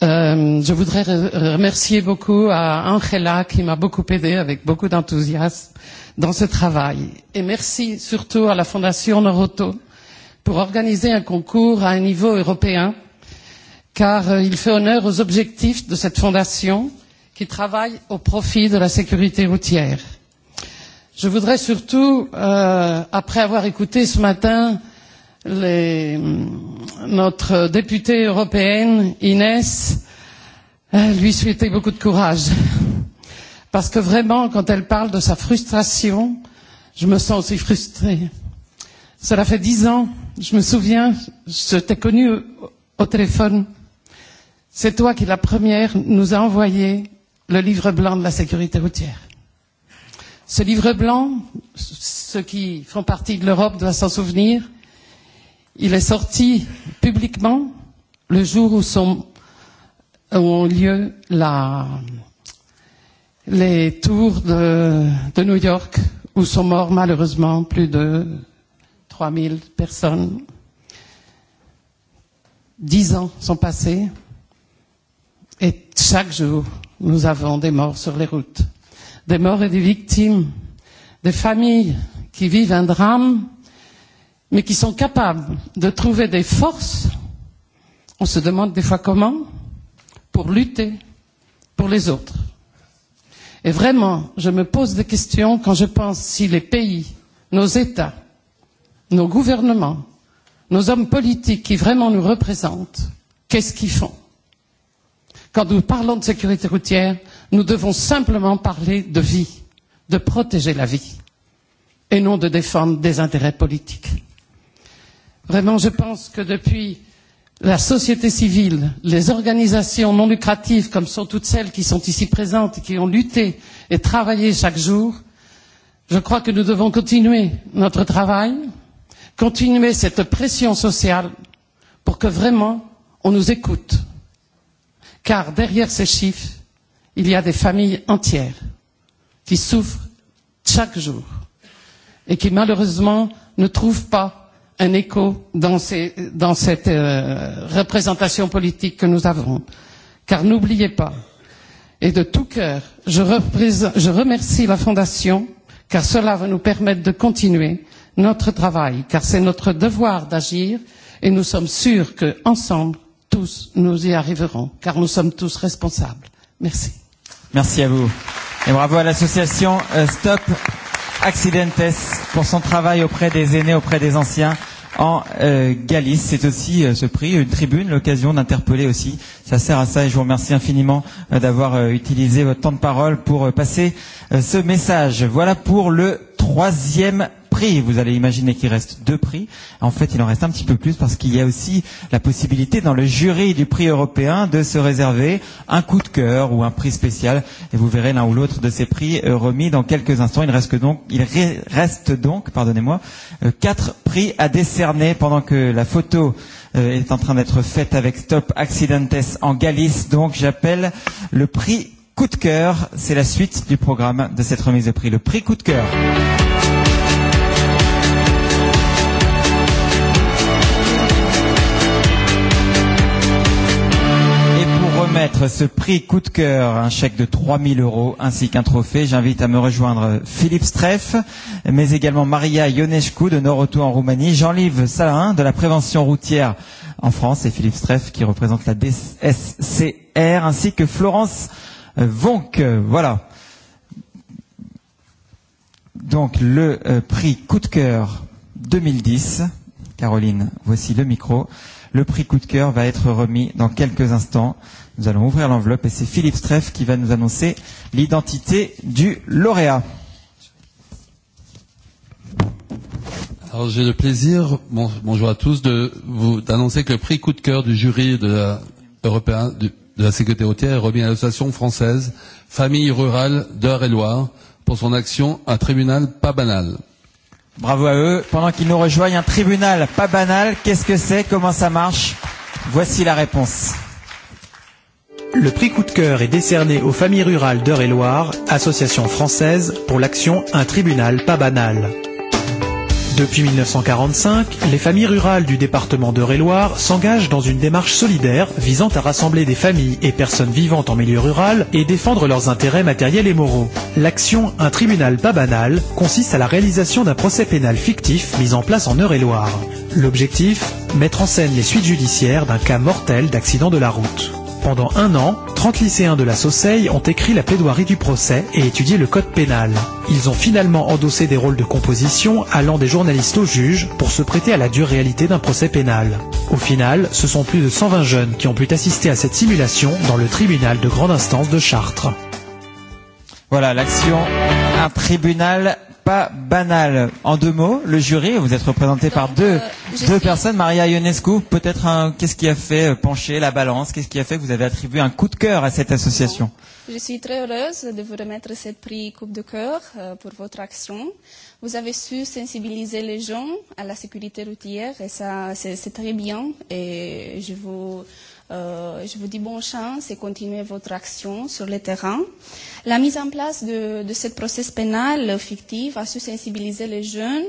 Speaker 24: Je voudrais remercier beaucoup à Angela qui m'a beaucoup aidé avec beaucoup d'enthousiasme dans ce travail. Et merci surtout à la Fondation Noroto pour organiser un concours à un niveau européen car il fait honneur aux objectifs de cette fondation qui travaille au profit de la sécurité routière. Je voudrais surtout, après avoir écouté ce matin notre députée européenne, Inès, lui souhaiter beaucoup de courage. Parce que vraiment, quand elle parle de sa frustration, je me sens aussi frustrée. Cela fait dix ans, je me souviens, je t'ai connue au téléphone. C'est toi qui, la première, nous a envoyé le livre blanc de la sécurité routière. Ce livre blanc, ceux qui font partie de l'Europe doivent s'en souvenir, il est sorti publiquement le jour où sont ont lieu la, les tours de, de New York, où sont morts malheureusement plus de 3000 personnes. Dix ans sont passés et chaque jour, nous avons des morts sur les routes des morts et des victimes, des familles qui vivent un drame, mais qui sont capables de trouver des forces, on se demande des fois comment, pour lutter pour les autres. Et vraiment, je me pose des questions quand je pense si les pays, nos États, nos gouvernements, nos hommes politiques qui vraiment nous représentent, qu'est-ce qu'ils font Quand nous parlons de sécurité routière, Nous devons simplement parler de vie, de protéger la vie, et non de défendre des intérêts politiques. Vraiment, je pense que depuis la société civile, les organisations non lucratives, comme sont toutes celles qui sont ici présentes qui ont lutté et travaillé chaque jour, je crois que nous devons continuer notre travail, continuer cette pression sociale pour que vraiment on nous écoute. Car derrière ces chiffres, il y a des familles entières qui souffrent chaque jour et qui malheureusement ne trouvent pas un écho dans cette représentation politique que nous avons. Car n'oubliez pas, et de tout cœur, je remercie la Fondation, car cela va nous permettre de continuer notre travail, car c'est notre devoir d'agir et nous sommes sûrs qu'ensemble, tous, nous y arriverons, car nous sommes tous responsables. Merci.
Speaker 13: Merci à vous. Et bravo à l'association Stop Accidentes pour son travail auprès des aînés, auprès des anciens en Galice. C'est aussi ce prix, une tribune, l'occasion d'interpeller aussi. Ça sert à ça et je vous remercie infiniment d'avoir utilisé votre temps de parole pour passer ce message. Voilà pour le troisième Vous allez imaginer qu'il reste deux prix. En fait, il en reste un petit peu plus parce qu'il y a aussi la possibilité dans le jury du prix européen de se réserver un coup de cœur ou un prix spécial. Et vous verrez l'un ou l'autre de ces prix remis dans quelques instants. Il reste donc, il reste donc, pardonnez-moi, quatre prix à décerner pendant que la photo est en train d'être faite avec Stop Accidentes en Galice. Donc j'appelle le prix coup de cœur. C'est la suite du programme de cette remise de prix. Le prix coup de cœur. remettre ce prix coup de cœur, un chèque de 3000 euros ainsi qu'un trophée, j'invite à me rejoindre Philippe Streff, mais également Maria Ionescu de Noroto en Roumanie, jean livre Salahin de la prévention routière en France et Philippe Streff qui représente la DSCR ainsi que Florence Vonck. Voilà. Donc le prix coup de cœur 2010. Caroline, voici le micro. Le prix coup de cœur va être remis dans quelques instants. Nous allons ouvrir l'enveloppe et c'est Philippe Streff qui va nous annoncer l'identité du lauréat.
Speaker 14: Alors j'ai le plaisir, bonjour à tous, de vous d'annoncer que le prix coup de cœur du jury de la, européen de, la sécurité routière revient à l'association française Famille Rurale d'Eure-et-Loire pour son action Un tribunal pas banal. Bravo à eux. Pendant qu'ils nous rejoignent, un tribunal pas
Speaker 13: banal, qu'est-ce que c'est Comment ça marche Voici la réponse.
Speaker 19: Le prix coup de cœur est décerné aux familles rurales d'Eure-et-Loire, association française pour l'action Un tribunal pas banal. Depuis 1945, les familles rurales du département d'Eure-et-Loire s'engagent dans une démarche solidaire visant à rassembler des familles et personnes vivantes en milieu rural et défendre leurs intérêts matériels et moraux. L'action Un tribunal pas banal consiste à la réalisation d'un procès pénal fictif mis en place en Eure-et-Loire. L'objectif Mettre en scène les suites judiciaires d'un cas mortel d'accident de la route. Pendant un an, 30 lycéens de la sausseille ont écrit la plaidoirie du procès et étudié le code pénal. Ils ont finalement endossé des rôles de composition allant des journalistes aux juges pour se prêter à la dure réalité d'un procès pénal. Au final, ce sont plus de 120 jeunes qui ont pu assister à cette simulation dans le
Speaker 13: tribunal de grande instance de Chartres. Voilà l'action un tribunal pas banal. En deux mots, le jury, vous êtes représenté par deux, deux personnes. Maria Ionescu, peut-être qu'est-ce qui a fait pencher la balance Qu'est-ce qui a fait que vous avez attribué un coup de cœur à cette association
Speaker 21: Je suis très heureuse de vous remettre cette prix Coupe de cœur pour votre action. Vous avez su sensibiliser les gens à la sécurité routière et ça, c'est très bien. Et je vous je vous dis bonne chance et continuez votre action sur le terrain. La mise en place de, de ce procès pénal fictif a su sensibiliser les jeunes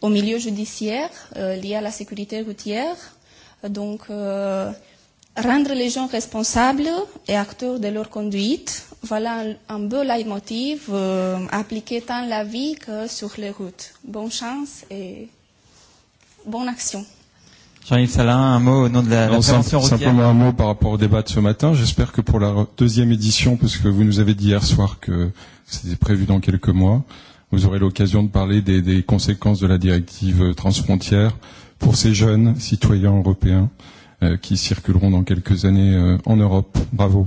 Speaker 21: au milieu judiciaire lié à la sécurité routière. Donc, rendre les gens responsables et acteurs de leur conduite, voilà un beau leitmotiv appliqué tant la vie que sur les routes. Bonne chance et bonne action.
Speaker 13: Jean-Yves Salin, un mot au nom de la, non, la prévention routière. Simplement un mot par rapport au débat de ce matin. J'espère que
Speaker 20: pour la deuxième édition, parce que vous nous avez dit hier soir que c'était prévu dans quelques mois, vous aurez l'occasion de parler des, des conséquences de la directive transfrontière pour ces jeunes citoyens européens euh, qui circuleront dans quelques années euh, en Europe. Bravo.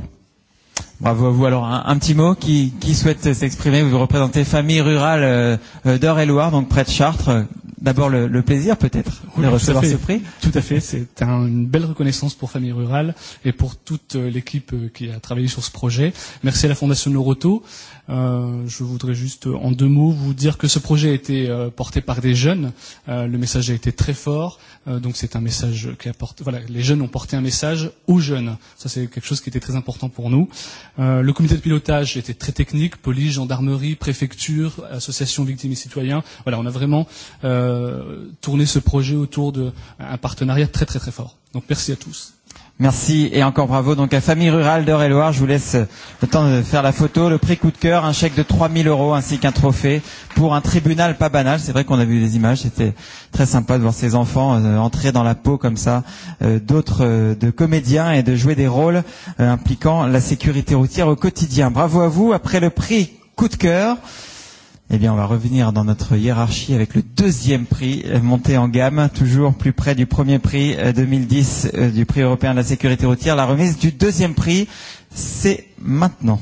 Speaker 13: Bravo à vous. Alors, un, petit mot qui, qui souhaite s'exprimer. Vous représentez Famille Rurale euh, d'Eure-et-Loire, donc près de Chartres. D'abord, le, plaisir peut-être de recevoir ce prix.
Speaker 20: Tout à fait. C'est une belle reconnaissance pour Famille Rurale et pour toute l'équipe qui a travaillé sur ce projet. Merci à la Fondation Noroto. Euh, je voudrais juste, en deux mots, vous dire que ce projet a été porté par des jeunes. le message a été très fort. donc, c'est un message qui apporte... Voilà, les jeunes ont porté un message aux jeunes. Ça, c'est quelque chose qui était très important pour nous. Le comité de pilotage était très technique, police, gendarmerie, préfecture, association victimes et citoyens. Voilà, on a vraiment euh, tourné ce projet autour d'un
Speaker 13: partenariat très très très fort. Donc merci à tous. Merci et encore bravo. Donc à Famille Rurale d'Eure-et-Loire, je vous laisse le temps de faire la photo. Le prix coup de cœur, un chèque de 3000 euros ainsi qu'un trophée pour un tribunal pas banal. C'est vrai qu'on a vu des images, c'était très sympa de voir ces enfants entrer dans la peau comme ça d'autres de comédiens et de jouer des rôles impliquant la sécurité routière au quotidien. Bravo à vous. Après le prix coup de cœur, Eh bien, on va revenir dans notre hiérarchie avec le deuxième prix, monté en gamme, toujours plus près du premier prix 2010 du prix européen de la sécurité routière. La remise du deuxième prix, c'est maintenant.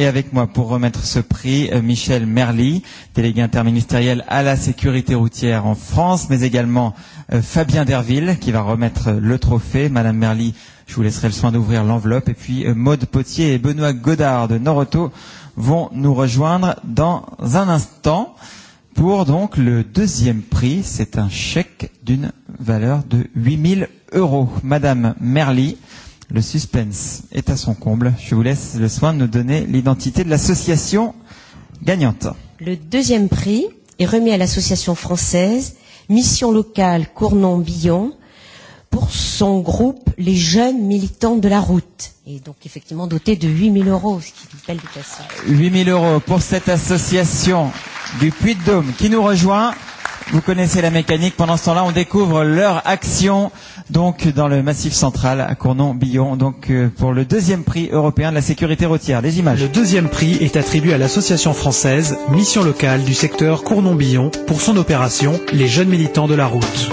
Speaker 13: Et avec moi pour remettre ce prix, Michel Merly, délégué interministériel à la sécurité routière en France, mais également Fabien Derville qui va remettre le trophée. Madame Merly, je vous laisserai le soin d'ouvrir l'enveloppe. Et puis Maude Potier et Benoît Godard de Noroto vont nous rejoindre dans un instant pour donc le deuxième prix. C'est un chèque d'une valeur de 8000 euros. Madame Merly, Le suspense est à son comble. Je vous laisse le soin de nous donner l'identité de l'association gagnante.
Speaker 4: Le deuxième prix est remis à l'association française Mission locale Cournon-Billon pour son groupe Les Jeunes Militants de la Route. Et donc effectivement doté de 8 000 euros, ce qui est une
Speaker 25: belle dotation.
Speaker 13: 8 000 euros pour cette association du Puy-de-Dôme qui nous rejoint. Vous connaissez la mécanique. Pendant ce temps-là, on découvre leur action donc dans le Massif central à Cournon-Billon, donc pour le deuxième prix européen de la sécurité routière. Les images. Le deuxième prix est attribué à l'association française Mission locale
Speaker 19: du secteur Cournon-Billon pour son opération Les jeunes militants de la route.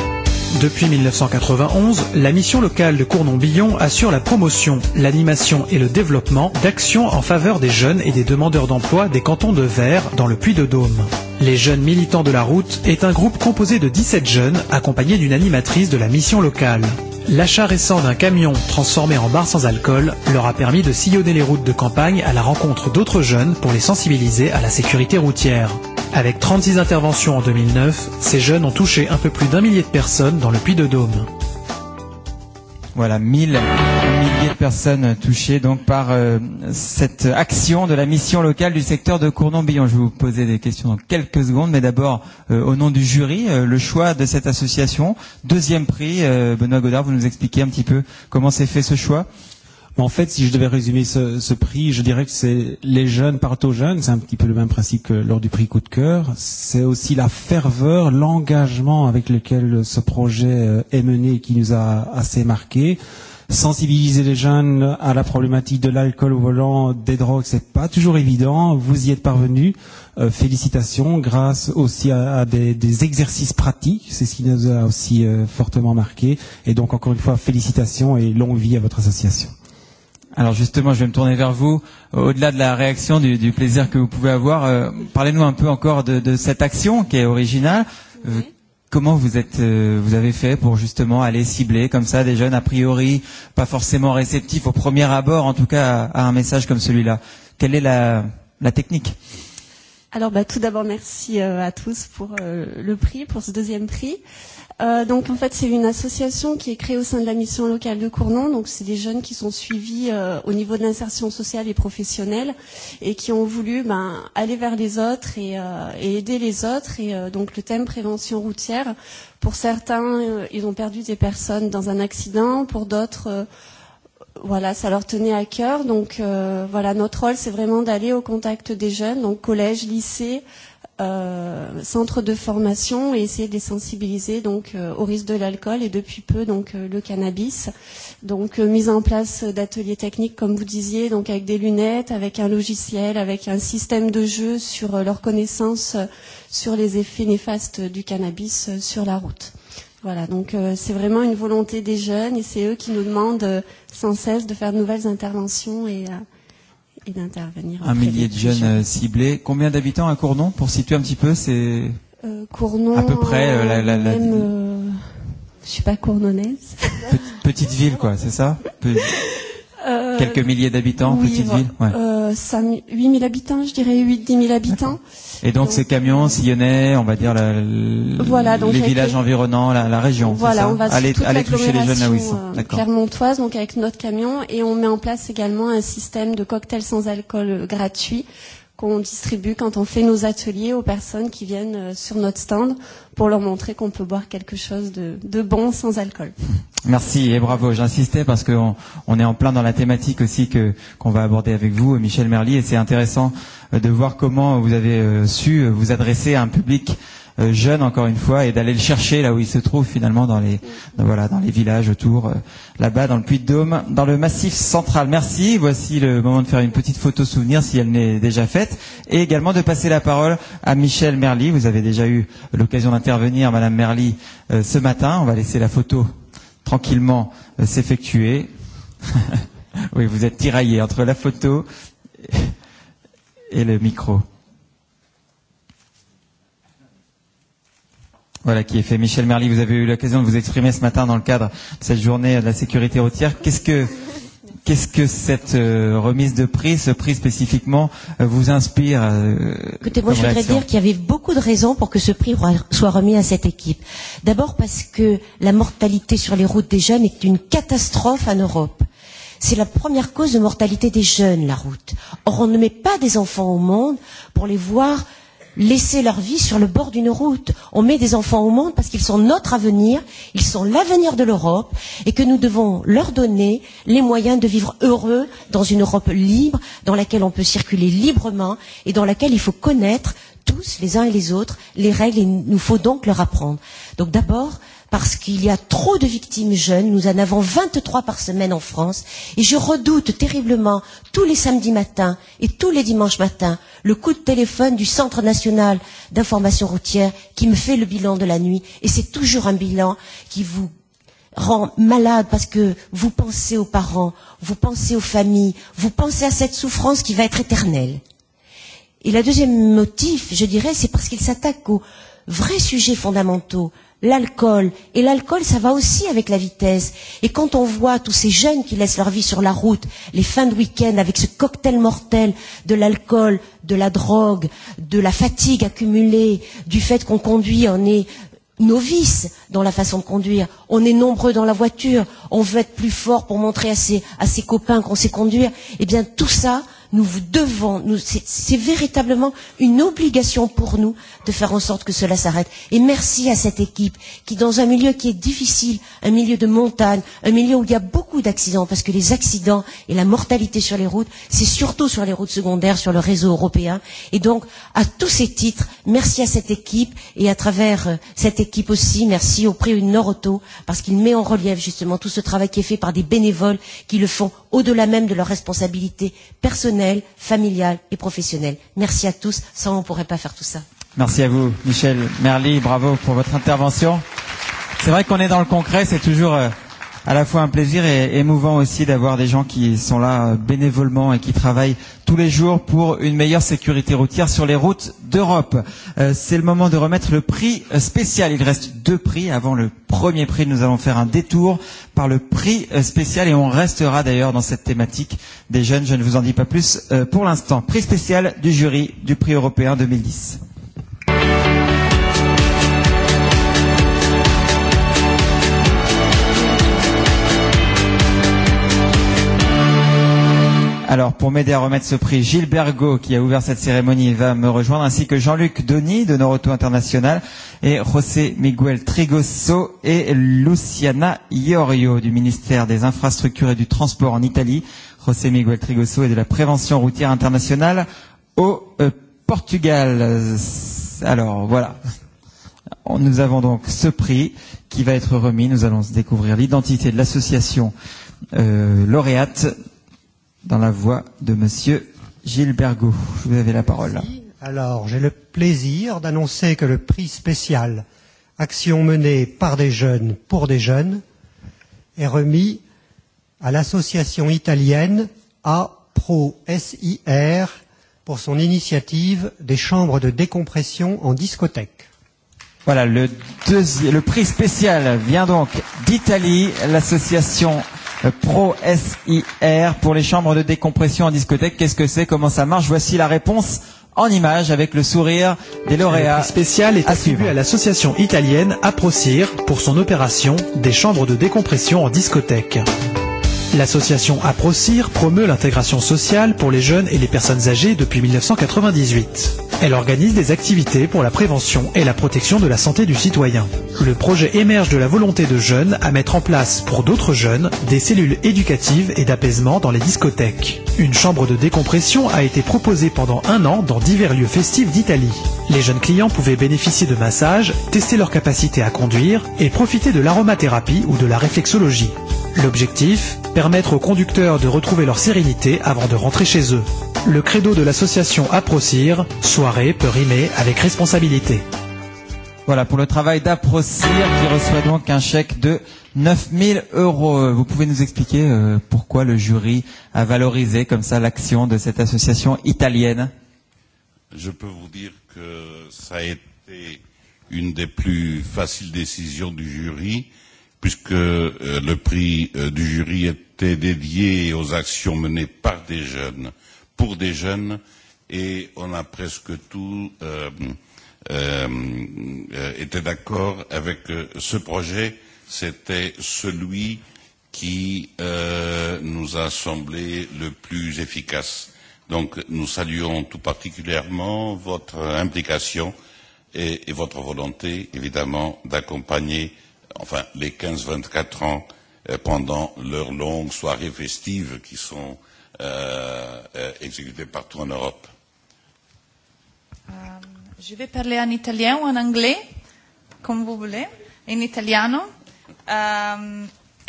Speaker 19: Depuis 1991, la mission locale de Cournon-Billon assure la promotion, l'animation et le développement d'actions en faveur des jeunes et des demandeurs d'emploi des cantons de Vert dans le Puy-de-Dôme. Les jeunes militants de la route est un groupe composé de 17 jeunes accompagnés d'une animatrice de la mission locale. L'achat récent d'un camion transformé en bar sans alcool leur a permis de sillonner les routes de campagne à la rencontre d'autres jeunes pour les sensibiliser à la sécurité routière. Avec 36 interventions en 2009, ces jeunes ont touché un peu plus d'un millier de personnes dans le Puy-de-Dôme.
Speaker 13: Voilà, 1000 milliers de personnes touchées donc par cette action de la mission locale du secteur de Cournon-Billon. Je vais vous poser des questions dans quelques secondes, mais d'abord, au nom du jury, le choix de cette association. Deuxième prix, Benoît Godard, vous nous expliquez un petit peu comment s'est fait ce choix En fait, si je devais résumer ce, ce prix, je dirais que c'est les jeunes parlent aux jeunes, c'est un petit peu le même principe que lors du prix coup de cœur. C'est aussi la ferveur, l'engagement avec lequel ce projet est mené et qui nous a assez marqué. Sensibiliser les jeunes à la problématique de l'alcool au volant, des drogues, c'est pas toujours évident. Vous y êtes parvenus. Félicitations, grâce aussi à des exercices pratiques. C'est ce qui nous a aussi fortement marqué. Et donc, encore une fois, félicitations et longue vie à votre association. Alors justement, je vais me tourner vers vous. Au-delà de la réaction, du, du plaisir que vous pouvez avoir, euh, parlez-nous un peu encore de, de cette action qui est originale. comment vous, êtes, vous avez fait pour justement aller cibler comme ça des jeunes, a priori, pas forcément réceptifs au premier abord, en tout cas à, un message comme celui-là Quelle est la, la technique
Speaker 21: Alors bah, tout d'abord, merci à tous pour le prix, pour ce deuxième prix donc en fait c'est une association qui est créée au sein de la mission locale de Cournon donc c'est des jeunes qui sont suivis au niveau de l'insertion sociale et professionnelle et qui ont voulu ben aller vers les autres et et aider les autres et donc le thème prévention routière pour certains ils ont perdu des personnes dans un accident pour d'autres voilà, ça leur tenait à cœur. Donc voilà, notre rôle, c'est vraiment d'aller au contact des jeunes, donc collège, lycée, centres de formation et essayer de les sensibiliser donc au risque de l'alcool et depuis peu donc le cannabis donc mise en place d'ateliers techniques comme vous disiez donc avec des lunettes avec un logiciel avec un système de jeu sur leur connaissance sur les effets néfastes du cannabis sur la route voilà donc c'est vraiment une volonté des jeunes et c'est eux qui nous demandent sans cesse de faire de nouvelles interventions et et d'intervenir. Un millier de jeunes
Speaker 13: ciblés. Combien d'habitants à Cournon Pour situer un petit peu, c'est
Speaker 21: euh, Cournon, à peu près la, la, la... Même, je suis pas cournonnaise.
Speaker 13: petite ville, quoi, c'est ça Quelques milliers d'habitants, petite ville. Ouais.
Speaker 21: 8 000 habitants, je dirais 8-10 000 habitants.
Speaker 13: Et donc, ces camions sillonnaient, on va dire, la, voilà, donc les villages environnants, la, la région. Voilà, on va aller, toucher les jeunes là où ils sont.
Speaker 21: Clermontoise, donc avec notre camion, et on met en place également un système de cocktails sans alcool gratuit qu'on distribue quand on fait nos ateliers aux personnes qui viennent sur notre stand pour leur montrer qu'on peut boire quelque chose de, de bon sans
Speaker 25: alcool.
Speaker 13: Merci et bravo. J'insistais parce qu'on on est en plein dans la thématique aussi que qu'on va aborder avec vous, Michel Merli, et c'est intéressant de voir comment vous avez su vous adresser à un public jeune encore une fois et d'aller le chercher là où il se trouve finalement dans les voilà dans les villages autour là-bas dans le Puy-de-Dôme dans le massif central. Merci, voici le moment de faire une petite photo souvenir si elle n'est déjà faite et également de passer la parole à Michel Merli. Vous avez déjà eu l'occasion d'intervenir madame Merly ce matin, on va laisser la photo tranquillement s'effectuer. Oui, vous êtes tiraillé entre la photo et le micro. Voilà, qui est fait. Michel Merly, vous avez eu l'occasion de vous exprimer ce matin dans le cadre de cette journée de la sécurité routière. Qu'est-ce que, que cette remise de prix, ce prix spécifiquement, vous inspire Écoutez, moi, je voudrais dire qu'il y
Speaker 4: avait beaucoup de raisons pour que ce prix soit remis à cette équipe. D'abord parce que la mortalité sur les routes des jeunes est une catastrophe en Europe. C'est la première cause de mortalité des jeunes, la route. Or, on ne met pas des enfants au monde pour les voir laisser leur vie sur le bord d'une route. On met des enfants au monde parce qu'ils sont notre avenir, ils sont l'avenir de l'Europe et que nous devons leur donner les moyens de vivre heureux dans une Europe libre, dans laquelle on peut circuler librement et dans laquelle il faut connaître tous les uns et les autres les règles et il nous faut donc leur apprendre. Donc d'abord, parce qu'il y a trop de victimes jeunes. Nous en avons 23 par semaine en France. Et je redoute terriblement tous les samedis matins et tous les dimanches matins le coup de téléphone du Centre national d'information routière qui me fait le bilan de la nuit. Et c'est toujours un bilan qui vous rend malade parce que vous pensez aux parents, vous pensez aux familles, vous pensez à cette souffrance qui va être éternelle. Et le deuxième motif, je dirais, c'est parce qu'il s'attaque aux vrais sujets fondamentaux l'alcool. Et l'alcool, ça va aussi avec la vitesse. Et quand on voit tous ces jeunes qui laissent leur vie sur la route, les fins de week-end, avec ce cocktail mortel de l'alcool, de la drogue, de la fatigue accumulée, du fait qu'on conduit, on est novice dans la façon de conduire. On est nombreux dans la voiture. On veut être plus fort pour montrer à ses, à ses copains qu'on sait conduire. Eh bien, tout ça, nous devons, nous, c'est véritablement une obligation pour nous de faire en sorte que cela s'arrête. Et merci à cette équipe qui, dans un milieu qui est difficile, un milieu de montagne, un milieu où il y a beaucoup d'accidents, parce que les accidents et la mortalité sur les routes, c'est surtout sur les routes secondaires, sur le réseau européen. Et donc, à tous ces titres, merci à cette équipe et à travers cette équipe aussi, merci au Prix Nord Auto, parce qu'il met en relief justement tout ce travail qui est fait par des bénévoles qui le font au-delà même de leurs responsabilités personnelles, familiales et professionnelles. Merci à tous. Sans on ne pourrait pas faire tout ça.
Speaker 13: Merci à vous, Michel Merli, Bravo pour votre intervention. C'est vrai qu'on est dans le concret, c'est toujours à la fois un plaisir et émouvant aussi d'avoir des gens qui sont là bénévolement et qui travaillent tous les jours pour une meilleure sécurité routière sur les routes d'Europe. C'est le moment de remettre le prix spécial. Il reste deux prix. Avant le premier prix, nous allons faire un détour par le prix spécial et on restera d'ailleurs dans cette thématique des jeunes. Je ne vous en dis pas plus pour l'instant. Prix spécial du jury du prix européen 2010. Alors, pour m'aider à remettre ce prix, Gilles Bergot, qui a ouvert cette cérémonie, va me rejoindre, ainsi que Jean-Luc Denis de Noroto International, et José Miguel Trigoso et Luciana Iorio du ministère des Infrastructures et du Transport en Italie, José Miguel Trigoso et de la Prévention routière internationale au Portugal. Alors, voilà. Nous avons donc ce prix qui va être remis. Nous allons découvrir l'identité de l'association lauréate dans la voix de Monsieur Gilles Bergot. Vous avez la parole.
Speaker 18: Alors, j'ai le plaisir d'annoncer que le prix spécial Action menée par des jeunes pour des jeunes est remis à l'association italienne APRO-SIR pour son initiative des chambres de décompression en
Speaker 13: discothèque. Voilà, le, le prix spécial vient donc d'Italie, l'association Pro SIR pour les chambres de décompression en discothèque. Qu'est-ce que c'est Comment ça marche Voici la réponse en image avec le sourire des lauréats. Le spécial est attribué à l'association italienne Aprocir pour son opération des chambres
Speaker 19: de décompression en discothèque. L'association APROCIR promeut l'intégration sociale pour les jeunes et les personnes âgées depuis 1998. Elle organise des activités pour la prévention et la protection de la santé du citoyen. Le projet émerge de la volonté de jeunes à mettre en place pour d'autres jeunes des cellules éducatives et d'apaisement dans les discothèques. Une chambre de décompression a été proposée pendant un an dans divers lieux festifs d'Italie. Les jeunes clients pouvaient bénéficier de massages, tester leur capacité à conduire et profiter de l'aromathérapie ou de la réflexologie. L'objectif permettre aux conducteurs de retrouver leur sérénité avant de rentrer chez eux. Le credo de l'association Aprocir, soirée peut rimer avec responsabilité.
Speaker 13: Voilà pour le travail d'Aprocir qui reçoit donc un chèque de 9000 euros. Vous pouvez nous expliquer pourquoi le jury a valorisé comme ça l'action de cette association italienne
Speaker 6: Je peux vous dire que ça a été une des plus faciles décisions du jury puisque le prix du jury était dédié aux actions menées par des jeunes, pour des jeunes, et on a presque tout été d'accord avec ce projet. C'était celui qui nous a semblé le plus efficace. Donc nous saluons tout particulièrement votre implication et votre volonté, évidemment, d'accompagner enfin les 15-24 ans pendant leurs longues soirées festives qui sont exécutées partout en Europe.
Speaker 21: Je vais parler en italien ou en anglais, comme vous voulez, in italiano.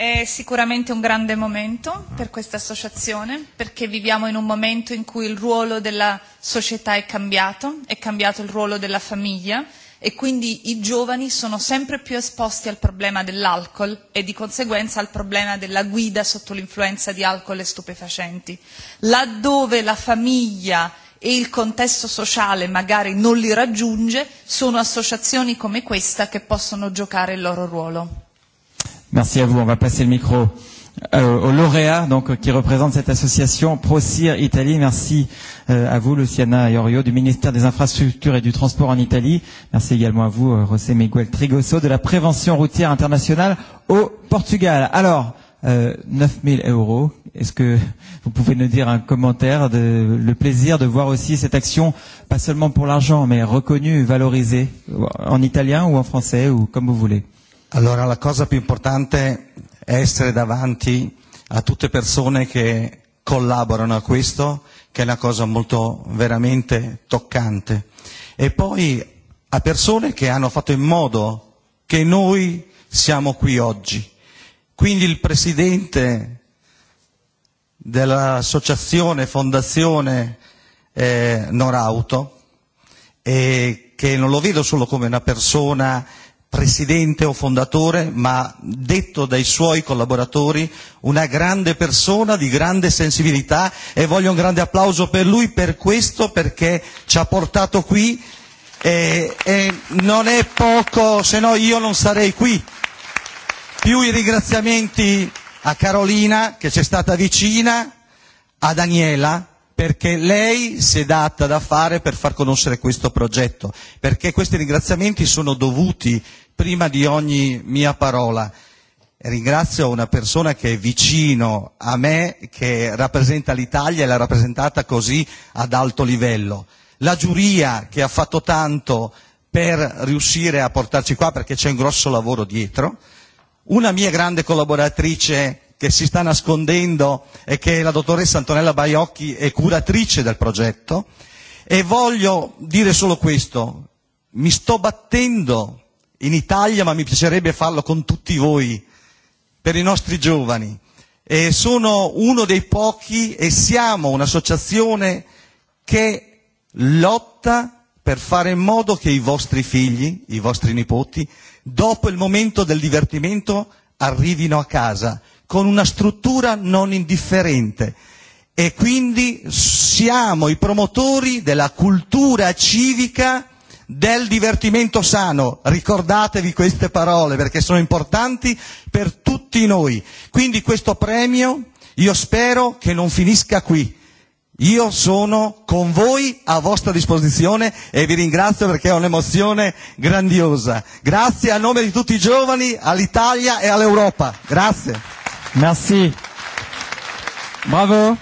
Speaker 21: È sicuramente un grande momento per questa associazione perché viviamo in un momento in cui il ruolo della società è cambiato, è cambiato il ruolo della famiglia e quindi i giovani sono sempre più esposti al problema dell'alcol e di conseguenza al problema della guida sotto l'influenza di alcol e stupefacenti. Laddove la famiglia e il contesto sociale magari non li raggiunge, sono associazioni come questa che possono giocare il loro ruolo.
Speaker 22: Merci
Speaker 13: à on va passer micro au lauréat donc, qui représente cette association ProCir Merci à vous, Luciana Iorio, du ministère des Infrastructures et du Transport en Italie. Merci également à vous, José Miguel Trigoso, de la Prévention routière internationale au Portugal. Alors, 9000 euros. Est-ce que vous pouvez nous dire un commentaire, de, le plaisir de voir aussi cette action, pas seulement pour l'argent, mais reconnue, valorisée,
Speaker 26: en italien ou en français, ou comme vous voulez Alors la cosa plus importante est d'être davanti a les personnes qui collaborent a questo che è una cosa molto veramente toccante. E poi a persone che hanno fatto in modo che noi siamo qui oggi. Quindi il presidente dell'associazione Fondazione Norauto, e che non lo vedo solo come una persona presidente o fondatore, ma detto dai suoi collaboratori, una grande persona di grande sensibilità e voglio un grande applauso per lui per questo, perché ci ha portato qui e, e non è poco, se no io non sarei qui. Più i ringraziamenti a Carolina, che c'è stata vicina, a Daniela, perché lei si è data da fare per far conoscere questo progetto, perché questi ringraziamenti sono dovuti prima di ogni mia parola. Ringrazio una persona che è vicino a me, che rappresenta l'Italia e l'ha rappresentata così ad alto livello. La giuria che ha fatto tanto per riuscire a portarci qua perché c'è un grosso lavoro dietro. Una mia grande collaboratrice che si sta nascondendo e che la dottoressa Antonella Baiocchi è curatrice del progetto e voglio dire solo questo mi sto battendo in Italia ma mi piacerebbe farlo con tutti voi per i nostri giovani e sono uno dei pochi e siamo un'associazione che lotta per fare in modo che i vostri figli, i vostri nipoti, dopo il momento del divertimento arrivino a casa con una struttura non indifferente e quindi siamo i promotori della cultura civica del divertimento sano. Ricordatevi queste parole perché sono importanti per tutti noi. Quindi questo premio io spero che non finisca qui. Io sono con voi a vostra disposizione e vi ringrazio perché è un'emozione grandiosa. Grazie a nome di tutti i giovani, all'Italia e all'Europa. Grazie. Merci. Bravo.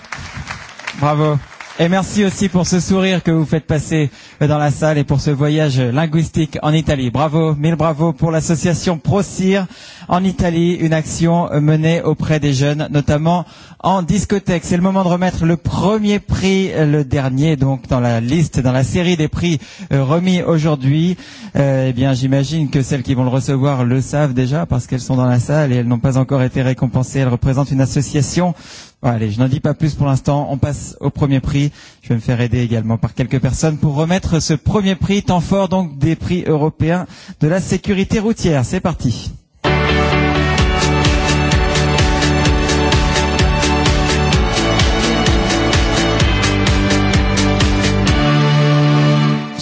Speaker 13: Bravo. Et merci aussi pour ce sourire que vous faites passer dans la salle et pour ce voyage linguistique en Italie. Bravo, mille bravo pour l'association ProCir en Italie, une action menée auprès des jeunes, notamment en discothèque. C'est le moment de remettre le premier prix, le dernier donc dans la liste, dans la série des prix remis aujourd'hui. Eh bien, j'imagine que celles qui vont le recevoir le savent déjà parce qu'elles sont dans la salle et elles n'ont pas encore été récompensées. Elles représentent une association. Allez, je n'en dis pas plus pour l'instant. On passe au premier prix. Je vais me faire aider également par quelques personnes pour remettre ce premier prix, tant fort donc des prix européens de la sécurité routière. C'est parti.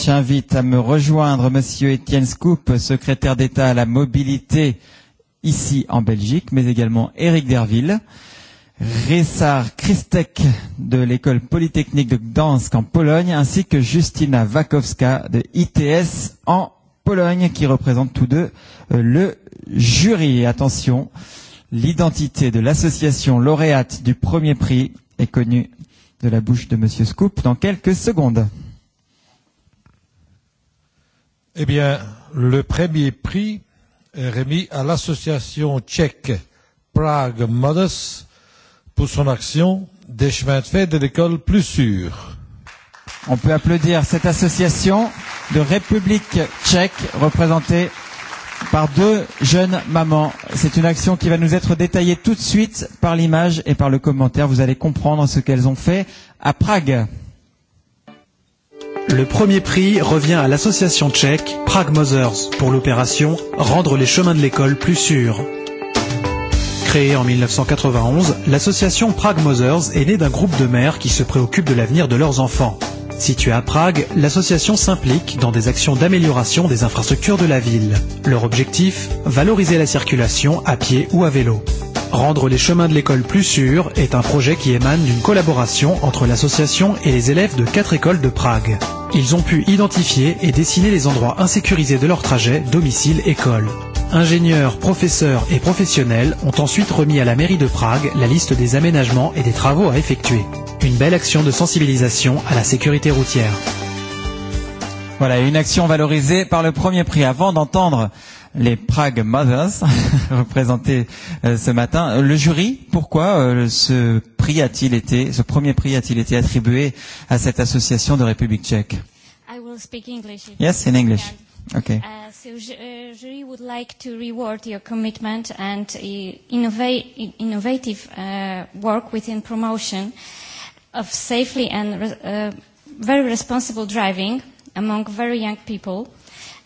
Speaker 13: j'invite à me rejoindre Monsieur Étienne Scoop, secrétaire d'État à la mobilité ici en Belgique, mais également Éric Derville, Ressar Christek de l'école polytechnique de Gdansk en Pologne, ainsi que Justina Wakowska de ITS en Pologne, qui représentent tous deux le jury. Et attention, l'identité de l'association lauréate du premier prix est connue de la bouche de Monsieur Scoop dans quelques secondes.
Speaker 27: Eh bien, le premier prix est remis à l'association tchèque Prague Mothers pour son action des chemins de fer de l'école plus sûre. On peut applaudir cette association de République
Speaker 13: tchèque représentée par deux jeunes mamans. C'est une action qui va nous être détaillée tout de suite par l'image et par le commentaire. Vous allez comprendre ce qu'elles ont fait à Prague.
Speaker 19: Le premier prix revient à l'association tchèque Prague Mothers pour l'opération Rendre les chemins de l'école plus sûrs. Créée en 1991, l'association Prague Mothers est née d'un groupe de mères qui se préoccupent de l'avenir de leurs enfants. Située à Prague, l'association s'implique dans des actions d'amélioration des infrastructures de la ville. Leur objectif, valoriser la circulation à pied ou à vélo. Rendre les chemins de l'école plus sûrs est un projet qui émane d'une collaboration entre l'association et les élèves de quatre écoles de Prague. Ils ont pu identifier et dessiner les endroits insécurisés de leur trajet domicile-école. Ingénieurs, professeurs et professionnels ont ensuite remis à la mairie de Prague la liste des aménagements et des travaux à effectuer. Une belle action de
Speaker 13: sensibilisation
Speaker 19: à la sécurité routière.
Speaker 13: Voilà, une action valorisée par le premier prix. Avant d'entendre les Prague Mothers, représentés ce matin. Le jury, pourquoi ce prix a-t-il été, ce premier prix a-t-il été attribué à cette association de République tchèque?
Speaker 25: I will speak English. Yes, in English. Okay.
Speaker 28: So jury would like to reward your commitment and innovative work within promotion of safely and very responsible driving among very young people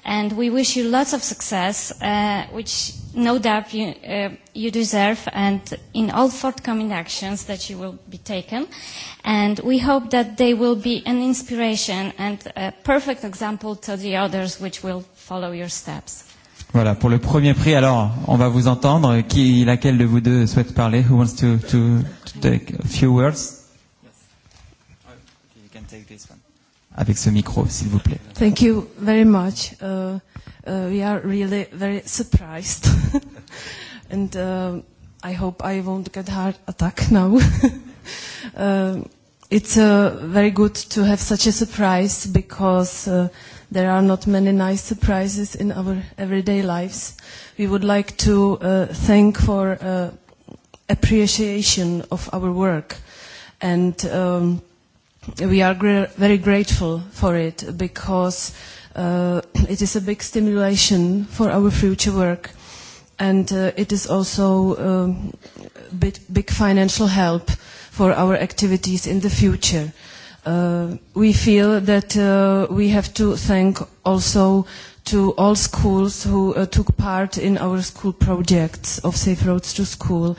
Speaker 28: and we wish you lots of success, which no doubt you, deserve, and in all forthcoming actions that you will be taken. And we hope that they will be an inspiration and a perfect example to the others which
Speaker 21: will follow your steps.
Speaker 13: Voilà, pour le premier prix, alors, on va vous entendre. Qui, laquelle de vous deux souhaite parler? Who wants to, to, to take a few words? avec ce micro, s'il vous plaît.
Speaker 29: Thank you very much. we are really very surprised. and uh, I hope I won't get heart attack now. uh, it's uh, very good to have such a surprise because uh, there are not many nice surprises in our everyday lives. We would like to uh, thank for uh, appreciation of our work and um, we are very grateful for it because it is a big stimulation for our future work and it is also a big financial help for our activities in the future. We feel that we have to thank also to all schools who took part in our school projects of Safe Roads to School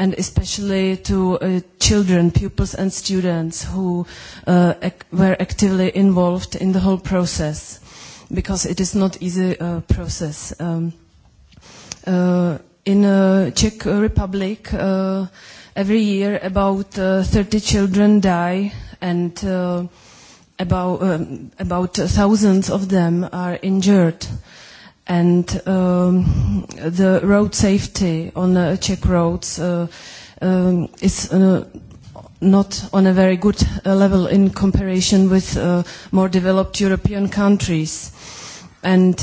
Speaker 29: and especially to children, pupils and students who were actively involved in the whole process, because it is not easy process. In the Czech Republic, every year about 30 children die and about thousands of them are injured and the road safety on Czech roads is not on a very good level in comparison with more developed European countries. And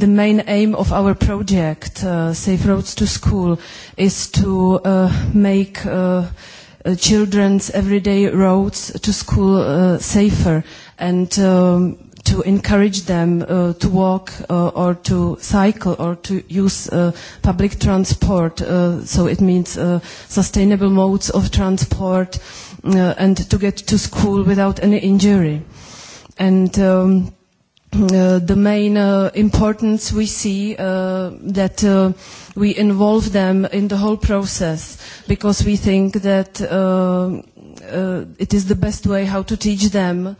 Speaker 29: the main aim of our project, Safe Roads to School, is to make children's everyday roads to school safer and to encourage them to walk or to cycle or to use public transport. So it means sustainable modes of transport and to get to school without any injury. And the main importance we see that we involve them in the whole process because we think that it is the best way how to teach them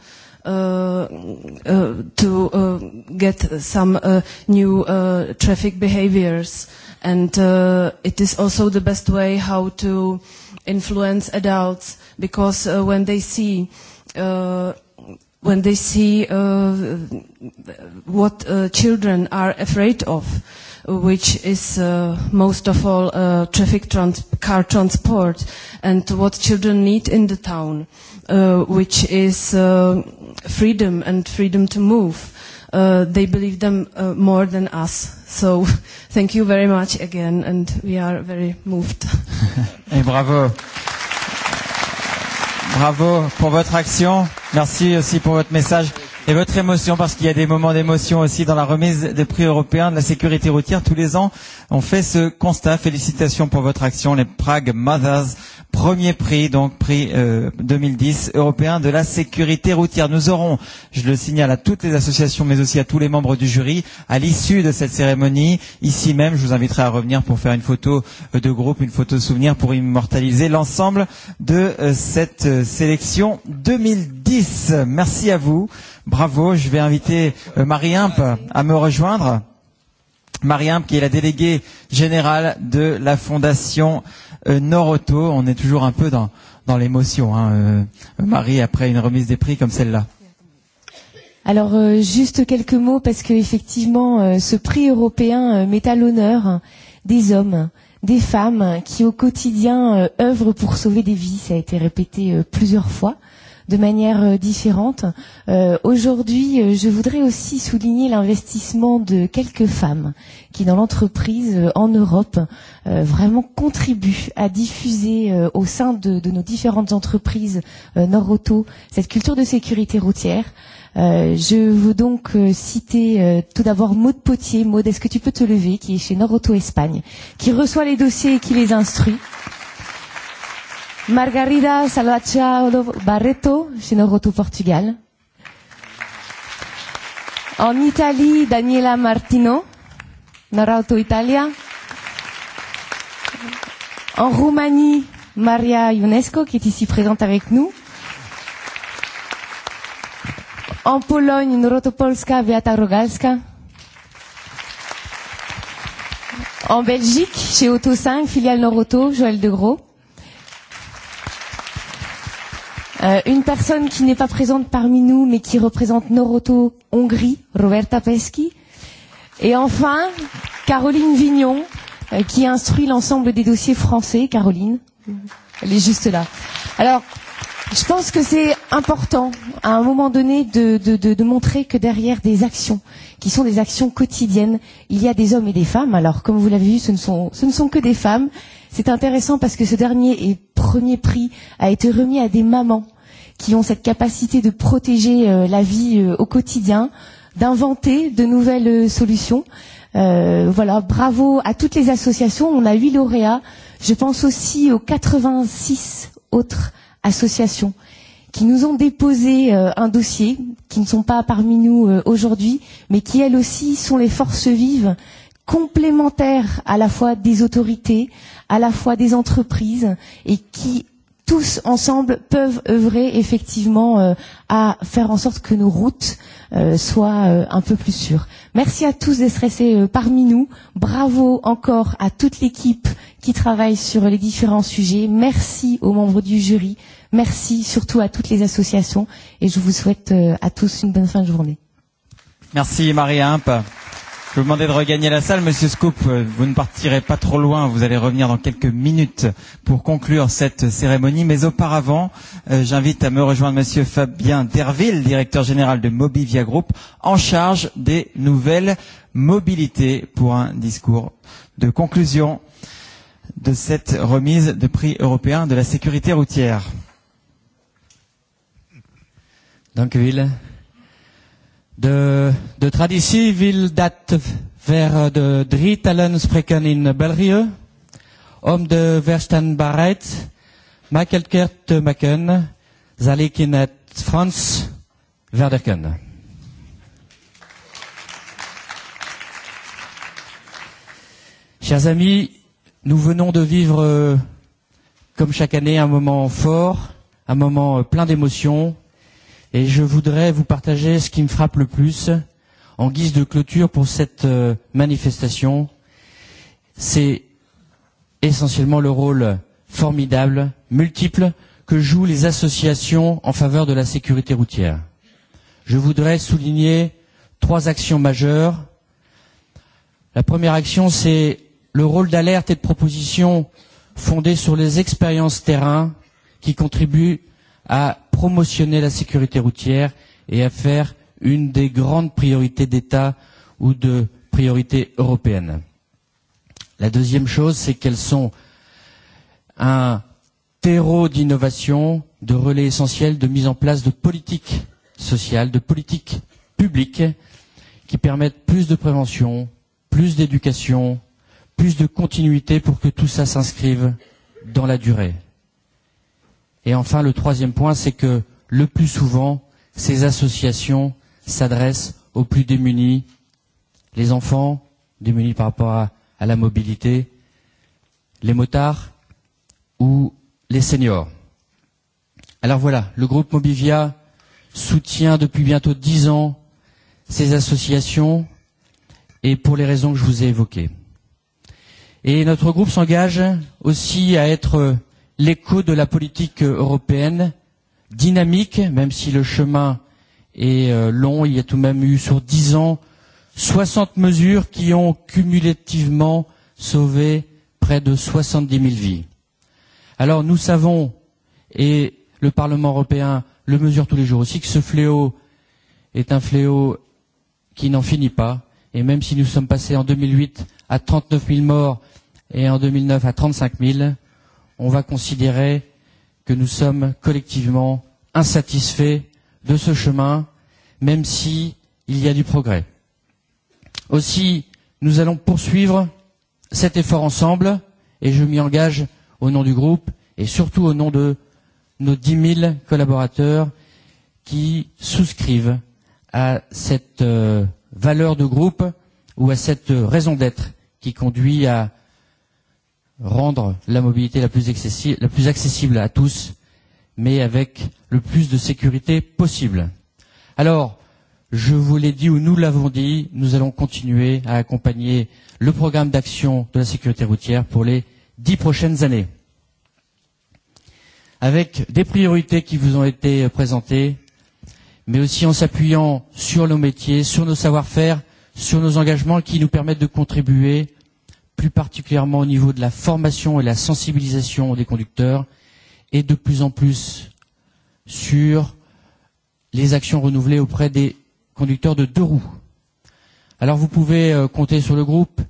Speaker 29: to get some new traffic behaviors. And it is also the best way how to influence adults because when they see when they see what children are afraid of, which is most of all traffic car transport and what children need in the town which is freedom and freedom to move. They believe them more than us. So thank you very much again, and we are very moved.
Speaker 13: Et bravo. Bravo pour votre action. Merci aussi pour votre message et votre émotion, parce qu'il y a des moments d'émotion aussi dans la remise des prix européens de la sécurité routière tous les ans. On fait ce constat. Félicitations pour votre action, les Prague Mothers. Premier prix, donc prix 2010 européen de la sécurité routière. Nous aurons, je le signale à toutes les associations, mais aussi à tous les membres du jury, à l'issue de cette cérémonie, ici même, je vous inviterai à revenir pour faire une photo de groupe, une photo de souvenir pour immortaliser l'ensemble de cette sélection 2010. Merci à vous. Bravo. Je vais inviter Marie Imp à me rejoindre. Mariam, qui est la déléguée générale de la Fondation Noroto. On est toujours un peu dans, dans l'émotion, hein, Marie, après une remise des prix comme celle-là.
Speaker 28: Alors, juste quelques mots, parce qu'effectivement, ce prix européen met à l'honneur des hommes, des femmes qui, au quotidien, œuvrent pour sauver des vies. Ça a été répété plusieurs fois de manière différente. Aujourd'hui, je voudrais aussi souligner l'investissement de quelques femmes qui, dans l'entreprise en Europe, vraiment contribuent à diffuser au sein de de nos différentes entreprises Nord Auto cette culture de sécurité routière. Je veux donc citer tout d'abord Maud Potier. Maude, est-ce que tu peux te lever, qui est chez Nord Espagne, qui reçoit les dossiers et qui les instruit. Margarida Salvatierra Barreto, chez Noroto, Portugal. En Italie, Daniela Martino, Norauto Italia. En Roumanie, Maria Ionesco, qui est ici présente avec nous. En Pologne, Noroto Polska, Beata Rogalska. En Belgique, chez Auto 5, filiale Noroto, Joël Gros. Une personne qui n'est pas présente parmi nous, mais qui représente Noroto Hongrie, Roberta Pesky. Et enfin, Caroline Vignon, qui instruit l'ensemble des dossiers français. Caroline, elle est juste là. Alors, je pense que c'est important, à un moment donné, de montrer que derrière des actions, qui sont des actions quotidiennes, il y a des hommes et des femmes. Alors, comme vous l'avez vu, ce ne sont que des femmes C'est intéressant parce que ce dernier et premier prix a été remis à des mamans qui ont cette capacité de protéger la vie au quotidien, d'inventer de nouvelles solutions. Voilà, bravo à toutes les associations. On a huit lauréats. Je pense aussi aux 86 autres associations qui nous ont déposé un dossier, qui ne sont pas parmi nous aujourd'hui, mais qui elles aussi sont les forces vives complémentaires à la fois des autorités, à la fois des entreprises et qui tous ensemble peuvent œuvrer effectivement à faire en sorte que nos routes soient un peu plus sûres. Merci à tous d'être restés parmi nous. Bravo encore à toute l'équipe qui travaille sur les différents sujets. Merci aux membres du jury. Merci surtout à toutes les associations. Et je vous souhaite à tous une bonne fin de journée.
Speaker 13: Merci Marie-Impe. Je vous demander de regagner la salle. Monsieur Scoop, vous ne partirez pas trop loin. Vous allez revenir dans quelques minutes pour conclure cette cérémonie. Mais auparavant, j'invite à me rejoindre Monsieur Fabien Derville, directeur général de Mobivia Group, en charge des nouvelles mobilités pour un discours de conclusion de cette remise de prix européen de la sécurité routière. De, de
Speaker 30: traditie wil dat vers de drie talen spreken in België. Om de verstandbaarheid makkelijker te maken, zal ik in het Frans verder Chers amis, nous venons de vivre, comme chaque année, un moment fort, un moment plein d'émotions, et je voudrais vous partager ce qui me frappe le plus en guise de clôture pour cette manifestation. C'est essentiellement le rôle formidable, multiple, que jouent les associations en faveur de la sécurité routière. Je voudrais souligner trois actions majeures. La première action, c'est le rôle d'alerte et de proposition fondé sur les expériences terrain qui contribuent à promotionner la sécurité routière et à faire une des grandes priorités d'État ou de priorités européennes. La deuxième chose, c'est qu'elles sont un terreau d'innovation, de relais essentiel, de mise en place de politiques sociales, de politiques publiques qui permettent plus de prévention, plus d'éducation, plus de continuité pour que tout ça s'inscrive dans la durée. Et enfin, le troisième point, c'est que le plus souvent, ces associations s'adressent aux plus démunis, les enfants, démunis par rapport à, la mobilité, les motards ou les seniors. Alors voilà, le groupe Mobivia soutient depuis bientôt dix ans ces associations et pour les raisons que je vous ai évoquées. Et notre groupe s'engage aussi à être l'écho de la politique européenne dynamique, même si le chemin est long. Il y a tout de même eu sur dix ans 60 mesures qui ont cumulativement sauvé près de 70 000 vies. Alors nous savons, et le Parlement européen le mesure tous les jours aussi, que ce fléau est un fléau qui n'en finit pas. Et même si nous sommes passés en 2008 à 39 000 morts et en 2009 à 35 000, on va considérer que nous sommes collectivement insatisfaits de ce chemin, même il y a du progrès. Aussi, nous allons poursuivre cet effort ensemble, et je m'y engage au nom du groupe, et surtout au nom de nos dix mille collaborateurs qui souscrivent à cette valeur de groupe ou à cette raison d'être qui conduit à rendre la mobilité la plus accessible à tous, mais avec le plus de sécurité possible. Alors, je vous l'ai dit ou nous l'avons dit, nous allons continuer à accompagner le programme d'action de la sécurité routière pour les dix prochaines années. Avec des priorités qui vous ont été présentées, mais aussi en s'appuyant sur nos métiers, sur nos savoir-faire, sur nos engagements qui nous permettent de contribuer plus particulièrement au niveau de la formation et la sensibilisation des conducteurs, et de plus en plus sur les actions renouvelées auprès des conducteurs de deux roues. Alors vous pouvez compter sur le groupe,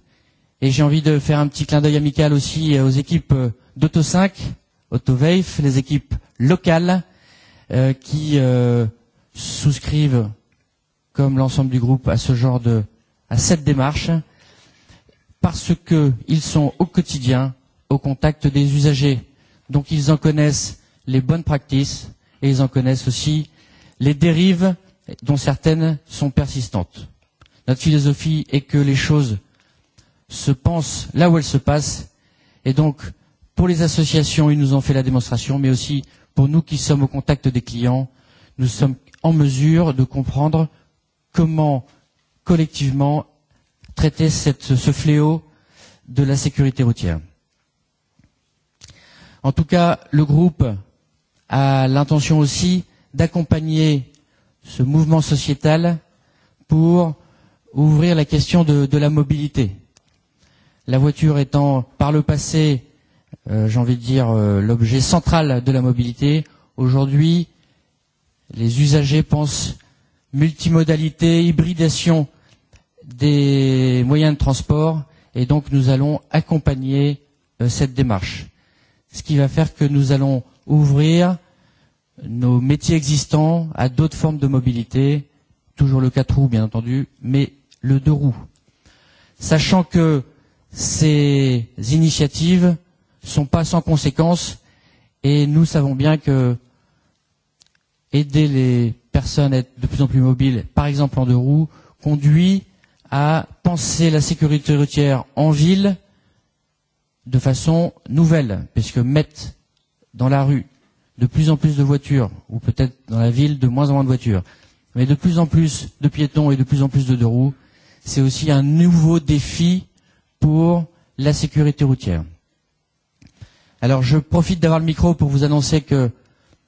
Speaker 30: et j'ai envie de faire un petit clin d'œil amical aussi aux équipes d'Auto 5, AutoVeif, les équipes locales qui souscrivent, comme l'ensemble du groupe, à ce genre de, à cette démarche parce qu'ils sont au quotidien au contact des usagers. Donc ils en connaissent les bonnes pratiques et ils en connaissent aussi les dérives dont certaines sont persistantes. Notre philosophie est que les choses se pensent là où elles se passent et donc pour les associations, ils nous ont fait la démonstration, mais aussi pour nous qui sommes au contact des clients, nous sommes en mesure de comprendre comment collectivement traiter cette, ce fléau de la sécurité routière. En tout cas, le groupe a l'intention aussi d'accompagner ce mouvement sociétal pour ouvrir la question de, de la mobilité. La voiture étant par le passé, j'ai envie de dire, l'objet central de la mobilité, aujourd'hui, les usagers pensent multimodalité, hybridation des moyens de transport et donc nous allons accompagner cette démarche. Ce qui va faire que nous allons ouvrir nos métiers existants à d'autres formes de mobilité, toujours le 4 roues bien entendu, mais le 2 roues. Sachant que ces initiatives sont pas sans conséquences et nous savons bien que aider les personnes à être de plus en plus mobiles, par exemple en deux roues, conduit à penser la sécurité routière en ville de façon nouvelle, puisque mettre dans la rue de plus en plus de voitures, ou peut-être dans la ville de moins en moins de voitures, mais de plus en plus de piétons et de plus en plus de deux roues, c'est aussi un nouveau défi pour la sécurité routière. Alors je profite d'avoir le micro pour vous annoncer que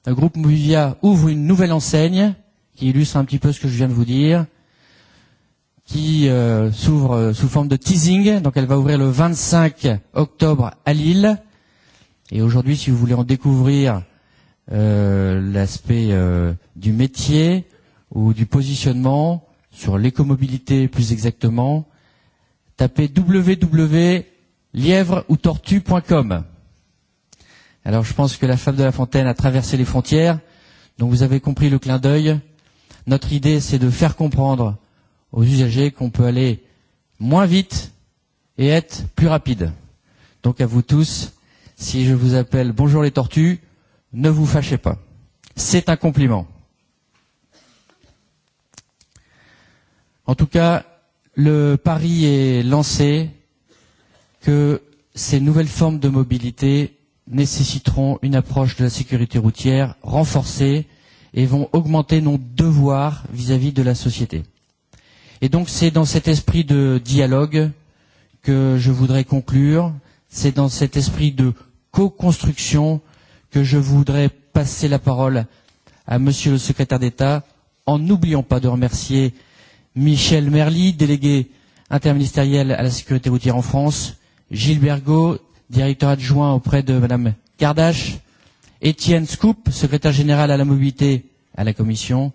Speaker 30: le groupe Movivia ouvre une nouvelle enseigne qui illustre un petit peu ce que je viens de vous dire, qui s'ouvre sous forme de teasing. Donc elle va ouvrir le 25 octobre à Lille. Et aujourd'hui, si vous voulez en découvrir l'aspect du métier ou du positionnement sur l'écomobilité plus exactement, tapez www.lièvreoutortue.com. Alors je pense que la femme de la fontaine a traversé les frontières, donc vous avez compris le clin d'œil. Notre idée, c'est de faire comprendre aux usagers qu'on peut aller moins vite et être plus rapide. Donc à vous tous, si je vous appelle bonjour les tortues, ne vous fâchez pas. C'est un compliment. En tout cas, le pari est lancé que ces nouvelles formes de mobilité nécessiteront une approche de la sécurité routière renforcée et vont augmenter nos devoirs vis-à-vis de la société. Et donc c'est dans cet esprit de dialogue que je voudrais conclure, c'est dans cet esprit de co-construction que je voudrais passer la parole à Monsieur le secrétaire d'État, en n'oubliant pas de remercier Michel Merly, délégué interministériel à la sécurité routière en France, Gilles Bergot, directeur adjoint auprès de Madame Kardash, Étienne Scoop, secrétaire général à la mobilité à la Commission,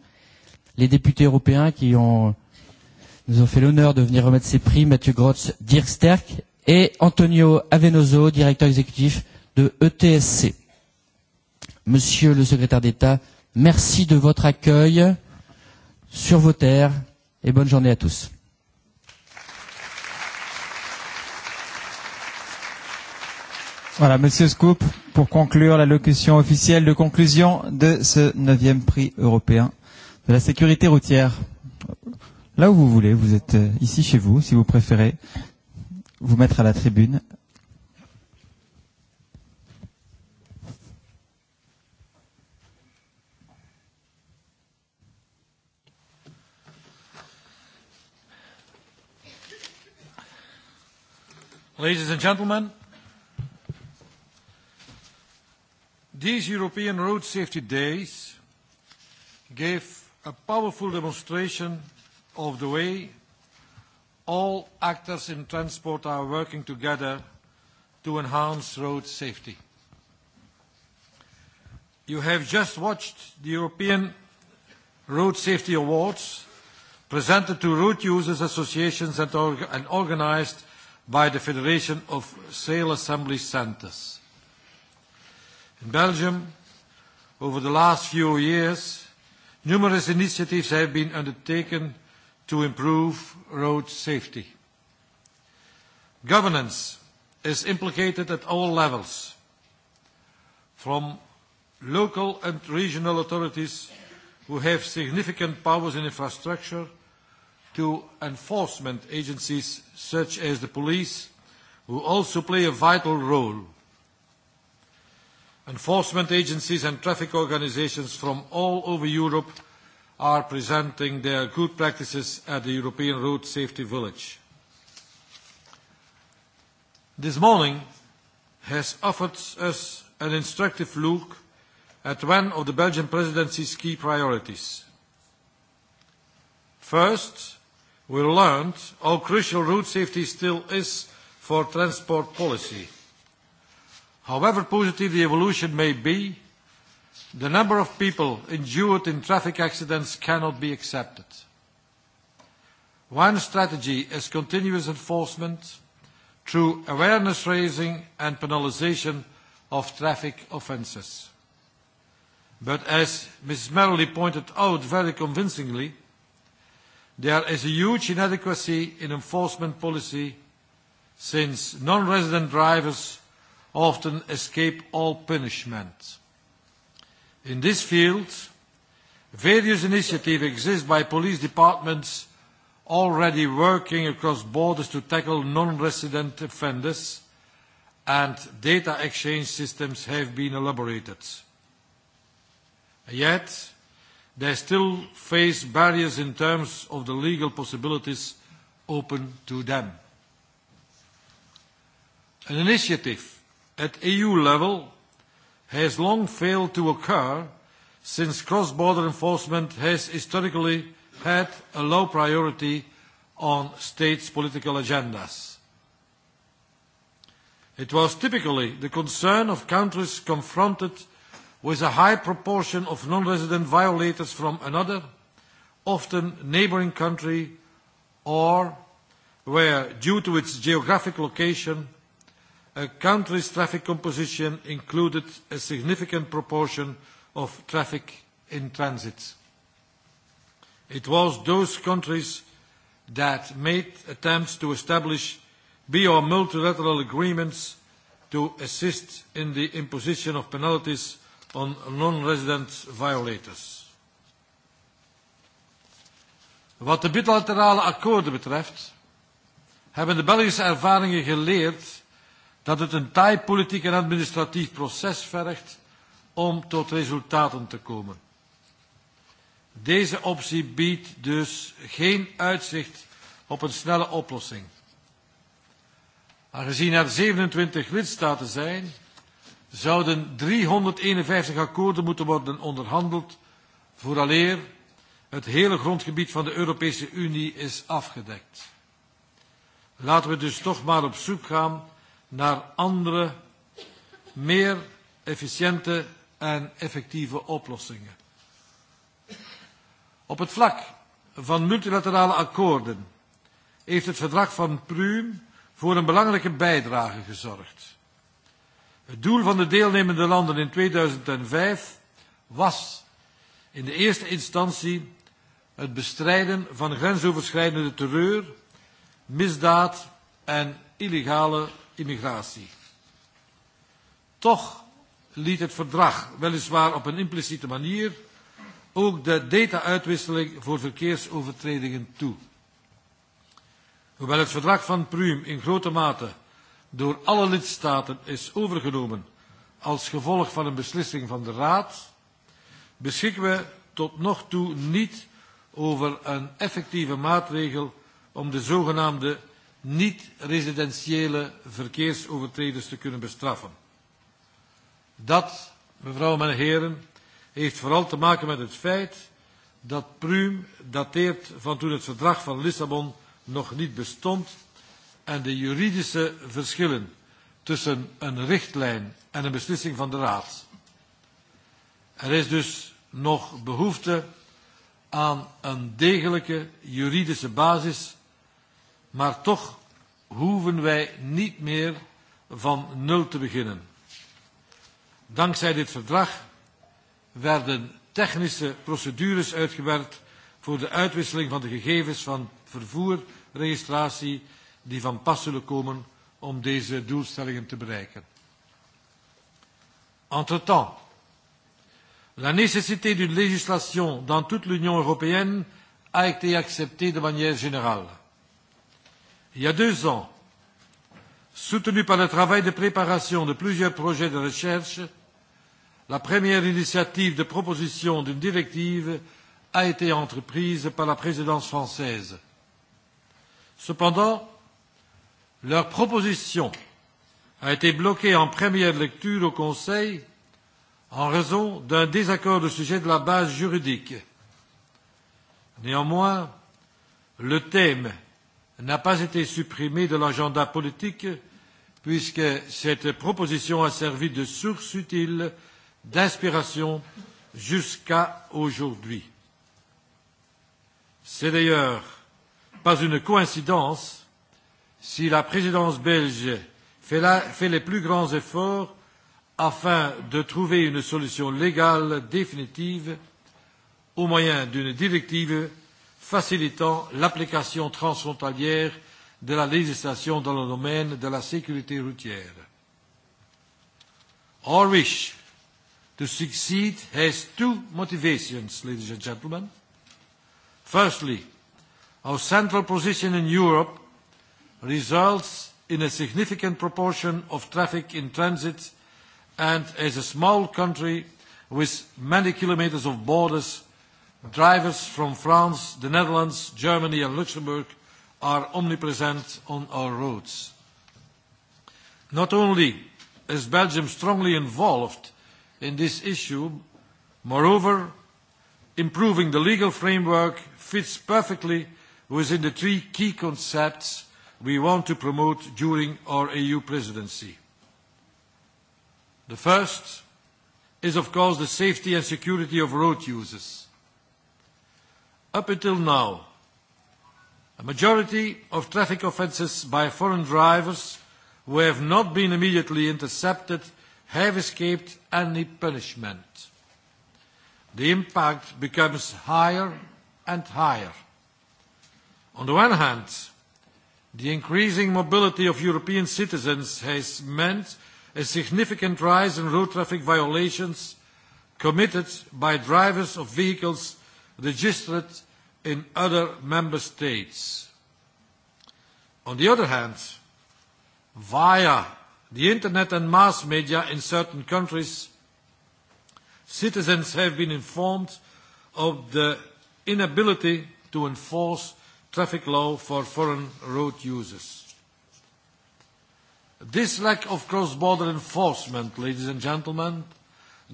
Speaker 30: les députés européens qui ont nous avons fait l'honneur de venir remettre ces prix, Mathieu Grotz, Dirk Sterk et Antonio Avenoso, directeur exécutif de ETSC. Monsieur le secrétaire d'État, merci de votre accueil sur vos terres et bonne journée à tous.
Speaker 13: Voilà, Monsieur Scoop, pour conclure la locution officielle de conclusion de ce neuvième prix européen de la sécurité routière là où vous voulez. Vous êtes ici chez vous, si vous préférez vous mettre à la tribune.
Speaker 27: Ladies and gentlemen, these European Road Safety Days gave a powerful demonstration of the way, all actors in transport are working together to enhance road safety. You have just watched the European Road Safety Awards presented to road users associations and organised by the Federation of Sale Assembly Centres. In Belgium, over the last few years, numerous initiatives have been undertaken to improve road safety. Governance is implicated at all levels, from local and regional authorities who have significant powers in infrastructure to enforcement agencies such as the police, who also play a vital role. Enforcement agencies and traffic organisations from all over Europe are presenting their good practices at the European Road Safety Village. This morning has offered us an instructive look at one of the Belgian presidency's key priorities. First, we learned how crucial road safety still is for transport policy. However positive the evolution may be, The number of people injured in traffic accidents cannot be accepted. One strategy is continuous enforcement through awareness raising and penalisation of traffic offences. But as Ms Merrily pointed out very convincingly, there is a huge inadequacy in enforcement policy since non-resident drivers often escape all punishment. In this field, various initiatives exist by police departments already working across borders to tackle non-resident offenders, and data exchange systems have been elaborated. Yet, they still face barriers in terms of the legal possibilities open to them. An initiative at EU level has long failed to occur since cross-border enforcement has historically had a low priority on states' political agendas. It was typically the concern of countries confronted with a high proportion of non-resident violators from another, often neighbouring country, or where, due to its geographic location, a country's traffic composition included a significant proportion of traffic in transit. It was those countries that made attempts to establish bi or multilateral agreements to assist in the imposition of penalties on non-resident violators. Wat de bilaterale akkoorden betreft, hebben de Belgische ervaringen geleerd dat het een taai politiek en administratief proces vergt om tot resultaten te komen. Deze optie biedt dus geen uitzicht op een snelle oplossing. Aangezien er 27 lidstaten zijn, zouden 351 akkoorden moeten worden onderhandeld vooraleer het hele grondgebied van de Europese Unie is afgedekt. Laten we dus toch maar op zoek gaan naar andere, meer efficiënte en effectieve oplossingen. Op het vlak van multilaterale akkoorden heeft het verdrag van Prüm voor een belangrijke bijdrage gezorgd. Het doel van de deelnemende landen in 2005 was in de eerste instantie het bestrijden van grensoverschrijdende terreur, misdaad en illegale immigratie. Toch liet het verdrag, weliswaar op een impliciete manier, ook de data-uitwisseling voor verkeersovertredingen toe. Hoewel het verdrag van Prüm in grote mate door alle lidstaten is overgenomen als gevolg van een beslissing van de Raad, beschikken we tot nog toe niet over een effectieve maatregel om de zogenaamde niet-residentiële verkeersovertreders te kunnen bestraffen. Dat, mevrouw en heren, heeft vooral te maken met het feit dat Prüm dateert van toen het verdrag van Lissabon nog niet bestond en de juridische verschillen tussen een richtlijn en een beslissing van de Raad. Er is dus nog behoefte aan een degelijke juridische basis maar toch hoeven wij niet meer van nul te beginnen. Dankzij dit verdrag werden technische procedures uitgewerkt voor de uitwisseling van de gegevens van vervoerregistratie die van pas zullen komen om deze doelstellingen te bereiken. Entre-temps, la nécessité d'une législation dans toute l'Union européenne a été acceptée de manière générale il y a deux ans, soutenu par le travail de préparation de plusieurs projets de recherche, la première initiative de proposition d'une directive a été entreprise par la présidence française. Cependant, leur proposition a été bloquée en première lecture au Conseil en raison d'un désaccord au sujet de la base juridique. Néanmoins, le thème n'a pas été supprimée de l'agenda politique puisque cette proposition a servi de source utile d'inspiration jusqu'à aujourd'hui. C'est d'ailleurs pas une coïncidence si la présidence belge fait les plus grands efforts afin de trouver une solution légale définitive au moyen d'une directive facilitant l'application transfrontalière de la législation dans le domaine de la sécurité routière. Our wish to succeed has two motivations, ladies and gentlemen. Firstly, our central position in Europe results in a significant proportion of traffic in transit and as a small country with many kilometers of borders Drivers from France, the Netherlands, Germany and Luxembourg are omnipresent on our roads. Not only is Belgium strongly involved in this issue, moreover, improving the legal framework fits perfectly within the three key concepts we want to promote during our EU presidency. The first is, of course, the safety and security of road users. Up until now, a majority of traffic offences by foreign drivers who have not been immediately intercepted have escaped any punishment. The impact becomes higher and higher. On the one hand, the increasing mobility of European citizens has meant a significant rise in road traffic violations committed by drivers of vehicles registered in other member states. On the other hand, via the internet and mass media in certain countries, citizens have been informed of the inability to enforce traffic law for foreign road users. This lack of cross-border enforcement, ladies and gentlemen,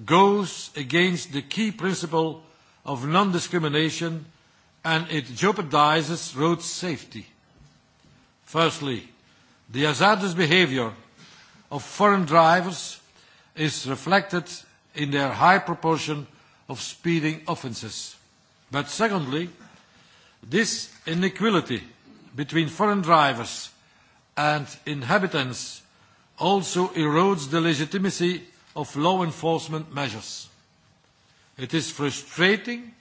Speaker 27: goes against the key principle of non-discrimination and it jeopardizes road safety. Firstly, the hazardous behavior of foreign drivers is reflected in their high proportion of speeding offences. But secondly, this inequality between foreign drivers and inhabitants also erodes the legitimacy of law enforcement measures. It is frustrating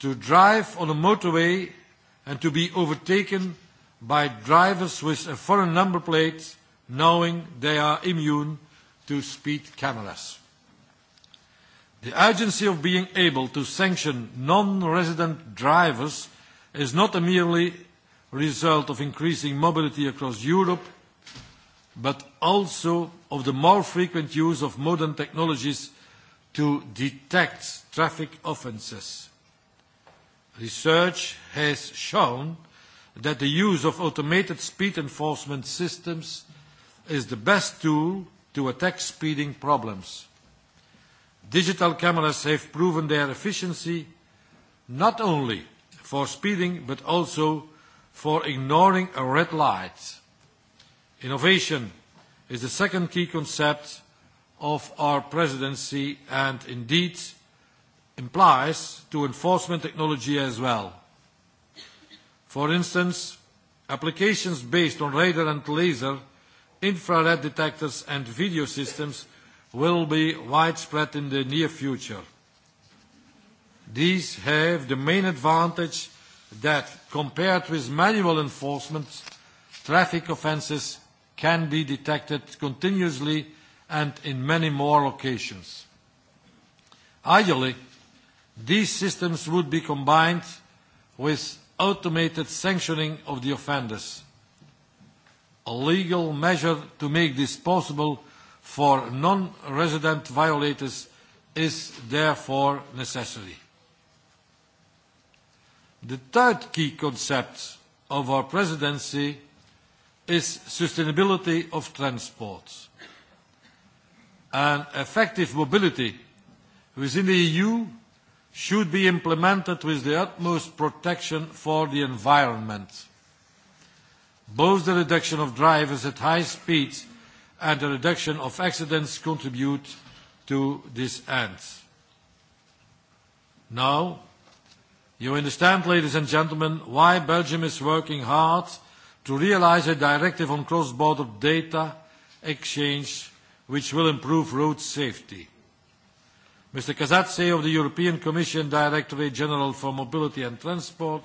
Speaker 27: to drive on a motorway and to be overtaken by drivers with a foreign number plate knowing they are immune to speed cameras. The urgency of being able to sanction non-resident drivers is not a merely result of increasing mobility across Europe, but also of the more frequent use of modern technologies to detect traffic offences. Research has shown that the use of automated speed enforcement systems is the best tool to attack speeding problems. Digital cameras have proven their efficiency not only for speeding but also for ignoring a red light. Innovation is the second key concept of our presidency and indeed implies to enforcement technology as well. For instance, applications based on radar and laser, infrared detectors and video systems will be widespread in the near future. These have the main advantage that, compared with manual enforcement, traffic offences can be detected continuously and in many more locations. Ideally, These systems would be combined with automated sanctioning of the offenders. A legal measure to make this possible for non-resident violators is therefore necessary. The third key concept of our presidency is sustainability of transport. And effective mobility within the EU should be implemented with the utmost protection for the environment. Both the reduction of drivers at high speeds and the reduction of accidents contribute to this end. Now, you understand, ladies and gentlemen, why Belgium is working hard to realise a directive on cross-border data exchange which will improve road safety. Mr. Kazatse of the European Commission Directorate General for Mobility and Transport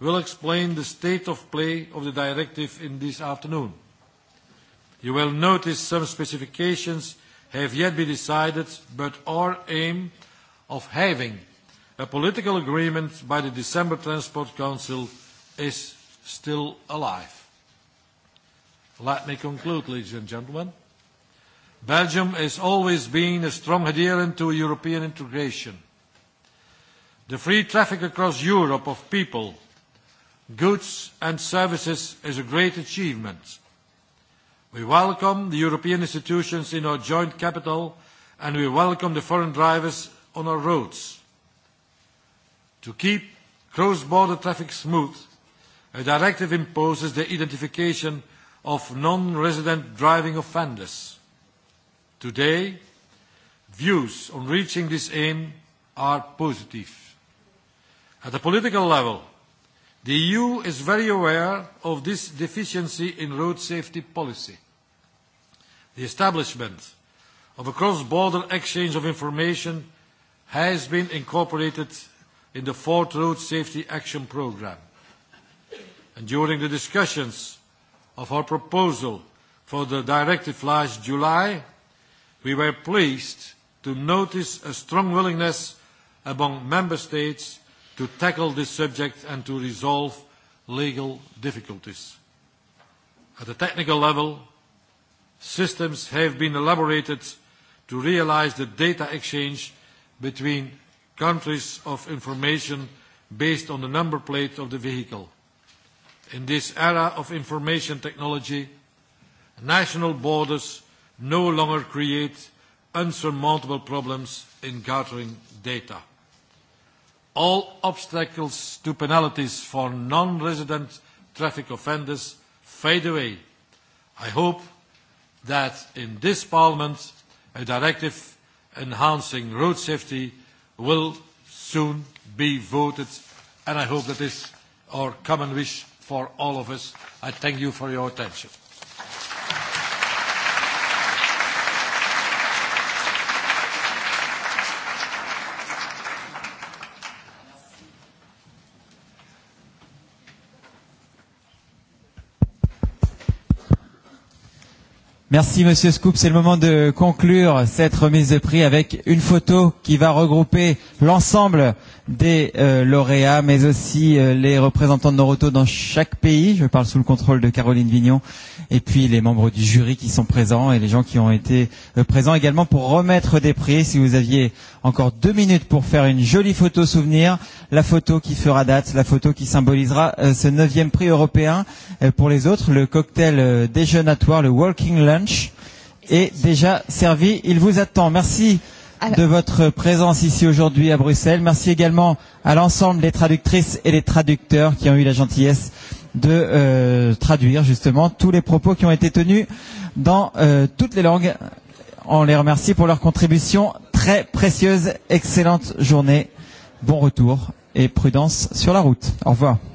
Speaker 27: will explain the state of play of the directive in this afternoon. You will notice some specifications have yet been decided, but our aim of having a political agreement by the December Transport Council is still alive. Let me conclude, ladies and gentlemen. Belgium has always been a strong adherent to European integration. The free traffic across Europe of people, goods and services is a great achievement. We welcome the European institutions in our joint capital and we welcome the foreign drivers on our roads. To keep cross-border traffic smooth, a directive imposes the identification of non-resident driving offenders. Today, views on reaching this aim are positive. At a political level, the EU is very aware of this deficiency in road safety policy. The establishment of a cross-border exchange of information has been incorporated in the fourth Road Safety Action Programme. And during the discussions of our proposal for the directive last July, we were pleased to notice a strong willingness among member states to tackle this subject and to resolve legal difficulties. At the technical level, systems have been elaborated to realise the data exchange between countries of information based on the number plate of the vehicle. In this era of information technology, national borders no longer create insurmountable problems in gathering data. All obstacles to penalties for non-resident traffic offenders fade away. I hope that in this Parliament a directive enhancing road safety will soon be voted and I hope that this is our common wish for all of us. I thank you for your attention.
Speaker 13: Merci Monsieur Scoop, c'est le moment de conclure cette remise de prix avec une photo qui va regrouper l'ensemble des lauréats, mais aussi les représentants de Noroto dans chaque pays. Je parle sous le contrôle de Caroline Vignon, et puis les membres du jury qui sont présents et les gens qui ont été présents également pour remettre des prix. Si vous aviez encore deux minutes pour faire une jolie photo souvenir, la photo qui fera date, la photo qui symbolisera ce neuvième prix européen. Pour les autres, le cocktail déjeunatoire, le Walking Lunch lunch est déjà servi. Il vous attend. Merci de votre présence ici aujourd'hui à Bruxelles. Merci également à l'ensemble des traductrices et des traducteurs qui ont eu la gentillesse de traduire justement tous les propos qui ont été tenus dans toutes les langues. On les remercie pour leur contribution très précieuse. Excellente journée. Bon retour et prudence sur la route. Au revoir.